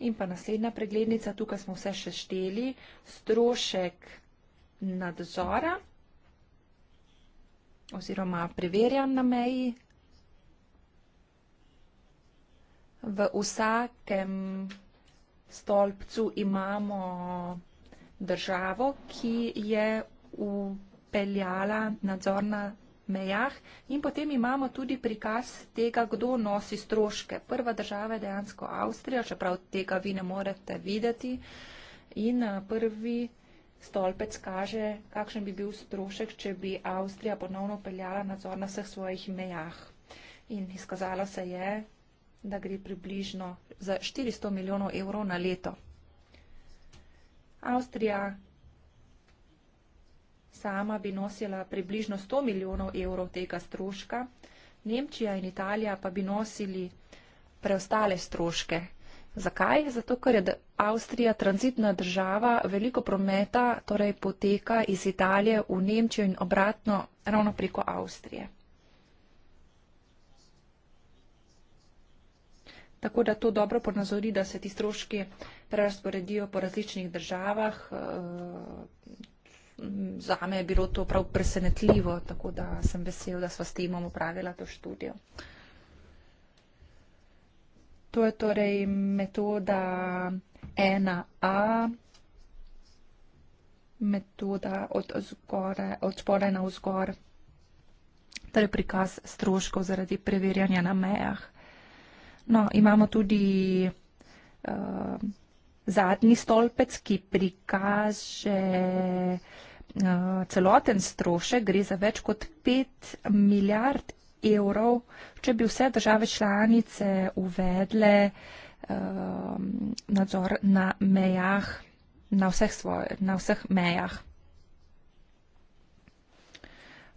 In pa naslednja preglednica, tukaj smo vse še šteli, strošek nadzora oziroma preverjan na meji. V vsakem stolpcu imamo državo, ki je upeljala nadzor na mejah in potem imamo tudi prikaz tega, kdo nosi stroške. Prva država je dejansko Avstrija, čeprav tega vi ne morete videti. In eh, prvi stolpec kaže, kakšen bi bil strošek, če bi Avstrija ponovno peljala nadzor na vseh svojih mejah. In izkazalo se je, da gre približno za 400 milijonov evrov na leto. Avstrija sama bi nosila približno 100 milijonov evrov tega stroška, Nemčija in Italija pa bi nosili preostale stroške. Zakaj? Zato, ker je Avstrija tranzitna država, veliko prometa torej poteka iz Italije v Nemčijo in obratno ravno preko Avstrije. Tako da to dobro ponazori, da se ti stroški prerasporedijo po različnih državah, eh, Zame je bilo to prav presenetljivo, tako da sem vesel, da sva s timom upravila to študijo. To je torej metoda 1A, metoda od, zgore, od spore na vzgor, torej prikaz stroškov zaradi preverjanja na mejah. No, imamo tudi uh, zadnji stolpec, ki prikaže eh, celoten strošek, gre za več kot 5 milijard evrov, če bi vse države članice uvedle eh, nadzor na mejah, na vseh, svoj, na vseh mejah.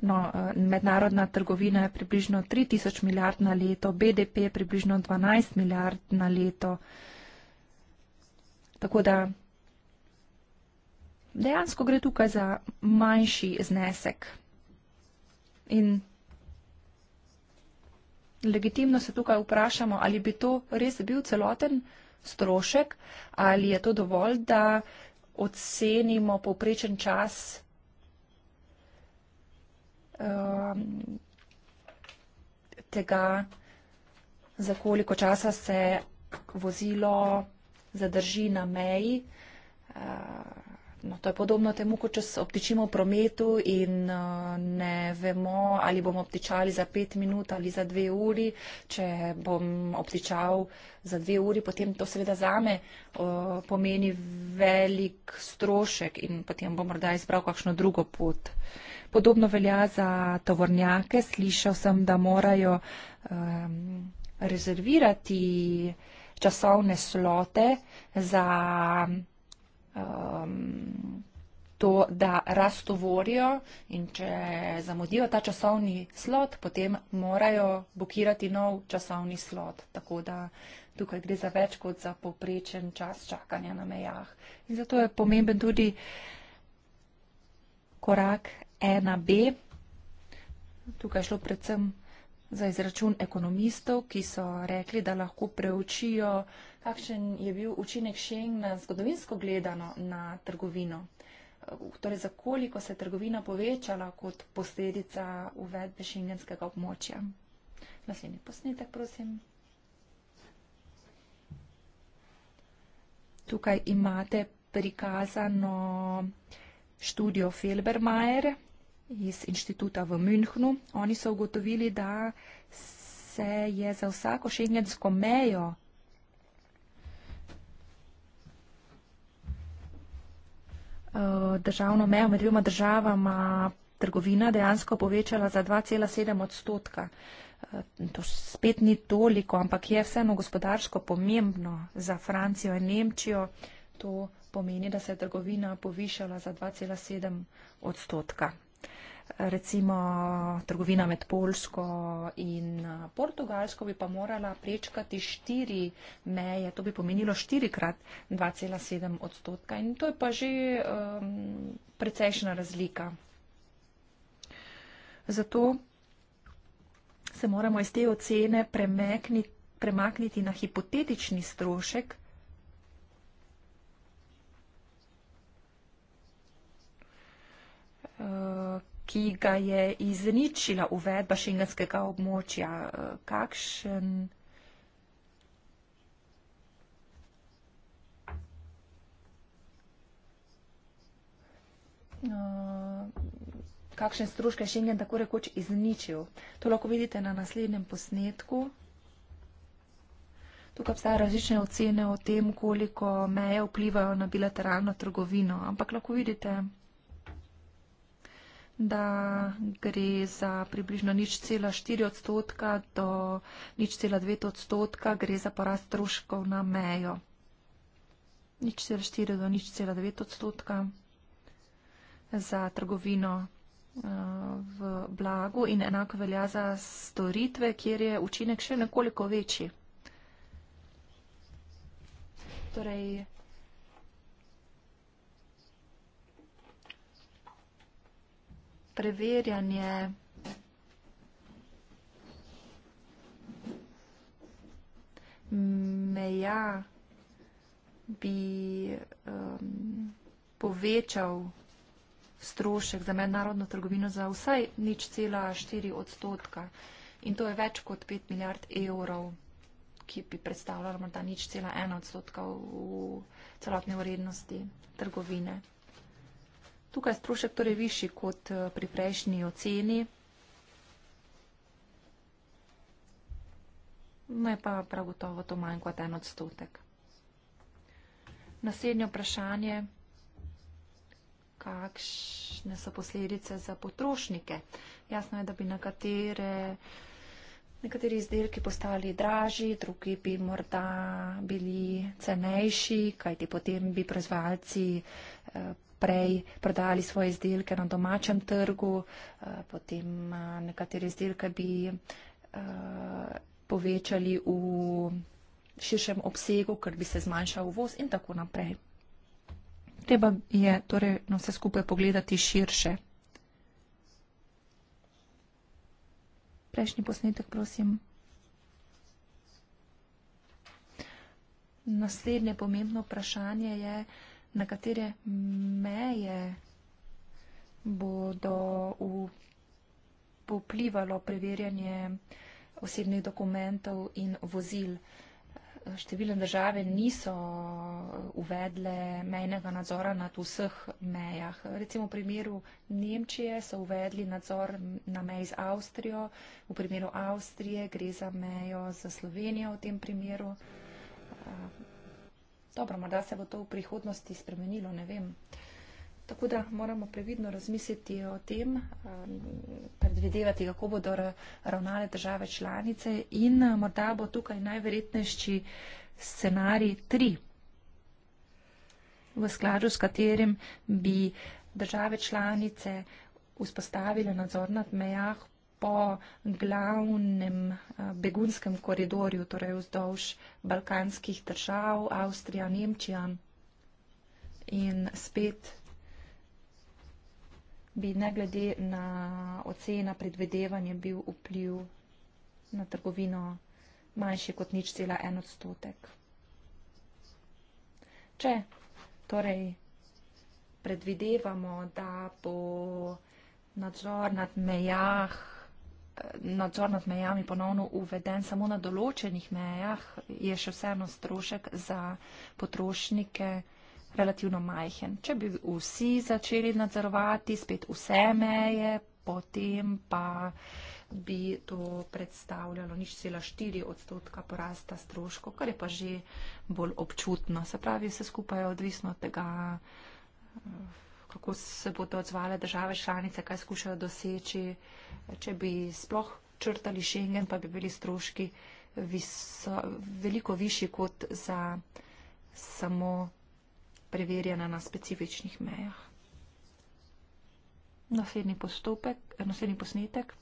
No, eh, mednarodna trgovina je približno 3000 milijard na leto, BDP je približno 12 milijard na leto. Uh, Tako da dejansko gre tukaj za manjši znesek. In legitimno se tukaj vprašamo, ali bi to res bil celoten strošek, ali je to dovolj, da ocenimo povprečen čas. Um, tega, za koliko časa se vozilo zadrži na meji. Eh, no, to je podobno temu, kot če obtičimo v prometu in eh, ne vemo, ali bomo obtičali za pet minut ali za dve uri. Če bom obtičal za dve uri, potem to seveda zame eh, pomeni velik strošek in potem bom morda izbral kakšno drugo pot. Podobno velja za tovornjake. Slišal sem, da morajo um, rezervirati časovne slote za um, to, da rastovorijo in če zamudijo ta časovni slot, potem morajo blokirati nov časovni slot. Tako da tukaj gre za več kot za povprečen čas čakanja na mejah. In zato je pomemben tudi korak 1B. Tukaj je šlo predvsem za izračun ekonomistov, ki so rekli, da lahko preučijo, kakšen je bil učinek Schengna zgodovinsko gledano na trgovino. Torej, zakoliko se je trgovina povečala kot posledica uvedbe šengenskega območja. Naslednji posnetek, prosim. Tukaj imate prikazano študijo Felbermajera iz inštituta v Münchnu. Oni so ugotovili, da se je za vsako šengensko mejo eh, državno mejo med dvema državama trgovina dejansko povečala za 2,7 odstotka. Eh, to spet ni toliko, ampak je vseeno gospodarsko pomembno za Francijo in Nemčijo. To pomeni, da se je trgovina povišala za 2,7 odstotka recimo trgovina med Polsko in eh, Portugalsko bi pa morala prečkati štiri meje, to bi pomenilo štirikrat 2,7 odstotka in to je pa že um, precejšna razlika. Zato se moramo iz te ocene premakniti, premakniti na hipotetični strošek. Uh, ki ga je izničila uvedba šengenskega območja. E, kakšen e, kakšne stroške je Schengen tako rekoč izničil. To lahko vidite na naslednjem posnetku. Tukaj obstajajo različne ocene o tem, koliko meje vplivajo na bilateralno trgovino, ampak lahko vidite, da gre za približno nič cela štiri odstotka do nič cela dve odstotka, gre za porast stroškov na mejo. Nič cela štiri do nič cela devet odstotka za trgovino eh, v blagu in enako velja za storitve, kjer je učinek še nekoliko večji. Torej, preverjanje meja bi um, povečal strošek za mednarodno trgovino za vsaj nič cela štiri odstotka. In to je več kot 5 milijard evrov, ki bi predstavljalo morda nič cela ena odstotka v celotni vrednosti trgovine. Tukaj je strošek torej višji kot eh, pri prejšnji oceni. No je pa prav gotovo to manj kot en odstotek. Naslednje vprašanje, kakšne so posledice za potrošnike? Jasno je, da bi nekatere, nekateri izdelki postali dražji, drugi bi morda bili cenejši, kajti potem bi proizvajalci eh, prej prodajali svoje izdelke na domačem trgu, eh, potem eh, nekatere izdelke bi eh, povečali v širšem obsegu, ker bi se zmanjšal uvoz in tako naprej. Treba je torej na vse skupaj pogledati širše. Prejšnji posnetek, prosim. Naslednje pomembno vprašanje je, na katere meje bodo vplivalo preverjanje osebnih dokumentov in vozil. Številne države niso uvedle mejnega nadzora nad vseh mejah. Recimo v primeru Nemčije so uvedli nadzor na meji z Avstrijo, v primeru Avstrije gre za mejo z Slovenijo v tem primeru. Dobro, morda se bo to v prihodnosti spremenilo, ne vem. Tako da moramo previdno razmisliti o tem, um, predvidevati, kako bodo ravnale države članice in uh, morda bo tukaj najverjetnejši scenarij 3, v skladu s katerim bi države članice vzpostavile nadzor nad mejah po glavnem eh, begunskem koridorju, torej vzdolž balkanskih držav, Avstrija, Nemčija in spet bi ne glede na ocena predvedevanje bil vpliv na trgovino manjši kot nič cela en odstotek. Če torej predvidevamo, da bo nadzor nad mejah nadzor nad mejami ponovno uveden samo na določenih mejah, je še vseeno strošek za potrošnike relativno majhen. Če bi vsi začeli nadzorovati spet vse meje, potem pa bi to predstavljalo nič cela 4 odstotka porasta stroškov, kar je pa že bolj občutno. Se pravi, vse skupaj je odvisno od tega, eh, kako se bodo odzvale države članice, kaj skušajo doseči, če bi sploh črtali Schengen, pa bi bili stroški viso, veliko višji kot za samo preverjena na specifičnih mejah. Naslednji postopek, naslednji posnetek.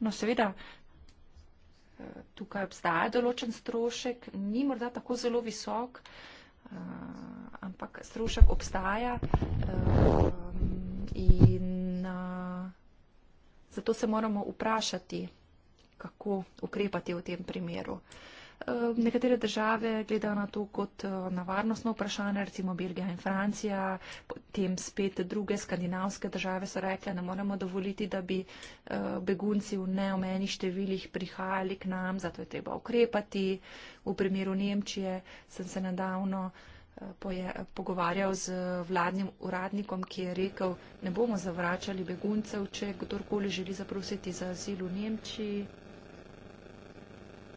No, seveda, eh, tukaj obstaja določen strošek, ni morda tako zelo visok, Uh, ampak strošek obstaja uh, in uh, zato se moramo vprašati, kako ukrepati v tem primeru. Uh, Eh, nekatere države gledajo na to kot eh, na varnostno vprašanje, recimo Belgija in Francija, potem spet druge skandinavske države so rekle, ne moremo dovoliti, da bi eh, begunci v neomenih številih prihajali k nam, zato je treba ukrepati. V primeru Nemčije sem se nedavno pogovarjal z vladnim uradnikom, ki je rekel, ne bomo zavračali beguncev, če kdorkoli želi zaprositi za azil v Nemčiji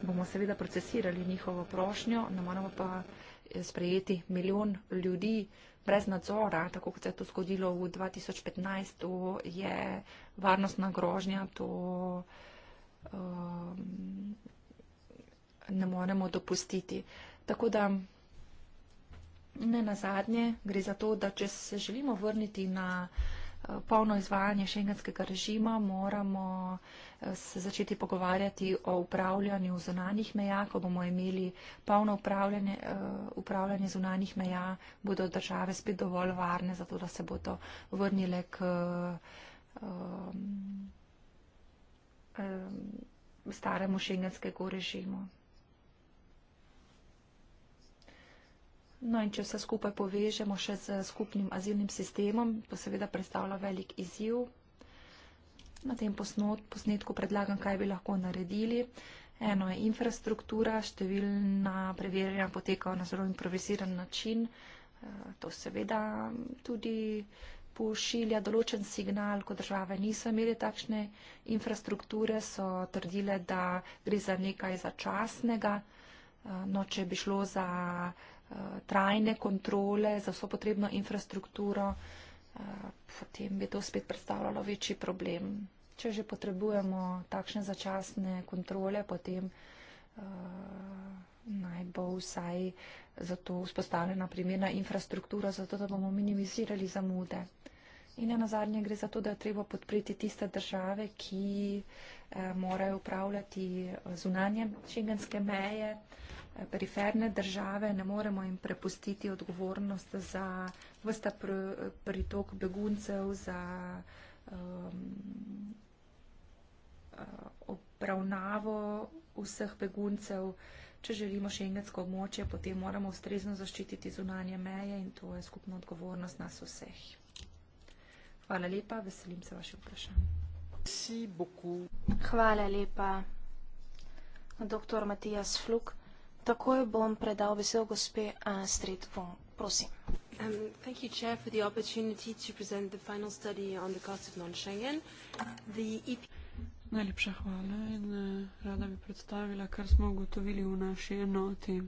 bomo seveda procesirali njihovo prošnjo, ne moramo pa eh, sprejeti milijon ljudi brez nadzora, tako kot se je to zgodilo v 2015, to je varnostna grožnja, to um, ne moremo dopustiti. Tako da ne na zadnje, gre za to, da če se želimo vrniti na polno izvajanje šengenskega režima, moramo eh, se začeti pogovarjati o upravljanju zunanjih meja. Ko bomo imeli polno upravljanje, eh, upravljanje zunanjih meja, bodo države spet dovolj varne, zato da se bodo vrnile k um, um, staremu šengenskemu režimu. No in če vse skupaj povežemo še z skupnim azilnim sistemom, to seveda predstavlja velik izziv. Na tem posnetku predlagam, kaj bi lahko naredili. Eno je infrastruktura, številna preverjanja potekajo na zelo improviziran način. Eh, to seveda tudi pošilja določen signal, ko države niso imeli takšne infrastrukture, so trdile, da gre za nekaj začasnega. Eh, no, če bi šlo za trajne kontrole za vso potrebno infrastrukturo, eh, potem bi to spet predstavljalo večji problem. Če že potrebujemo takšne začasne kontrole, potem eh, naj bo vsaj za to vzpostavljena primerna infrastruktura, zato da bomo minimizirali zamude. In na zadnje gre za to, da je treba podpreti tiste države, ki eh, morajo upravljati eh, zunanje šengenske meje. Eh, periferne države, ne moremo jim prepustiti odgovornost za vsta pr pritok beguncev, za um, uh, obravnavo vseh beguncev. Če želimo šengensko območje, potem moramo ustrezno zaščititi zunanje meje in to je skupna odgovornost nas vseh. Hvala lepa, veselim se vaše vprašanje. Hvala lepa, dr. Matijas Fluk. Takoj bom predal besedo gospe Astrid Fung. Prosim. Um, thank you, Chair, for the opportunity to present the final study on the cost of non-Schengen. The EP... Najlepša hvala in uh, rada bi predstavila, kar smo ugotovili v naši enoti.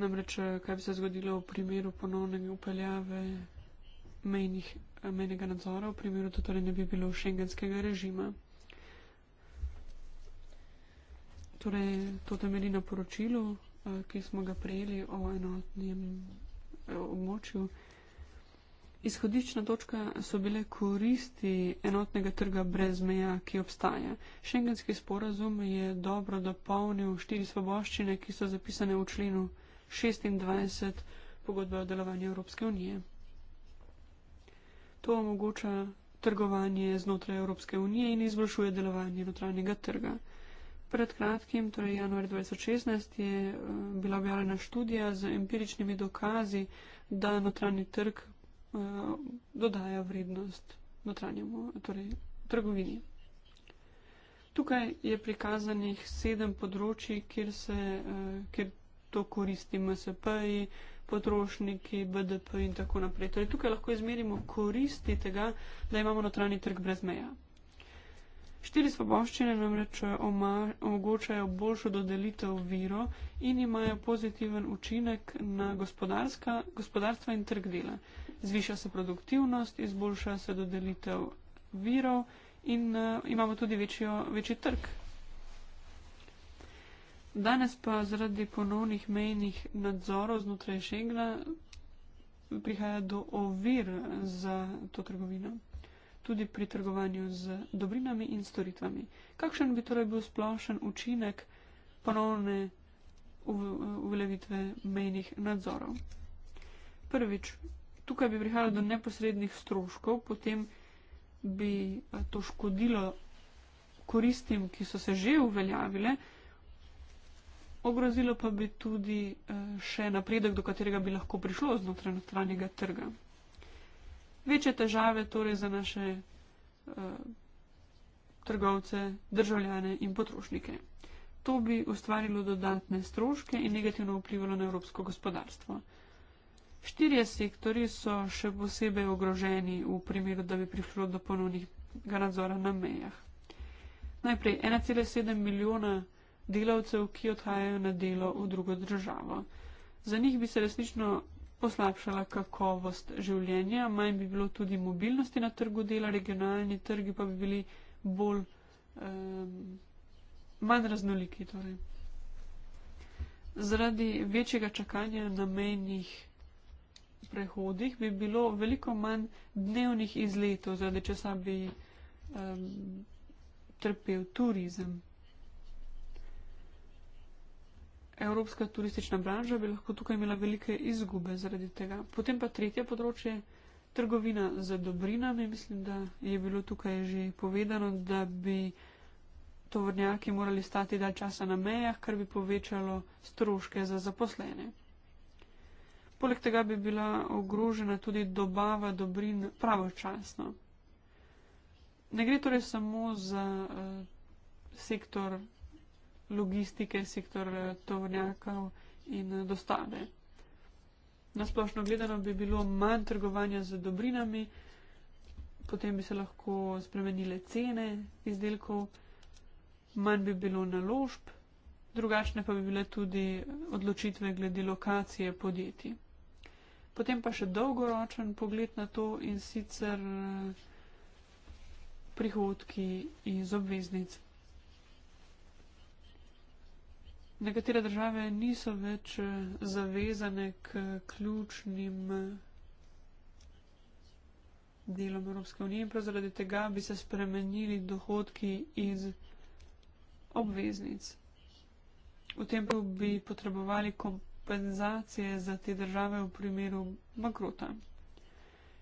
Namreč, eh, kaj bi se zgodilo v primeru ponovnega upeljave mejnih, eh, mejnega nadzora, v primeru to torej ne bi bilo šengenskega režima. torej, to temelji na poročilu, eh, ki smo ga prejeli o enotnem eh, območju. Izhodična točka so bile koristi enotnega trga brez meja, ki obstaja. Šengenski sporazum je dobro dopolnil štiri svoboščine, ki so zapisane v členu 26 pogodbe o delovanju Evropske unije. To omogoča trgovanje znotraj Evropske unije in izboljšuje delovanje notranjega trga pred kratkim, torej januar 2016, je eh, bila objavljena študija z empiričnimi dokazi, da notranji trg uh, dodaja vrednost notranjemu, torej trgovini. Tukaj je prikazanih sedem področji, kjer, se, uh, kjer to koristi MSP-ji, potrošniki, BDP in tako naprej. Torej, tukaj lahko izmerimo koristi tega, da imamo notranji trg brez meja. Štiri svoboščine namreč eh, omogočajo boljšo dodelitev viro in imajo pozitiven učinek na gospodarstva in trg dela. Zviša se produktivnost, izboljša se dodelitev virov in uh, imamo tudi večjo, večji trg. Danes pa zaradi ponovnih mejnih nadzorov znotraj Schengna prihaja do ovir za to trgovino tudi pri trgovanju z dobrinami in storitvami. Kakšen bi torej bil splošen učinek ponovne uveljavitve mejnih nadzorov? Prvič, tukaj bi prihajalo do neposrednih stroškov, potem bi eh, to škodilo koristim, ki so se že uveljavile, ogrozilo pa bi tudi eh, še napredek, do katerega bi lahko prišlo znotraj notranjega trga večje težave torej za naše uh, trgovce, državljane in potrošnike. To bi ustvarilo dodatne stroške in negativno vplivalo na evropsko gospodarstvo. Štirje sektori so še posebej ogroženi v primeru, da bi prišlo do ponovnega nadzora na mejah. Najprej 1,7 milijona delavcev, ki odhajajo na delo v drugo državo. Za njih bi se resnično poslabšala kakovost življenja, manj bi bilo tudi mobilnosti na trgu dela, regionalni trgi pa bi bili bolj, um, manj raznoliki. Torej. Zaradi večjega čakanja na menjih prehodih bi bilo veliko manj dnevnih izletov, zaradi česa bi um, trpel turizem. evropska turistična branža bi lahko tukaj imela velike izgube zaradi tega. Potem pa tretje področje, trgovina z dobrinami. Mislim, da je bilo tukaj že povedano, da bi tovrnjaki morali stati dalj časa na mejah, kar bi povečalo stroške za zaposlene. Poleg tega bi bila ogrožena tudi dobava dobrin pravočasno. Ne gre torej samo za uh, sektor logistike, sektor eh, tovornjakov in eh, dostave. Nasplošno gledano bi bilo manj trgovanja z dobrinami, potem bi se lahko spremenile cene izdelkov, manj bi bilo naložb, drugačne pa bi bile tudi odločitve glede lokacije podjetij. Potem pa še dolgoročen pogled na to in sicer eh, prihodki iz obveznic. nekatere države niso več eh, zavezane k ključnim eh, delom Evropske unije in prav zaradi tega bi se spremenili dohodki iz obveznic. V tem pa bi potrebovali kompenzacije za te države v primeru makrota.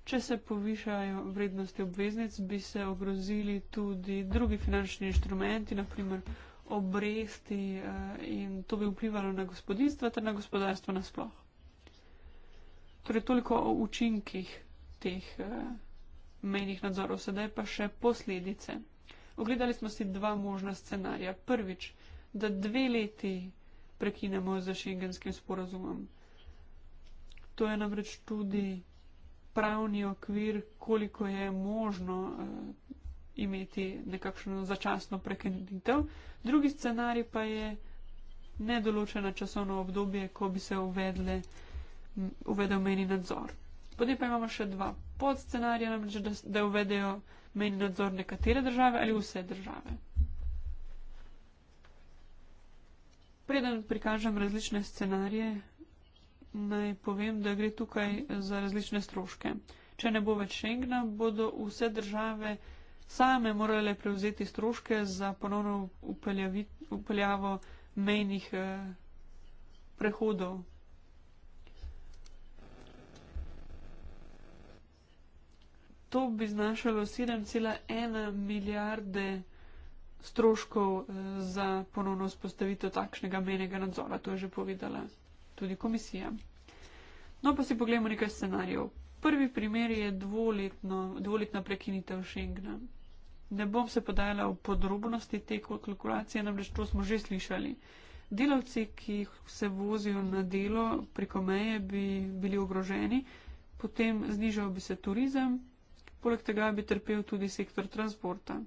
Če se povišajo vrednosti obveznic, bi se ogrozili tudi drugi finančni inštrumenti, naprimer obresti eh, in to bi vplivalo na gospodinstva ter na gospodarstvo nasploh. Torej, toliko o učinkih teh eh, mejnih nadzorov, sedaj pa še posledice. Ogledali smo si dva možna scenarija. Prvič, da dve leti prekinemo za šengenskim sporazumom. To je namreč tudi pravni okvir, koliko je možno eh, imeti nekakšno začasno prekinitev. Drugi scenarij pa je nedoločena časovno obdobje, ko bi se uvedle, uvedel meni nadzor. Potem pa imamo še dva podscenarija, namreč, da, da uvedejo meni nadzor nekatere države ali vse države. Preden prikažem različne scenarije, naj povem, da gre tukaj za različne stroške. Če ne bo več Schengna, bodo vse države same morale prevzeti stroške za ponovno upeljavo mejnih eh, prehodov. To bi znašalo 7,1 milijarde stroškov eh, za ponovno spostavitev takšnega menjega nadzora, to je že povedala tudi komisija. No, pa si pogledamo nekaj scenarijev. Prvi primer je dvoletno, dvoletna prekinitev Schengna. Ne bom se podajala v podrobnosti te kalkulacije, namreč to smo že slišali. Delavci, ki se vozijo na delo preko meje, bi bili ogroženi, potem znižal bi se turizem, poleg tega bi trpel tudi sektor transporta.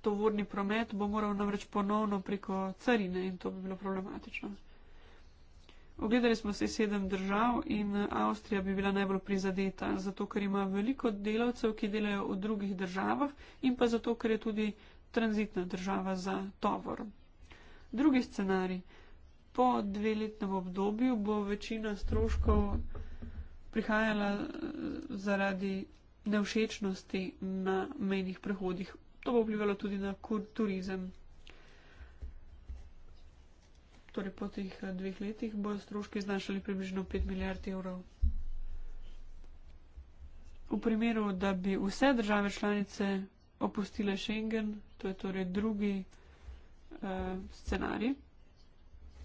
Tovorni promet bo moral namreč ponovno preko carine in to bi bilo problematično. Ogledali smo se sedem držav in Avstrija bi bila najbolj prizadeta, zato ker ima veliko delavcev, ki delajo v drugih državah in pa zato, ker je tudi tranzitna država za tovor. Drugi scenarij. Po dveletnem obdobju bo večina stroškov prihajala eh, zaradi nevšečnosti na menjih prehodih. To bo vplivalo tudi na turizem torej po teh eh, dveh letih, bojo stroški znašali približno 5 milijard evrov. V primeru, da bi vse države članice opustile Schengen, to je torej drugi eh, scenarij,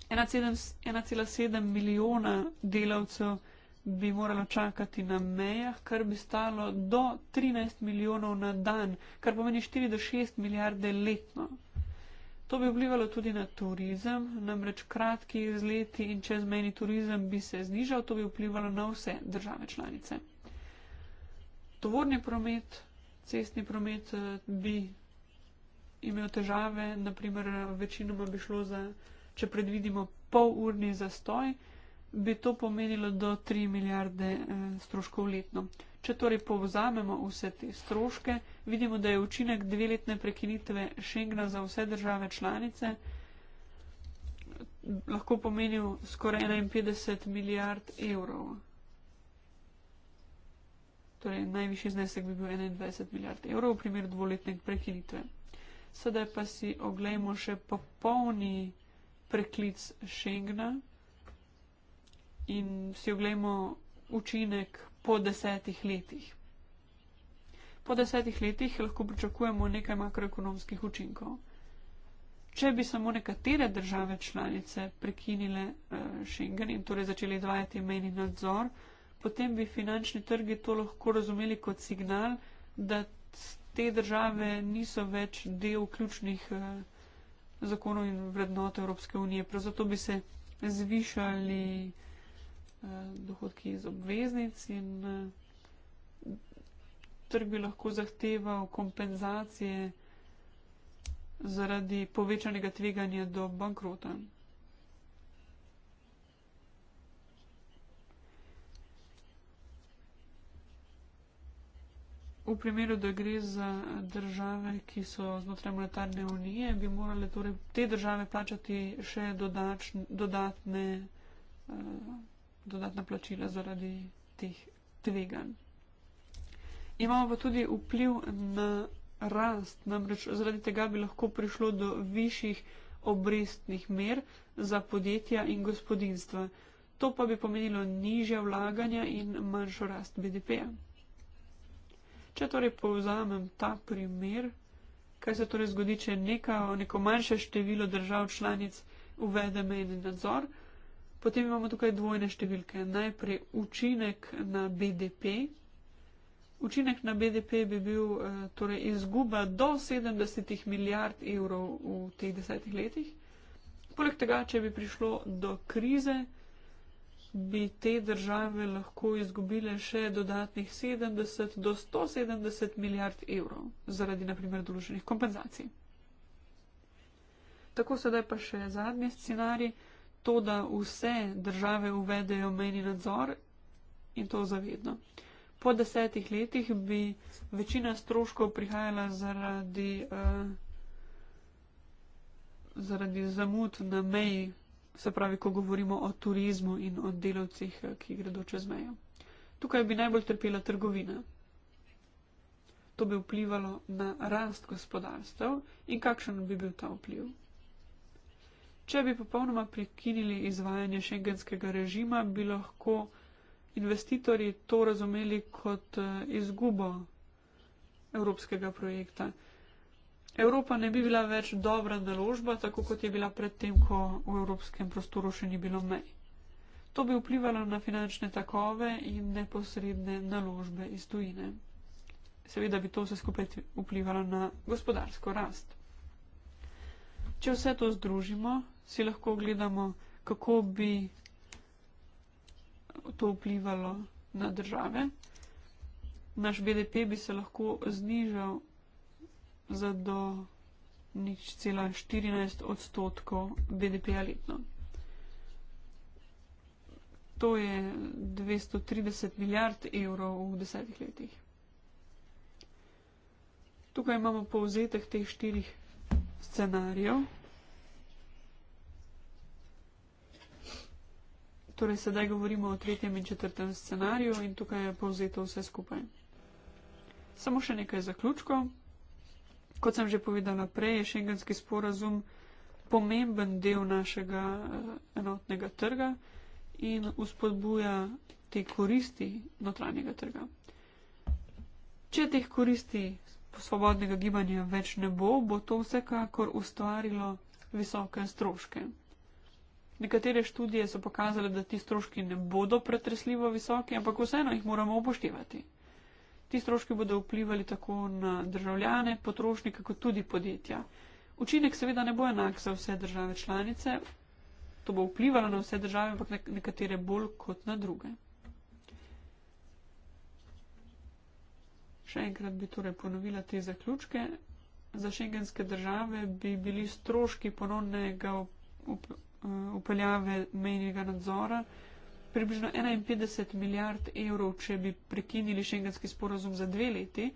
1,7 milijona delavcev bi moralo čakati na mejah, kar bi stalo do 13 milijonov na dan, kar pomeni 4 do 6 milijarde letno. To bi vplivalo tudi na turizem, namreč kratki izleti in čezmeni turizem bi se znižal, to bi vplivalo na vse države članice. Tovorni promet, cestni promet eh, bi imel težave, naprimer večinoma bi šlo za, če predvidimo pol urni zastoj, bi to pomenilo do 3 milijarde eh, stroškov letno. Če torej povzamemo vse te stroške, vidimo, da je učinek dveletne prekinitve Schengna za vse države članice lahko pomenil skoraj 51 milijard evrov. Torej, najvišji znesek bi bil 21 milijard evrov v primer dvoletne prekinitve. Sedaj pa si oglejmo še popolni preklic Schengna in si oglejmo učinek po desetih letih. Po desetih letih lahko pričakujemo nekaj makroekonomskih učinkov. Če bi samo nekatere države članice prekinile eh, Schengen in torej začeli izvajati meni nadzor, potem bi finančni trgi to lahko razumeli kot signal, da te države niso več del ključnih eh, zakonov in vrednot Evropske unije. Prav zato bi se zvišali. Eh, dohodki iz obveznic in eh, trg bi lahko zahteval kompenzacije zaradi povečanega tveganja do bankrota. V primeru, da gre za države, ki so znotraj monetarne unije, bi morale torej te države plačati še dodačne, dodatne uh, dodatna plačila zaradi teh tveganj. Imamo pa tudi vpliv na rast, namreč zaradi tega bi lahko prišlo do višjih obrestnih mer za podjetja in gospodinstva. To pa bi pomenilo nižje vlaganja in manjšo rast BDP-ja. Če torej povzamem ta primer, kaj se torej zgodi, če neka, neko manjše število držav članic uvede mejni nadzor? Potem imamo tukaj dvojne številke. Najprej učinek na BDP. Učinek na BDP bi bil eh, torej izguba do 70 milijard evrov v teh desetih letih. Poleg tega, če bi prišlo do krize, bi te države lahko izgubile še dodatnih 70 do 170 milijard evrov zaradi naprimer določenih kompenzacij. Tako sedaj pa še zadnji scenarij to, da vse države uvedejo meni nadzor in to zavedno. Po desetih letih bi večina stroškov prihajala zaradi, uh, zaradi zamud na meji, se pravi, ko govorimo o turizmu in o delavcih, ki gredo čez mejo. Tukaj bi najbolj trpela trgovina. To bi vplivalo na rast gospodarstva in kakšen bi bil ta vpliv. Če bi popolnoma prekinili izvajanje šengenskega režima, bi lahko investitorji to razumeli kot eh, izgubo evropskega projekta. Evropa ne bi bila več dobra naložba, tako kot je bila predtem, ko v evropskem prostoru še ni bilo mej. To bi vplivalo na finančne takove in neposredne naložbe iz tujine. Seveda bi to vse skupaj vplivalo na gospodarsko rast. Če vse to združimo, si lahko gledamo, kako bi to vplivalo na države. Naš BDP bi se lahko znižal za do nič cela 14 odstotkov BDP-a -ja letno. To je 230 milijard evrov v desetih letih. Tukaj imamo povzetek teh štirih scenarijev. Torej, sedaj govorimo o tretjem in četrtem scenariju in tukaj je povzeto vse skupaj. Samo še nekaj zaključkov. Kot sem že povedala prej, je šengenski sporazum pomemben del našega eh, enotnega trga in uspodbuja te koristi notranjega trga. Če teh koristi svobodnega gibanja več ne bo, bo to vsekakor ustvarilo visoke stroške. Nekatere študije so pokazale, da ti stroški ne bodo pretresljivo visoki, ampak vseeno jih moramo upoštevati. Ti stroški bodo vplivali tako na državljane, potrošnike, kot tudi podjetja. Učinek seveda ne bo enak za vse države članice, to bo vplivalo na vse države, ampak nekatere bolj kot na druge. Še enkrat bi torej ponovila te zaključke. Za šengenske države bi bili stroški ponovnega upoštevanja upeljave mejnega nadzora. Približno 51 milijard evrov, če bi prekinili šengenski sporozum za dve leti,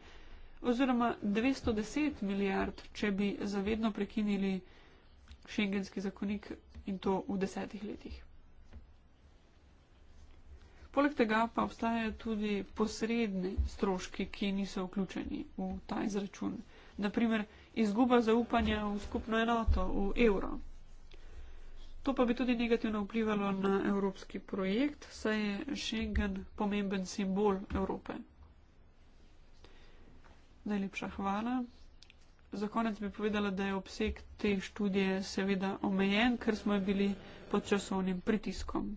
oziroma 210 milijard, če bi zavedno prekinili šengenski zakonik in to v desetih letih. Poleg tega pa obstajajo tudi posredni stroški, ki niso vključeni v ta izračun. Naprimer, izguba zaupanja v skupno enoto, v evro. To pa bi tudi negativno vplivalo na evropski projekt, saj je Schengen pomemben simbol Evrope. Najlepša hvala. Za konec bi povedala, da je obseg te študije seveda omejen, ker smo bili pod časovnim pritiskom.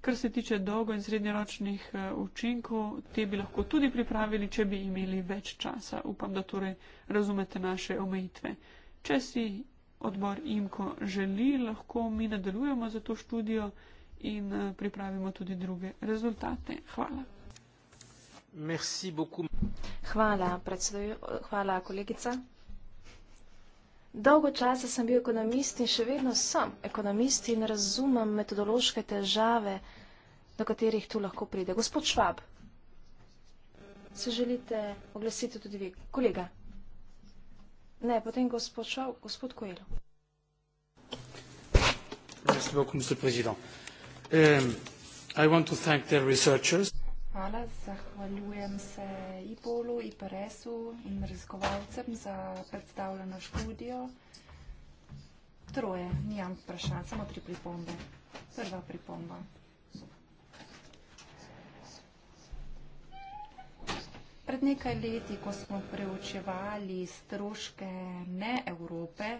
Kar se tiče dolgo in srednjeročnih eh, učinkov, te bi lahko tudi pripravili, če bi imeli več časa. Upam, da torej razumete naše omejitve. Če si odbor IMKO želi, lahko mi nadaljujemo za to študijo in eh, pripravimo tudi druge rezultate. Hvala. Merci beaucoup. Hvala, predsedujo. Hvala, kolegica. Dolgo časa sem bil ekonomist in še vedno sem ekonomist in razumem metodološke težave, do katerih tu lahko pride. Gospod Švab, se želite oglasiti tudi vi? Kolega. Ne, potem gospod Šov, gospod Kojelo. Merci beaucoup, Monsieur le Président. Um, I want to thank the researchers. Hvala, zahvaljujem se IPOL-u, IPRS-u in raziskovalcem za predstavljeno študijo. Troje, nijam vprašanj, samo tri pripombe. Prva pripomba. Pred nekaj leti, ko smo preučevali stroške ne Evrope,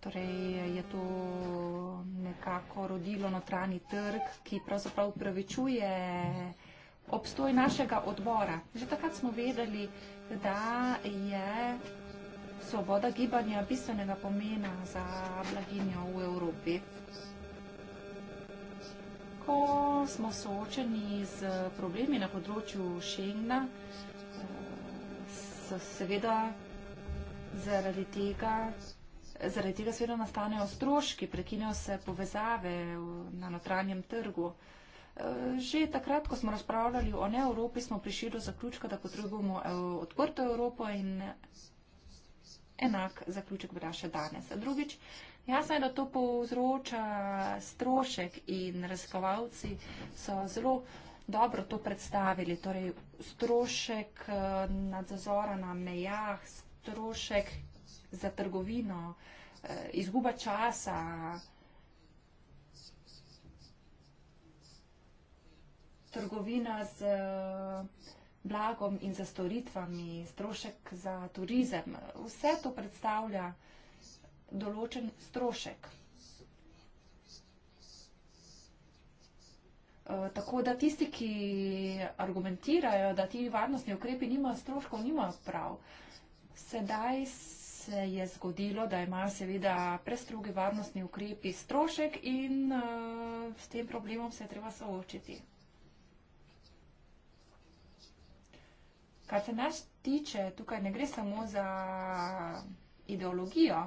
torej je to nekako rodilo notranji trg, ki pravzaprav upravičuje obstoj našega odbora. Že takrat smo vedeli, da je svoboda gibanja bistvenega pomena za blaginjo v Evropi tako smo soočeni z problemi na področju Schengna, eh, seveda zaradi tega, zaradi tega seveda nastanejo stroški, prekinejo se povezave na notranjem trgu. Eh, že takrat, ko smo razpravljali o ne Evropi, smo prišli do zaključka, da potrebujemo eh, odprto Evropo in enak zaključek bi naša danes. Drugič, Jasno je, da to povzroča strošek in raziskovalci so zelo dobro to predstavili. Torej, strošek eh, nadzora na mejah, strošek za trgovino, eh, izguba časa. Trgovina z eh, blagom in za storitvami, strošek za turizem, vse to predstavlja uh, določen strošek. E, tako da tisti, ki argumentirajo, da ti varnostni ukrepi nimajo stroškov, nimajo prav. Sedaj se je zgodilo, da imajo seveda prestrogi varnostni ukrepi strošek in uh, s tem problemom se je treba soočiti. Kar se nas tiče, tukaj ne gre samo za ideologijo,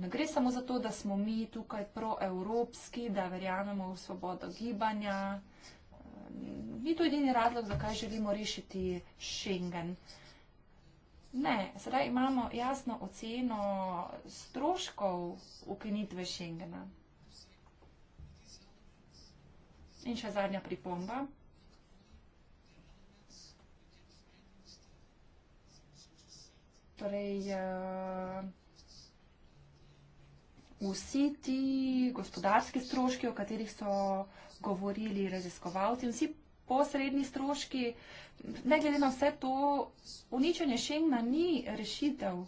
Ne gre samo za to, da smo mi tukaj proevropski, da verjamemo v svobodo gibanja. Ni to edini razlog, zakaj želimo rešiti Schengen. Ne, sedaj imamo jasno oceno stroškov ukinitve Schengena. In še zadnja pripomba. Torej, uh, vsi ti gospodarski stroški, o katerih so govorili raziskovalci, vsi posredni stroški, ne glede na vse to, uničenje šengna ni rešitev.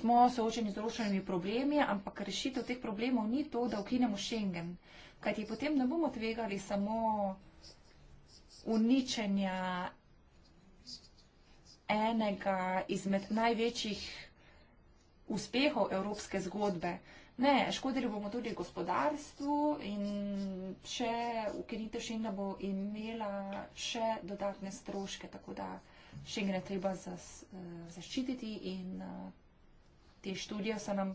Smo soočeni z rošenimi problemi, ampak rešitev teh problemov ni to, da ukinemo šengen. Kajti potem ne bomo tvegali samo uničenja enega izmed največjih uspehov evropske zgodbe. Ne, škodili bomo tudi gospodarstvu in če ukinite Šengena, bo imela še dodatne stroške, tako da Šengene treba eh, zaščititi in eh, te študije so nam,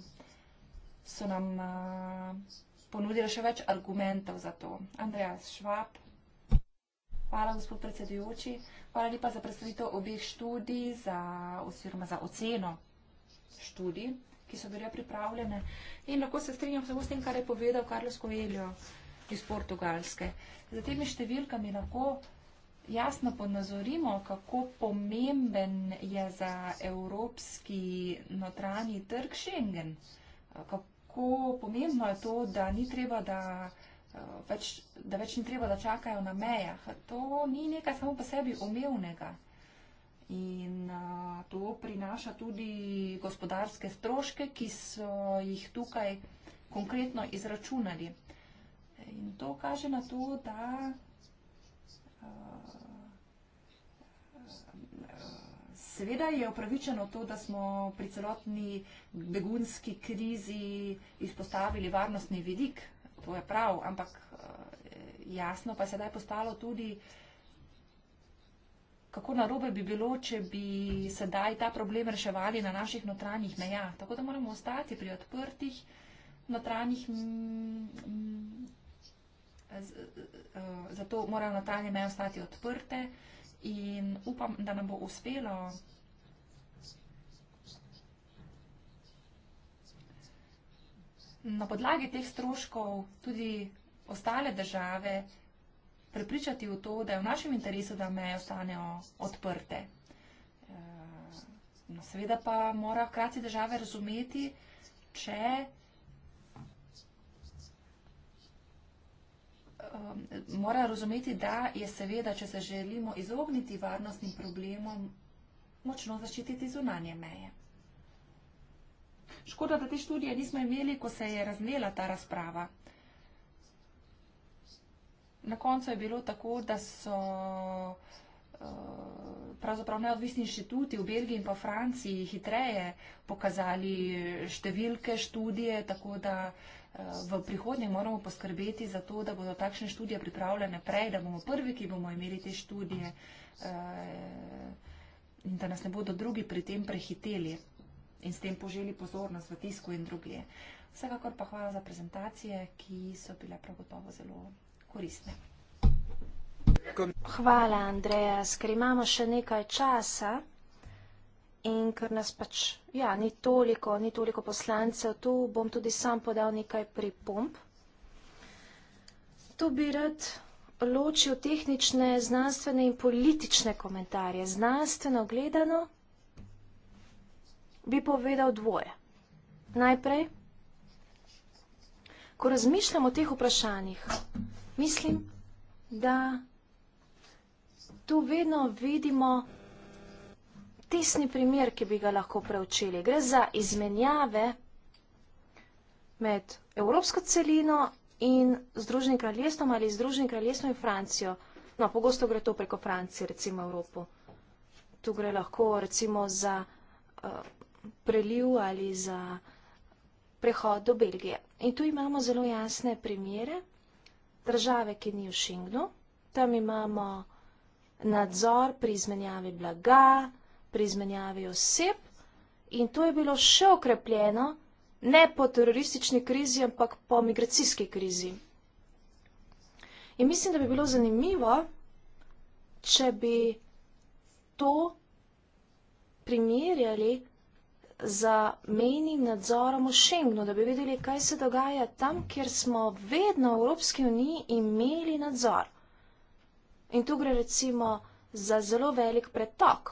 so nam eh, ponudile še več argumentov za to. Andreas Švab. Hvala, gospod predsedujoči. Hvala lepa za predstavitev obeh študij, za, oziroma za oceno študij, ki so bile pripravljene. In lahko se strinjam samo s tem, kar je povedal Karlo Skoeljo iz Portugalske. Za temi številkami lahko jasno ponazorimo, kako pomemben je za evropski notranji trg Schengen. Kako pomembno je to, da ni treba, da. Eh, več, da več ni treba, da čakajo na mejah. To ni nekaj samo po sebi omevnega. In to prinaša tudi gospodarske stroške, ki so jih tukaj konkretno izračunali. In to kaže na to, da seveda je upravičeno to, da smo pri celotni begunski krizi izpostavili varnostni vidik, to je prav, ampak jasno pa je sedaj postalo tudi, kako narobe bi bilo, če bi sedaj ta problem reševali na naših notranjih mejah. Tako da moramo ostati pri odprtih notranjih. Eh, zato morajo notranje meje ostati odprte in upam, da nam bo uspelo. Na podlagi teh stroškov tudi ostale države prepričati v to, da je v našem interesu, da meje ostanejo odprte. E, no, seveda pa mora hkrati države razumeti, če um, mora razumeti, da je seveda, če se želimo izogniti varnostnim problemom, močno zaščititi zunanje meje. Škoda, da te študije nismo imeli, ko se je razmela ta razprava na koncu je bilo tako, da so eh, pravzaprav neodvisni inštituti v Belgiji in pa Franciji hitreje pokazali številke, študije, tako da eh, v prihodnje moramo poskrbeti za to, da bodo takšne študije pripravljene prej, da bomo prvi, ki bomo imeli te študije eh, in da nas ne bodo drugi pri tem prehiteli in s tem poželi pozornost v tisku in druge. Vsekakor pa hvala za prezentacije, ki so bile prav gotovo zelo koristne. Hvala, Andreja. Ker imamo še nekaj časa in ker nas pač ja, ni, toliko, ni toliko poslancev, tu bom tudi sam podal nekaj pripomp. Tu bi rad ločil tehnične, znanstvene in politične komentarje. Znanstveno gledano bi povedal dvoje. Najprej, ko razmišljamo o teh vprašanjih, Mislim, da tu vedno vidimo tisni primer, ki bi ga lahko preučili. Gre za izmenjave med Evropsko celino in Združenim kraljestvom ali Združenim kraljestvom in Francijo. No, pogosto gre to preko Francije, recimo Evropo. Tu gre lahko recimo za uh, preliv ali za prehod do Belgije. In tu imamo zelo jasne primere države, ki ni v Šingnu, tam imamo nadzor pri izmenjavi blaga, pri izmenjavi oseb in to je bilo še okrepljeno ne po teroristični krizi, ampak po migracijski krizi. In mislim, da bi bilo zanimivo, če bi to primerjali za mejnim nadzorom v Schengnu, da bi vedeli, kaj se dogaja tam, kjer smo vedno v Evropski uniji imeli nadzor. In tu gre recimo za zelo velik pretok,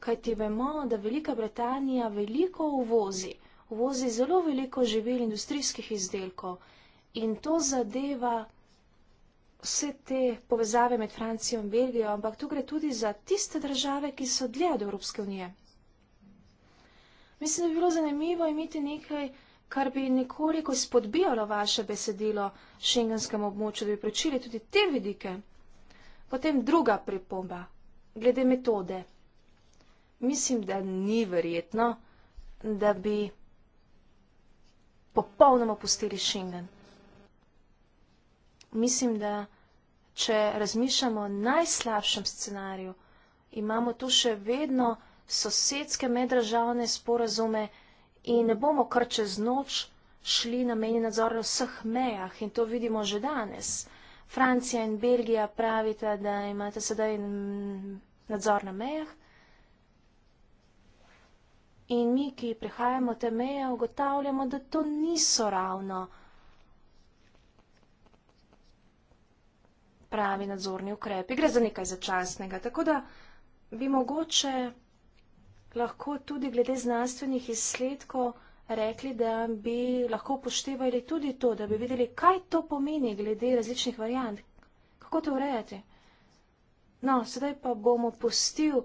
kajti vemo, da Velika Britanija veliko uvozi, uvozi zelo veliko živil industrijskih izdelkov in to zadeva vse te povezave med Francijo in Belgijo, ampak tu gre tudi za tiste države, ki so dlje od Evropske unije. Mislim, da bi bilo zanimivo imeti nekaj, kar bi nekoliko spodbijalo vaše besedilo v šengenskem območju, da bi prečili tudi te vidike. Potem druga pripomba, glede metode. Mislim, da ni verjetno, da bi popolnoma pustili šengen. Mislim, da če razmišljamo o najslabšem scenariju, imamo tu še vedno sosedske meddržavne sporazume in ne bomo kar čez noč šli na meni nadzor na vseh mejah in to vidimo že danes. Francija in Belgija pravita, da imate sedaj nadzor na mejah. In mi, ki prihajamo te meje, ugotavljamo, da to niso ravno pravi nadzorni ukrepi. Gre za nekaj začasnega. Tako da bi mogoče lahko tudi glede znanstvenih izsledkov rekli, da bi lahko poštevali tudi to, da bi videli, kaj to pomeni glede različnih variant. Kako to urejate? No, sedaj pa bomo pustil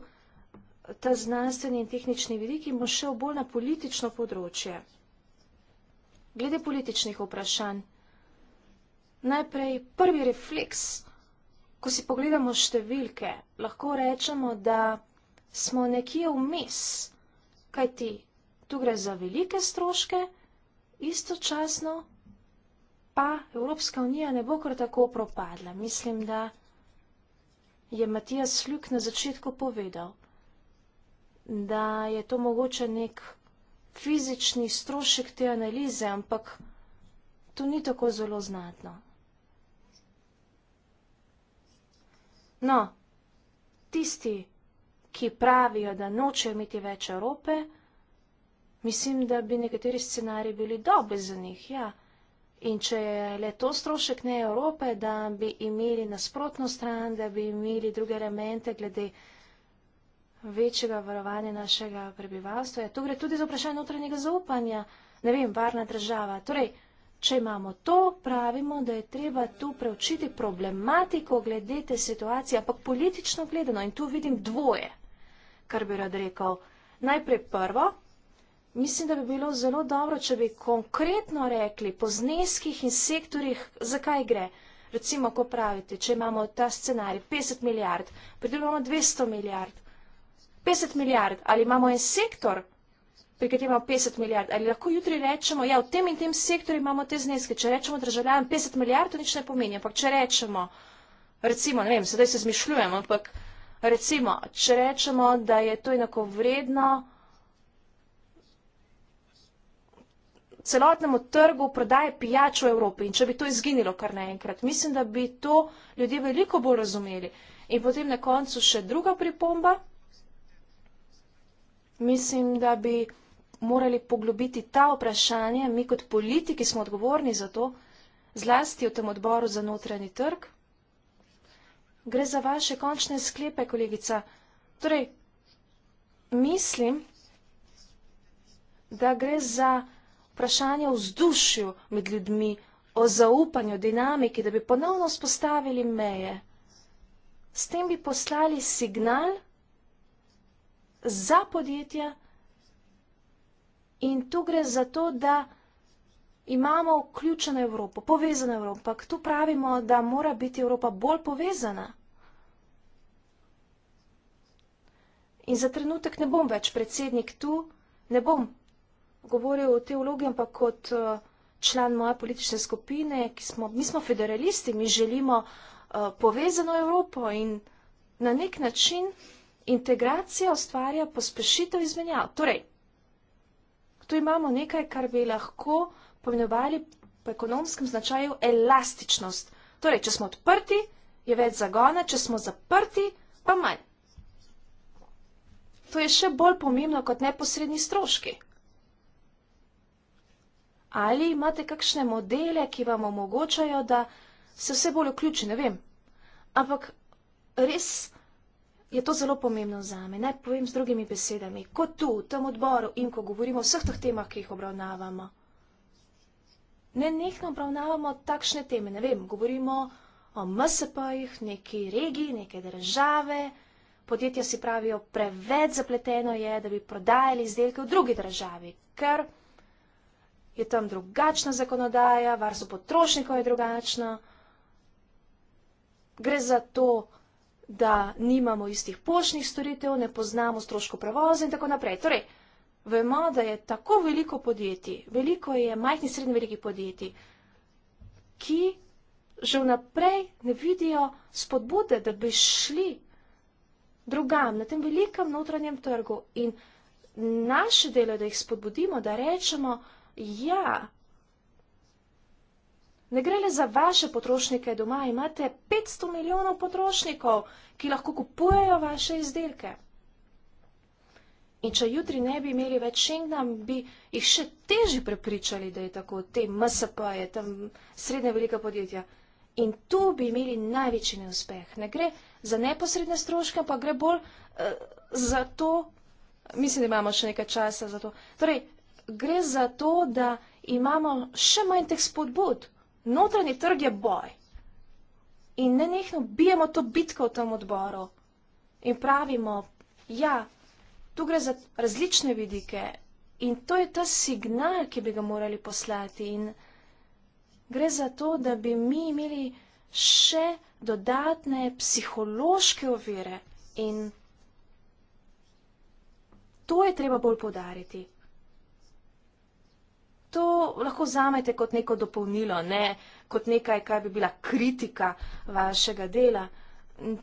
ta znanstveni in tehnični vidik in bo šel bolj na politično področje. Glede političnih vprašanj. Najprej prvi refleks, ko si pogledamo številke, lahko rečemo, da smo nekje vmes, kajti tu gre za velike stroške, istočasno pa Evropska unija ne bo kar tako propadla. Mislim, da je Matijas Ljuk na začetku povedal, da je to mogoče nek fizični strošek te analize, ampak to ni tako zelo znatno. No, tisti, ki pravijo, da nočejo imeti več Evrope, mislim, da bi nekateri scenariji bili dobri za njih. Ja. In če je le to strošek ne Evrope, da bi imeli nasprotno stran, da bi imeli druge elemente glede večjega varovanja našega prebivalstva. Ja, to gre tudi za vprašanje notranjega zaupanja. Ne vem, varna država. Torej, če imamo to, pravimo, da je treba tu preučiti problematiko glede te situacije, ampak politično gledano. In tu vidim dvoje kar bi rad rekel. Najprej prvo, mislim, da bi bilo zelo dobro, če bi konkretno rekli po zneskih in sektorjih, zakaj gre. Recimo, ko pravite, če imamo ta scenarij 50 milijard, predvidevamo 200 milijard, 50 milijard, ali imamo en sektor, pri katerem imamo 50 milijard, ali lahko jutri rečemo, ja, v tem in tem sektorju imamo te zneske, če rečemo državljanom 50 milijard, to nič ne pomeni, ampak če rečemo, recimo, ne vem, sedaj se zmišljujem, ampak recimo, če rečemo, da je to enako vredno celotnemu trgu prodaje pijač v Evropi in če bi to izginilo kar naenkrat, mislim, da bi to ljudje veliko bolj razumeli. In potem na koncu še druga pripomba. Mislim, da bi morali poglobiti ta vprašanja, mi kot politiki smo odgovorni za to, zlasti v tem odboru za notranji trg. Gre za vaše končne sklepe, kolegica. Torej, mislim, da gre za vprašanje o vzdušju med ljudmi, o zaupanju, dinamiki, da bi ponovno spostavili meje. S tem bi poslali signal za podjetja in tu gre za to, da vzdušijo, imamo vključeno Evropo, povezano Evropo, ampak tu pravimo, da mora biti Evropa bolj povezana. In za trenutek ne bom več predsednik tu, ne bom govoril o teologiji, ampak kot eh, član moje politične skupine, ki smo, mi smo federalisti, mi želimo eh, povezano Evropo in na nek način integracija ustvarja pospešitev izmenjav. Torej, tu imamo nekaj, kar bi lahko pojmenovali po ekonomskem značaju elastičnost. Torej, če smo odprti, je več zagona, če smo zaprti, pa manj. To je še bolj pomembno kot neposredni stroški. Ali imate kakšne modele, ki vam omogočajo, da se vse bolj vključi, ne vem. Ampak res je to zelo pomembno za me. Naj povem z drugimi besedami, kot tu, v tem odboru in ko govorimo o vseh teh temah, ki jih obravnavamo ne nekno obravnavamo takšne teme. Ne vem, govorimo o MSP-jih, neki regiji, neke države. Podjetja si pravijo, preveč zapleteno je, da bi prodajali izdelke v drugi državi, ker je tam drugačna zakonodaja, varstvo potrošnikov je drugačno. Gre za to, da nimamo istih poštnih storitev, ne poznamo stroško prevoza in tako naprej. Torej, vemo, da je tako veliko podjetij, veliko je majhnih in srednjih velikih podjetij, ki že vnaprej ne vidijo spodbude, da bi šli drugam na tem velikem notranjem trgu. In naše delo je, da jih spodbudimo, da rečemo, ja, ne gre le za vaše potrošnike doma, imate 500 milijonov potrošnikov, ki lahko kupujejo vaše izdelke. In če jutri ne bi imeli več šengna, bi jih še težje prepričali, da je tako, te MSP-je, tam srednja velika podjetja. In tu bi imeli največji neuspeh. Ne gre za neposredne stroške, pa gre bolj uh, za to, mislim, da imamo še nekaj časa za to. Torej, gre za to, da imamo še manj teh spodbud. Notranji trg je boj. In ne nekno bijemo to bitko v tem odboru. In pravimo, ja, Tu gre za različne vidike in to je ta signal, ki bi ga morali poslati. In gre za to, da bi mi imeli še dodatne psihološke ovire in to je treba bolj podariti. To lahko zamete kot neko dopolnilo, ne kot nekaj, kaj bi bila kritika vašega dela.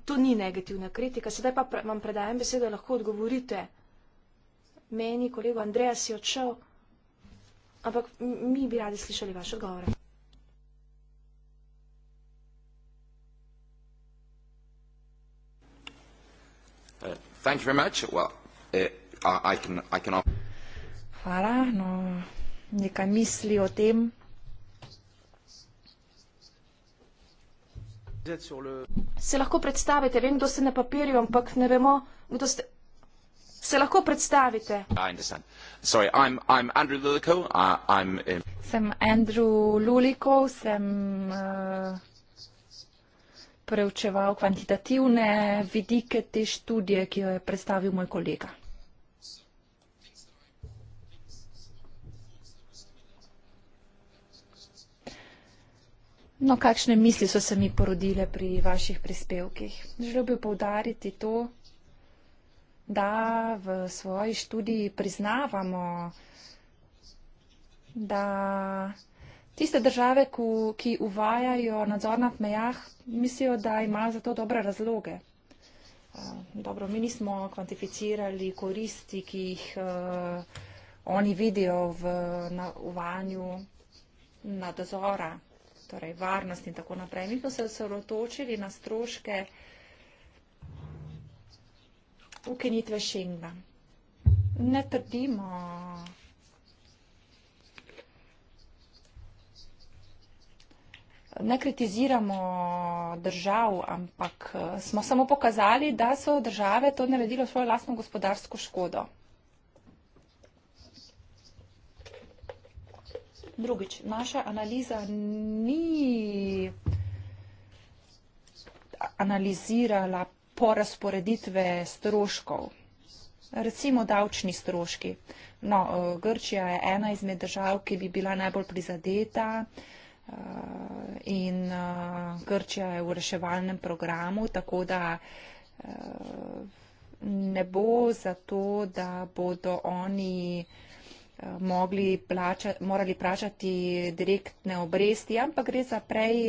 To ni negativna kritika. Sedaj pa vam predajem besedo, lahko odgovorite meni, kolegu Andreja si odšel, ampak mi bi radi slišali vaše odgovore. Uh, uh, Hvala, no, nekaj misli o tem. Se lahko predstavite, vem, kdo ste na papirju, ampak ne vemo, kdo ste... Se lahko predstavite? Ah, Sorry, I'm, I'm Andrew Lulico, uh, I'm in... Sem Andrew Luliko, sem uh, preučeval kvantitativne vidike te študije, ki jo je predstavil moj kolega. No, kakšne misli so se mi porodile pri vaših prispevkih? Želel bi poudariti to da v svoji študiji priznavamo, da tiste države, ki uvajajo nadzor na mejah, mislijo, da imajo za to dobre razloge. Eh, dobro, mi nismo kvantificirali koristi, ki jih eh, oni vidijo v uvajanju nadzora, torej varnost in tako naprej. Mi smo se osredotočili na stroške, ki jih imajo ukinitve Schengna. Ne trdimo, ne kritiziramo držav, ampak eh, smo samo pokazali, da so države to naredilo svojo lastno gospodarsko škodo. Drugič, naša analiza ni analizirala porazporeditve stroškov. Recimo davčni stroški. No, eh, Grčija je ena izmed držav, ki bi bila najbolj prizadeta eh, in eh, Grčija je v reševalnem programu, tako da ne bo za to, da bodo oni mogli plača, morali plačati direktne obresti, ampak gre za prej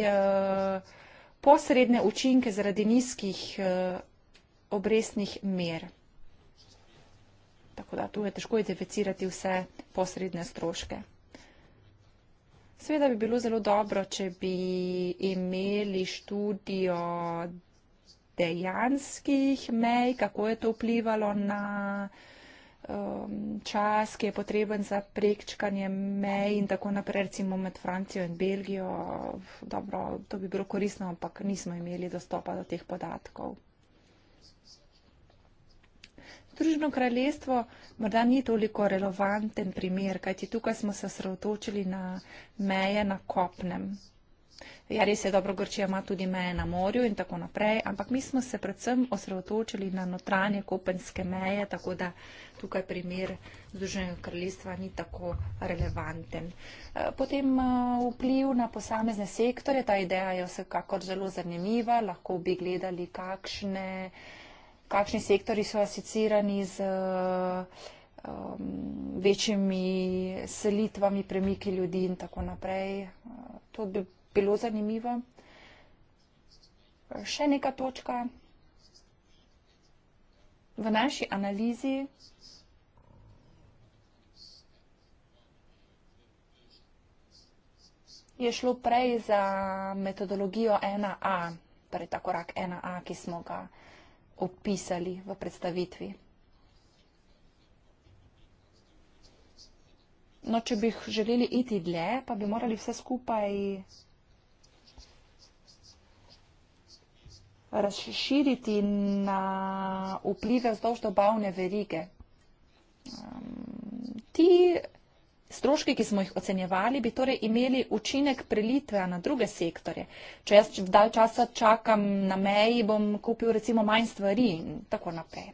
posredne učinke zaradi nizkih eh, obrestnih mer. Tako da tu je težko identificirati vse posredne stroške. Seveda bi bilo zelo dobro, če bi imeli študijo dejanskih mej, kako je to vplivalo na um, čas, ki je potreben za prekčkanje mej in tako naprej, recimo med Francijo in Belgijo. Dobro, to bi bilo koristno, ampak nismo imeli dostopa do teh podatkov. Združeno kraljestvo morda ni toliko relevanten primer, kajti tukaj smo se sredotočili na meje na kopnem. Ja, res je dobro, Grčija ima tudi meje na morju in tako naprej, ampak mi smo se predvsem osredotočili na notranje kopenske meje, tako da tukaj primer Združenega kraljestva ni tako relevanten. Eh, potem eh, vpliv na posamezne sektorje, ta ideja je vsekakor zelo zanimiva, lahko bi gledali, kakšne, kakšni sektori so asicirani z um, večjimi selitvami, premiki ljudi in tako naprej. Eh, to bi bilo zanimivo. Še neka točka. V naši analizi je šlo prej za metodologijo 1A, torej ta korak 1A, ki smo ga opisali v predstavitvi. No, če bi želeli iti dlje, pa bi morali vse skupaj razširiti na vplive vzdolž dobavne verige. Ti stroški, ki smo jih ocenjevali, bi torej imeli učinek prelitve na druge sektorje. Če jaz dalj časa čakam na meji, bom kupil recimo manj stvari in tako naprej.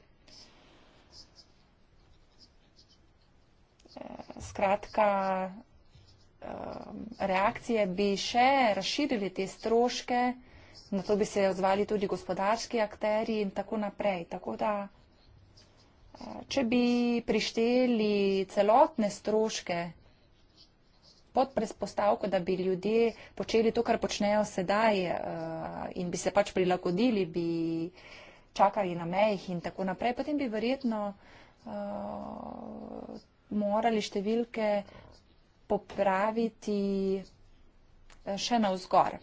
Skratka, reakcije bi še razširili te stroške, na to bi se odzvali tudi gospodarski akteri in tako naprej. Tako da, eh, če bi prišteli celotne stroške pod predpostavko, da bi ljudje počeli to, kar počnejo sedaj eh, in bi se pač prilagodili, bi čakali na mejih in tako naprej, potem bi verjetno eh, morali številke popraviti še na vzgore.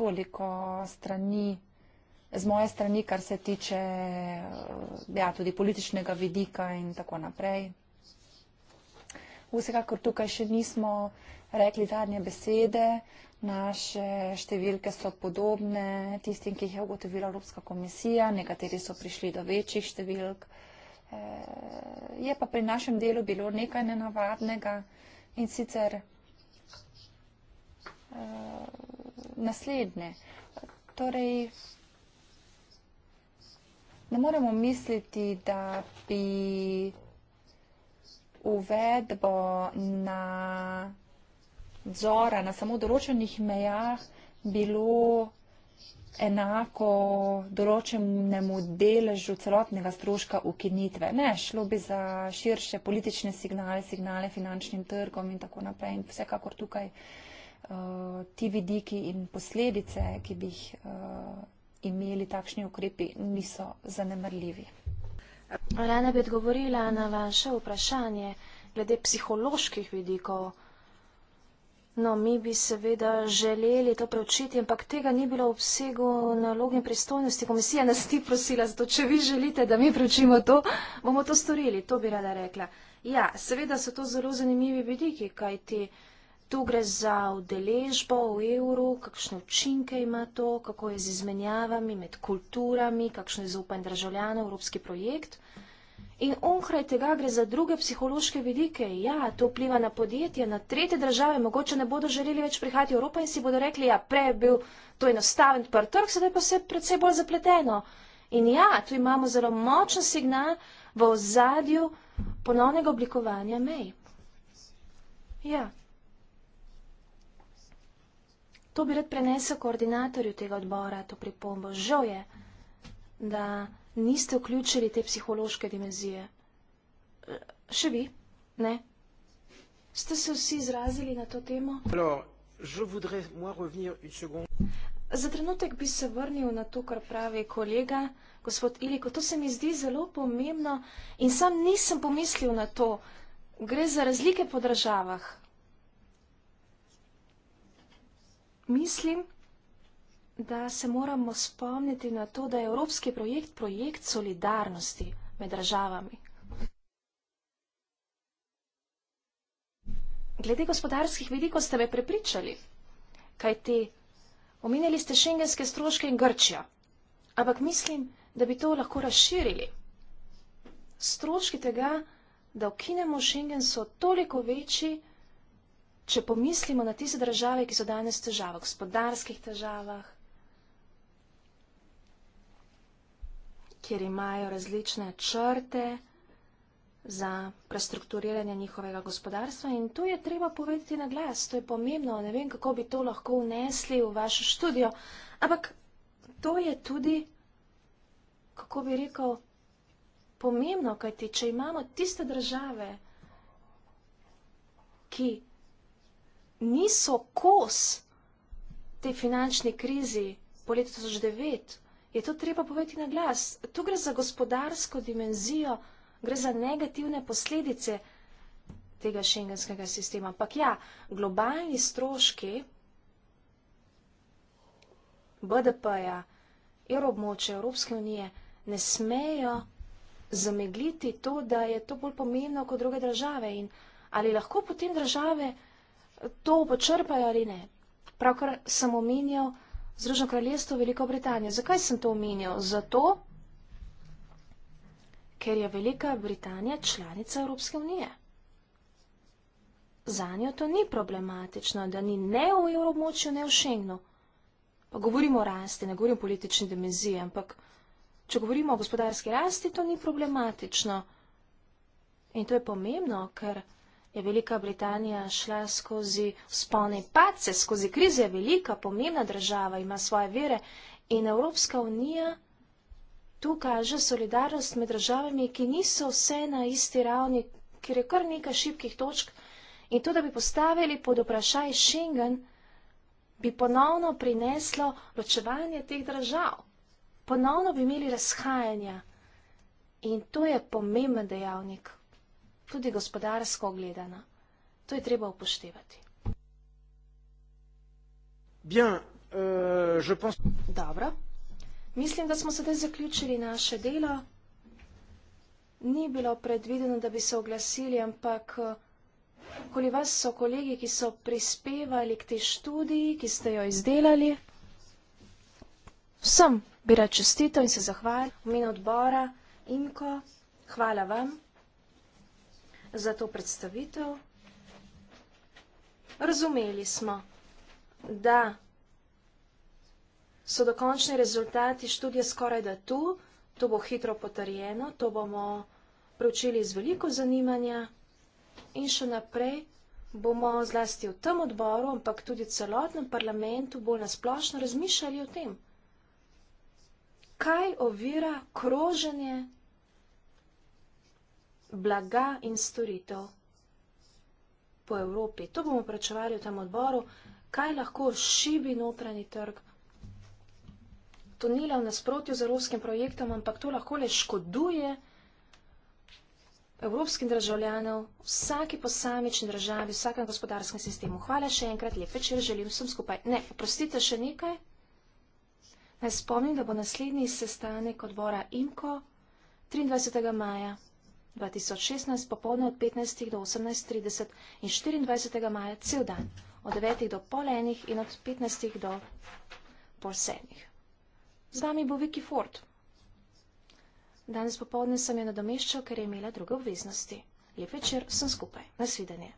toliko strani, z moje strani, kar se tiče eh, ja, tudi političnega vidika in tako naprej. Vsekakor tukaj še nismo rekli zadnje besede, naše številke so podobne tistim, ki jih je ugotovila Evropska komisija, nekateri so prišli do večjih številk. Eh, je pa pri našem delu bilo nekaj nenavadnega in sicer Eh, naslednje. Torej, ne moremo misliti, da bi uvedbo na dzora, na samo določenih mejah bilo enako določenemu deležu celotnega stroška ukinitve. Ne, šlo bi za širše politične signale, signale finančnim trgom in tako naprej. In vsekakor tukaj uh, Eh, ti vidiki in posledice, ki bi jih eh, imeli takšni ukrepi, niso zanemrljivi. Rada bi odgovorila na vaše vprašanje glede psiholoških vidikov. No, mi bi seveda želeli to preučiti, ampak tega ni bilo v obsegu nalog in pristojnosti. Komisija nas ti prosila, zato če vi želite, da mi preučimo to, bomo to storili. To bi rada rekla. Ja, seveda so to zelo zanimivi vidiki, kajti. Uh, Tu gre za udeležbo v evru, kakšne učinke ima to, kako je z izmenjavami med kulturami, kakšno je zaupanje državljanov, evropski projekt. In onkraj tega gre za druge psihološke vidike. Ja, to vpliva na podjetje, na tretje države, mogoče ne bodo želeli več prihajati v Evropo in si bodo rekli, ja, prej je bil to enostaven prv trg, sedaj pa se je predvsej bolj zapleteno. In ja, tu imamo zelo močen signal v ozadju ponovnega oblikovanja mej. Ja to bi rad prenesel koordinatorju tega odbora, to pripombo. Žal je, da niste vključili te psihološke dimenzije. Še vi, ne? Ste se vsi izrazili na to temo? Za trenutek bi se vrnil na to, kar pravi kolega, gospod Iliko. To se mi zdi zelo pomembno in sam nisem pomislil na to. Gre za razlike po državah. mislim, da se moramo spomniti na to, da je evropski projekt projekt solidarnosti med državami. Glede gospodarskih vidikov ste me prepričali, kaj te omenjali ste šengenske stroške in Grčijo, ampak mislim, da bi to lahko razširili. Stroški tega, da ukinemo šengen, so toliko večji, če pomislimo na tiste države, ki so danes v težavah, v gospodarskih težavah, kjer imajo različne črte za prestrukturiranje njihovega gospodarstva in to je treba povedati na glas, to je pomembno, ne vem, kako bi to lahko unesli v vašo študijo, ampak to je tudi, kako bi rekel, pomembno, kajti, če imamo tiste države, ki niso kos te finančni krizi po letu 2009. Je to treba povedati na glas. Tu gre za gospodarsko dimenzijo, gre za negativne posledice tega šengenskega sistema. Ampak ja, globalni stroški BDP-ja, evroobmoče, Evropske unije ne smejo zamegliti to, da je to bolj pomembno kot druge države. In ali lahko potem države to počrpajo ali ne. Pravkar sem omenjal Združeno kraljestvo Veliko Britanijo. Zakaj sem to omenjal? Zato, ker je Velika Britanija članica Evropske unije. Za njo to ni problematično, da ni ne v evroobmočju, ne v Schengenu. Pa govorimo o rasti, ne govorimo o politični dimenziji, ampak če govorimo o gospodarski rasti, to ni problematično. In to je pomembno, ker je Velika Britanija šla skozi spone pace, skozi krize, je velika, pomembna država, ima svoje vere in Evropska unija tu kaže solidarnost med državami, ki niso vse na isti ravni, ker je kar nekaj šibkih točk in to, da bi postavili pod vprašaj Schengen, bi ponovno prineslo ločevanje teh držav. Ponovno bi imeli razhajanja in to je pomemben dejavnik tudi gospodarsko gledano. To je treba upoštevati. Bien, euh, je pense... Dobro. Mislim, da smo sedaj zaključili naše delo. Ni bilo predvideno, da bi se oglasili, ampak eh, koli vas so kolegi, ki so prispevali k te študiji, ki ste jo izdelali, vsem bi rad čestito in se zahvalil v imenu odbora Imko. Hvala vam za to predstavitev. Razumeli smo, da so dokončni rezultati študije skoraj da tu, to bo hitro potrjeno, to bomo preučili z veliko zanimanja in še naprej bomo zlasti v tem odboru, ampak tudi celotnem parlamentu bolj nasplošno razmišljali o tem, kaj ovira kroženje blaga in storitev po Evropi. To bomo vprašali v tem odboru, kaj lahko šibi notranji trg. To ni le v nasprotju z evropskim projektom, ampak to lahko le škoduje evropskim državljanom, vsaki posamični državi, vsakem gospodarskem sistemu. Hvala še enkrat, lepe večer, želim vsem skupaj. Ne, oprostite še nekaj. Naj spomnim, da bo naslednji sestanek odbora IMKO 23. maja. 2016 popolno od 15. do 18.30 in 24. maja cel dan od 9. do pol enih in od 15. do pol sedmih. Z vami bo Vicky Ford. Danes popolne sem jo nadomeščal, ker je imela druge obveznosti. Lep večer, sem skupaj. Nasvidenje.